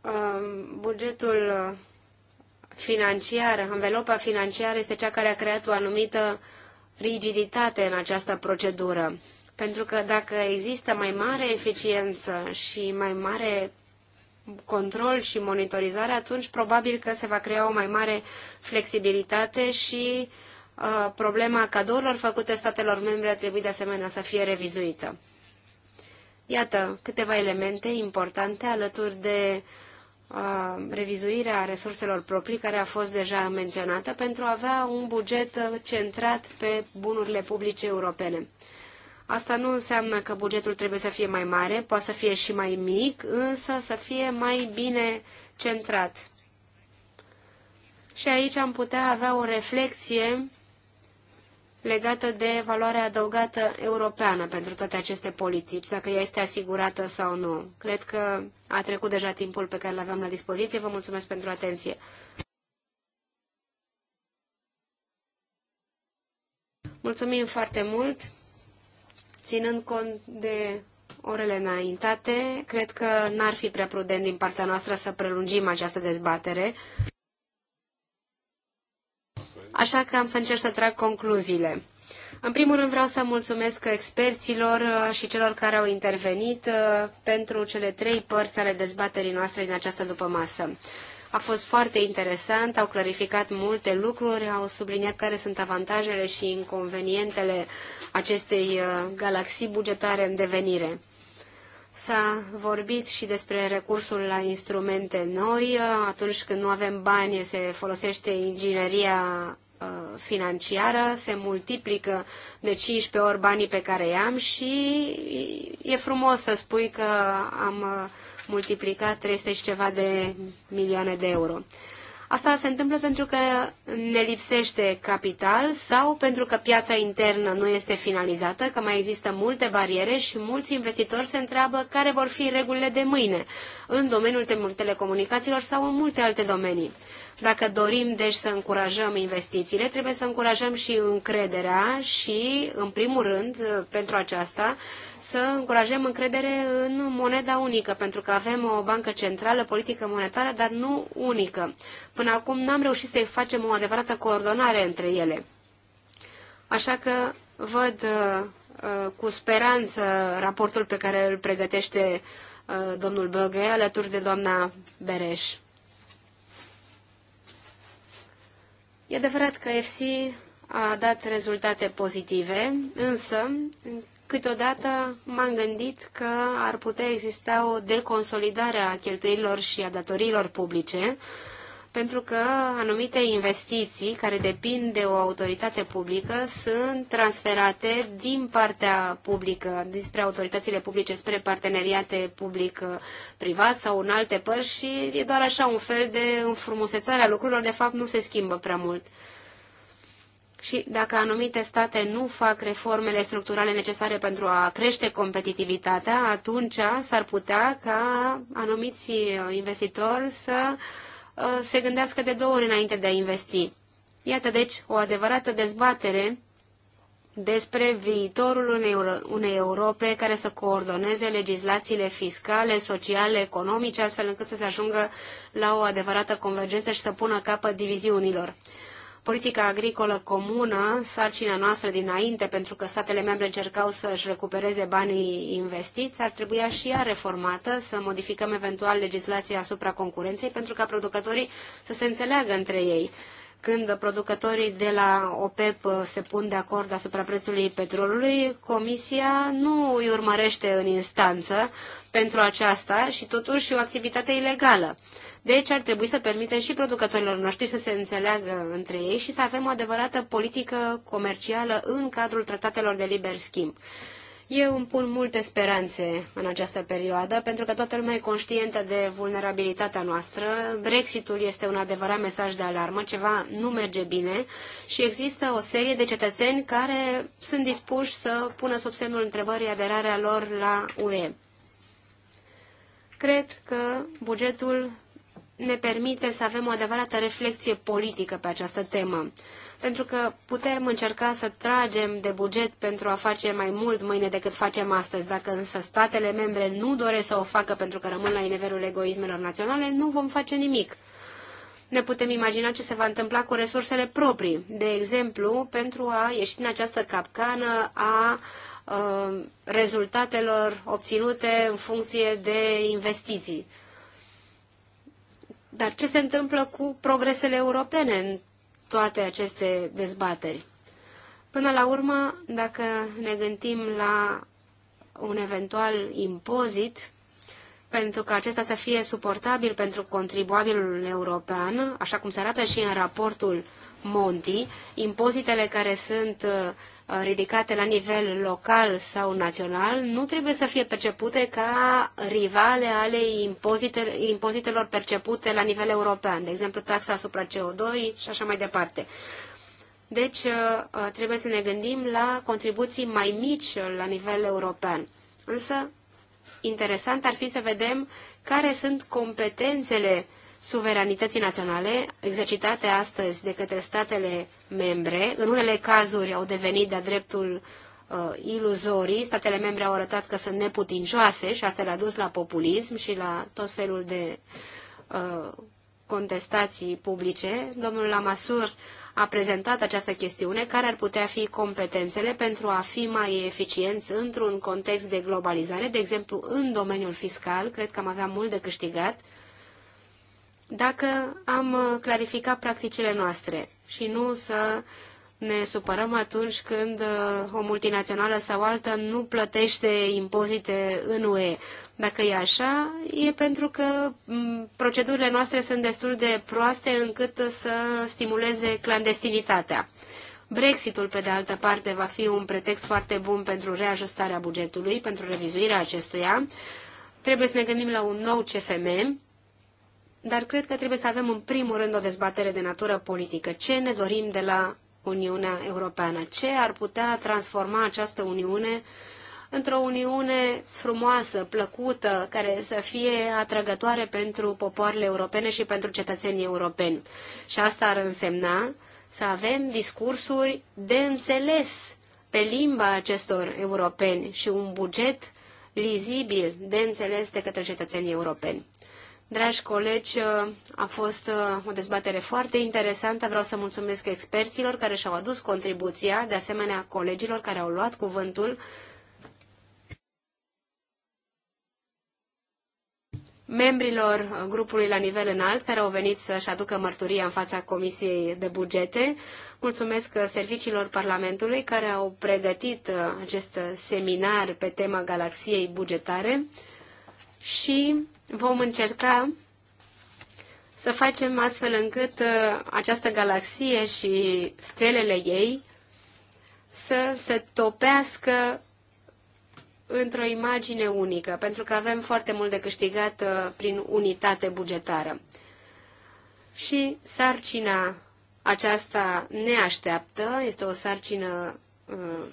uh, bugetul uh, financiară, învelopa financiară este cea care a creat o anumită rigiditate în această procedură. Pentru că dacă există mai mare eficiență și mai mare control și monitorizare, atunci probabil că se va crea o mai mare flexibilitate și uh, problema cadourilor făcute statelor membre ar trebui de asemenea să fie revizuită. Iată câteva elemente importante alături de revizuirea resurselor proprii, care a fost deja menționată, pentru a avea un buget centrat pe bunurile publice europene. Asta nu înseamnă că bugetul trebuie să fie mai mare, poate să fie și mai mic, însă să fie mai bine centrat. Și aici am putea avea o reflexie legată de valoarea adăugată europeană pentru toate aceste politici, dacă ea este asigurată sau nu. Cred că a trecut deja timpul pe care îl aveam la dispoziție. Vă mulțumesc pentru atenție. Mulțumim foarte mult. Ținând cont de orele înaintate, cred că n-ar fi prea prudent din partea noastră să prelungim această dezbatere așa că am să încerc să trag concluziile. În primul rând vreau să mulțumesc experților uh, și celor care au intervenit uh, pentru cele trei părți ale dezbaterii noastre din această dupămasă. A fost foarte interesant, au clarificat multe lucruri, au subliniat care sunt avantajele și inconvenientele acestei uh, galaxii bugetare în devenire. S-a vorbit și despre recursul la instrumente noi. Atunci când nu avem bani, se folosește ingineria uh, financiară, se multiplică de 15 ori banii pe care i-am și e frumos să spui că am uh, multiplicat 300 și ceva de milioane de euro. Asta se întâmplă pentru că ne lipsește capital sau pentru că piața internă nu este finalizată, că mai există multe bariere și mulți investitori se întreabă care vor fi regulile de mâine în domeniul telecomunicațiilor sau în multe alte domenii. Dacă dorim, deci, să încurajăm investițiile, trebuie să încurajăm și încrederea și, în primul rând, pentru aceasta, să încurajăm încredere în moneda unică, pentru că avem o bancă centrală, politică monetară, dar nu unică. Până acum n-am reușit să facem o adevărată coordonare între ele. Așa că văd uh, uh, cu speranță raportul pe care îl pregătește uh, domnul Băghe alături de doamna Bereș. E adevărat că FC a dat rezultate pozitive, însă câteodată m-am gândit că ar putea exista o deconsolidare a cheltuielilor și a datoriilor publice, pentru că anumite investiții care depind de o autoritate publică sunt transferate din partea publică, despre autoritățile publice, spre parteneriate public-privat sau în alte părți și e doar așa un fel de înfrumusețare a lucrurilor, de fapt nu se schimbă prea mult. Și dacă anumite state nu fac reformele structurale necesare pentru a crește competitivitatea, atunci s-ar putea ca anumiți investitori să uh, Uh, se gândească de două ori înainte de a investi. Iată deci o adevărată dezbatere despre viitorul unei, unei Europe care să coordoneze legislațiile fiscale, sociale, economice, astfel încât să se ajungă la o adevărată convergență și să pună capăt diviziunilor politica agricolă comună, sarcina noastră dinainte, pentru că statele membre încercau să-și recupereze banii investiți, ar trebui și ea reformată, să modificăm eventual legislația asupra concurenței, pentru ca producătorii să se înțeleagă între ei când producătorii de la OPEP se pun de acord asupra prețului petrolului, Comisia nu îi urmărește în instanță, pentru aceasta și totuși o activitate ilegală. Deci ar trebui să permitem și producătorilor noștri să se înțeleagă între ei și să avem o adevărată politică comercială în cadrul tratatelor de liber schimb. Eu îmi pun multe speranțe în această perioadă, pentru că toată lumea e conștientă de vulnerabilitatea noastră. Brexitul este un adevărat mesaj de alarmă, ceva nu merge bine și există o serie de cetățeni care sunt dispuși să pună sub semnul întrebării aderarea lor la UE cred că bugetul ne permite să avem o adevărată reflexie politică pe această temă. Pentru că putem încerca să tragem de buget pentru a face mai mult mâine decât facem astăzi. Dacă însă statele membre nu doresc să o facă pentru că rămân la nivelul egoismelor naționale, nu vom face nimic. Ne putem imagina ce se va întâmpla cu resursele proprii. De exemplu, pentru a ieși din această capcană a Uh, rezultatelor obținute în funcție de investiții. Dar ce se întâmplă cu progresele europene în toate aceste dezbateri? Până la urmă, dacă ne gândim la un eventual impozit, pentru că acesta să fie suportabil pentru contribuabilul european, așa cum se arată și în raportul Monti, impozitele care sunt uh, Uh, ridicate la nivel local sau național nu trebuie să fie percepute ca rivale ale impozitelor percepute la nivel european, de exemplu taxa asupra CO2 și așa mai departe. Deci uh, uh, trebuie să ne gândim la contribuții mai mici la nivel european. Însă interesant ar fi să vedem care sunt competențele uh, suveranității naționale exercitate astăzi de către statele membre, în unele cazuri au devenit de-a dreptul uh, iluzorii, statele membre au arătat că sunt neputincioase și asta le-a dus la populism și la tot felul de uh, contestații publice. Domnul Lamasur a prezentat această chestiune, care ar putea fi competențele pentru a fi mai eficienți într-un context de globalizare, de exemplu în domeniul fiscal, cred că am avea mult de câștigat, dacă am uh, clarificat practicile noastre și nu să ne supărăm atunci când uh, o multinațională sau altă nu plătește impozite în UE. Dacă e așa, e pentru că mm, procedurile noastre sunt destul de proaste încât să stimuleze clandestinitatea. Brexitul, pe de altă parte, va fi un pretext foarte bun pentru reajustarea bugetului, pentru revizuirea acestuia. Trebuie să ne gândim la un nou CFM dar cred că trebuie să avem în primul rând o dezbatere de natură politică. Ce ne dorim de la Uniunea Europeană? Ce ar putea transforma această Uniune într-o Uniune frumoasă, plăcută, care să fie atrăgătoare pentru popoarele europene și pentru cetățenii europeni? Și asta ar însemna să avem discursuri de înțeles pe limba acestor europeni și un buget lizibil de înțeles de către cetățenii europeni. Dragi colegi, a fost uh, o dezbatere foarte interesantă. Vreau să mulțumesc experților care și-au adus contribuția, de asemenea colegilor care au luat cuvântul. membrilor grupului la nivel înalt care au venit să-și aducă mărturia în fața Comisiei de Bugete. Mulțumesc serviciilor Parlamentului care au pregătit uh, acest seminar pe tema galaxiei bugetare și vom încerca să facem astfel încât uh, această galaxie și stelele ei să se topească într-o imagine unică, pentru că avem foarte mult de câștigat uh, prin unitate bugetară. Și sarcina aceasta ne așteaptă, este o sarcină uh,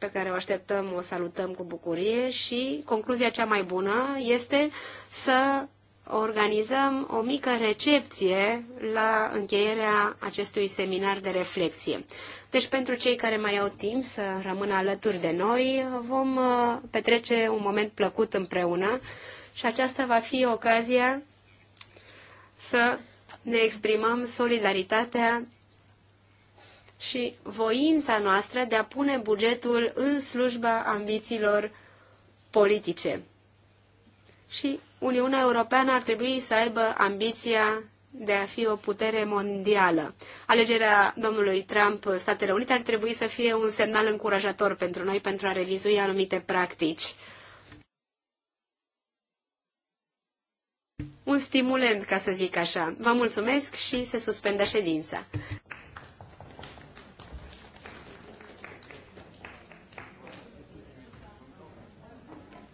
pe care o așteptăm, o salutăm cu bucurie și concluzia cea mai bună este să organizăm o mică recepție la încheierea acestui seminar de reflexie. Deci pentru cei care mai au timp să rămână alături de noi, vom uh, petrece un moment plăcut împreună și aceasta va fi ocazia să ne exprimăm solidaritatea și voința noastră de a pune bugetul în slujba ambițiilor politice. Și Uniunea Europeană ar trebui să aibă ambiția de a fi o putere mondială. Alegerea domnului Trump Statele Unite ar trebui să fie un semnal încurajator pentru noi pentru a revizui anumite practici. Un stimulent, ca să zic așa. Vă mulțumesc și se suspendă ședința.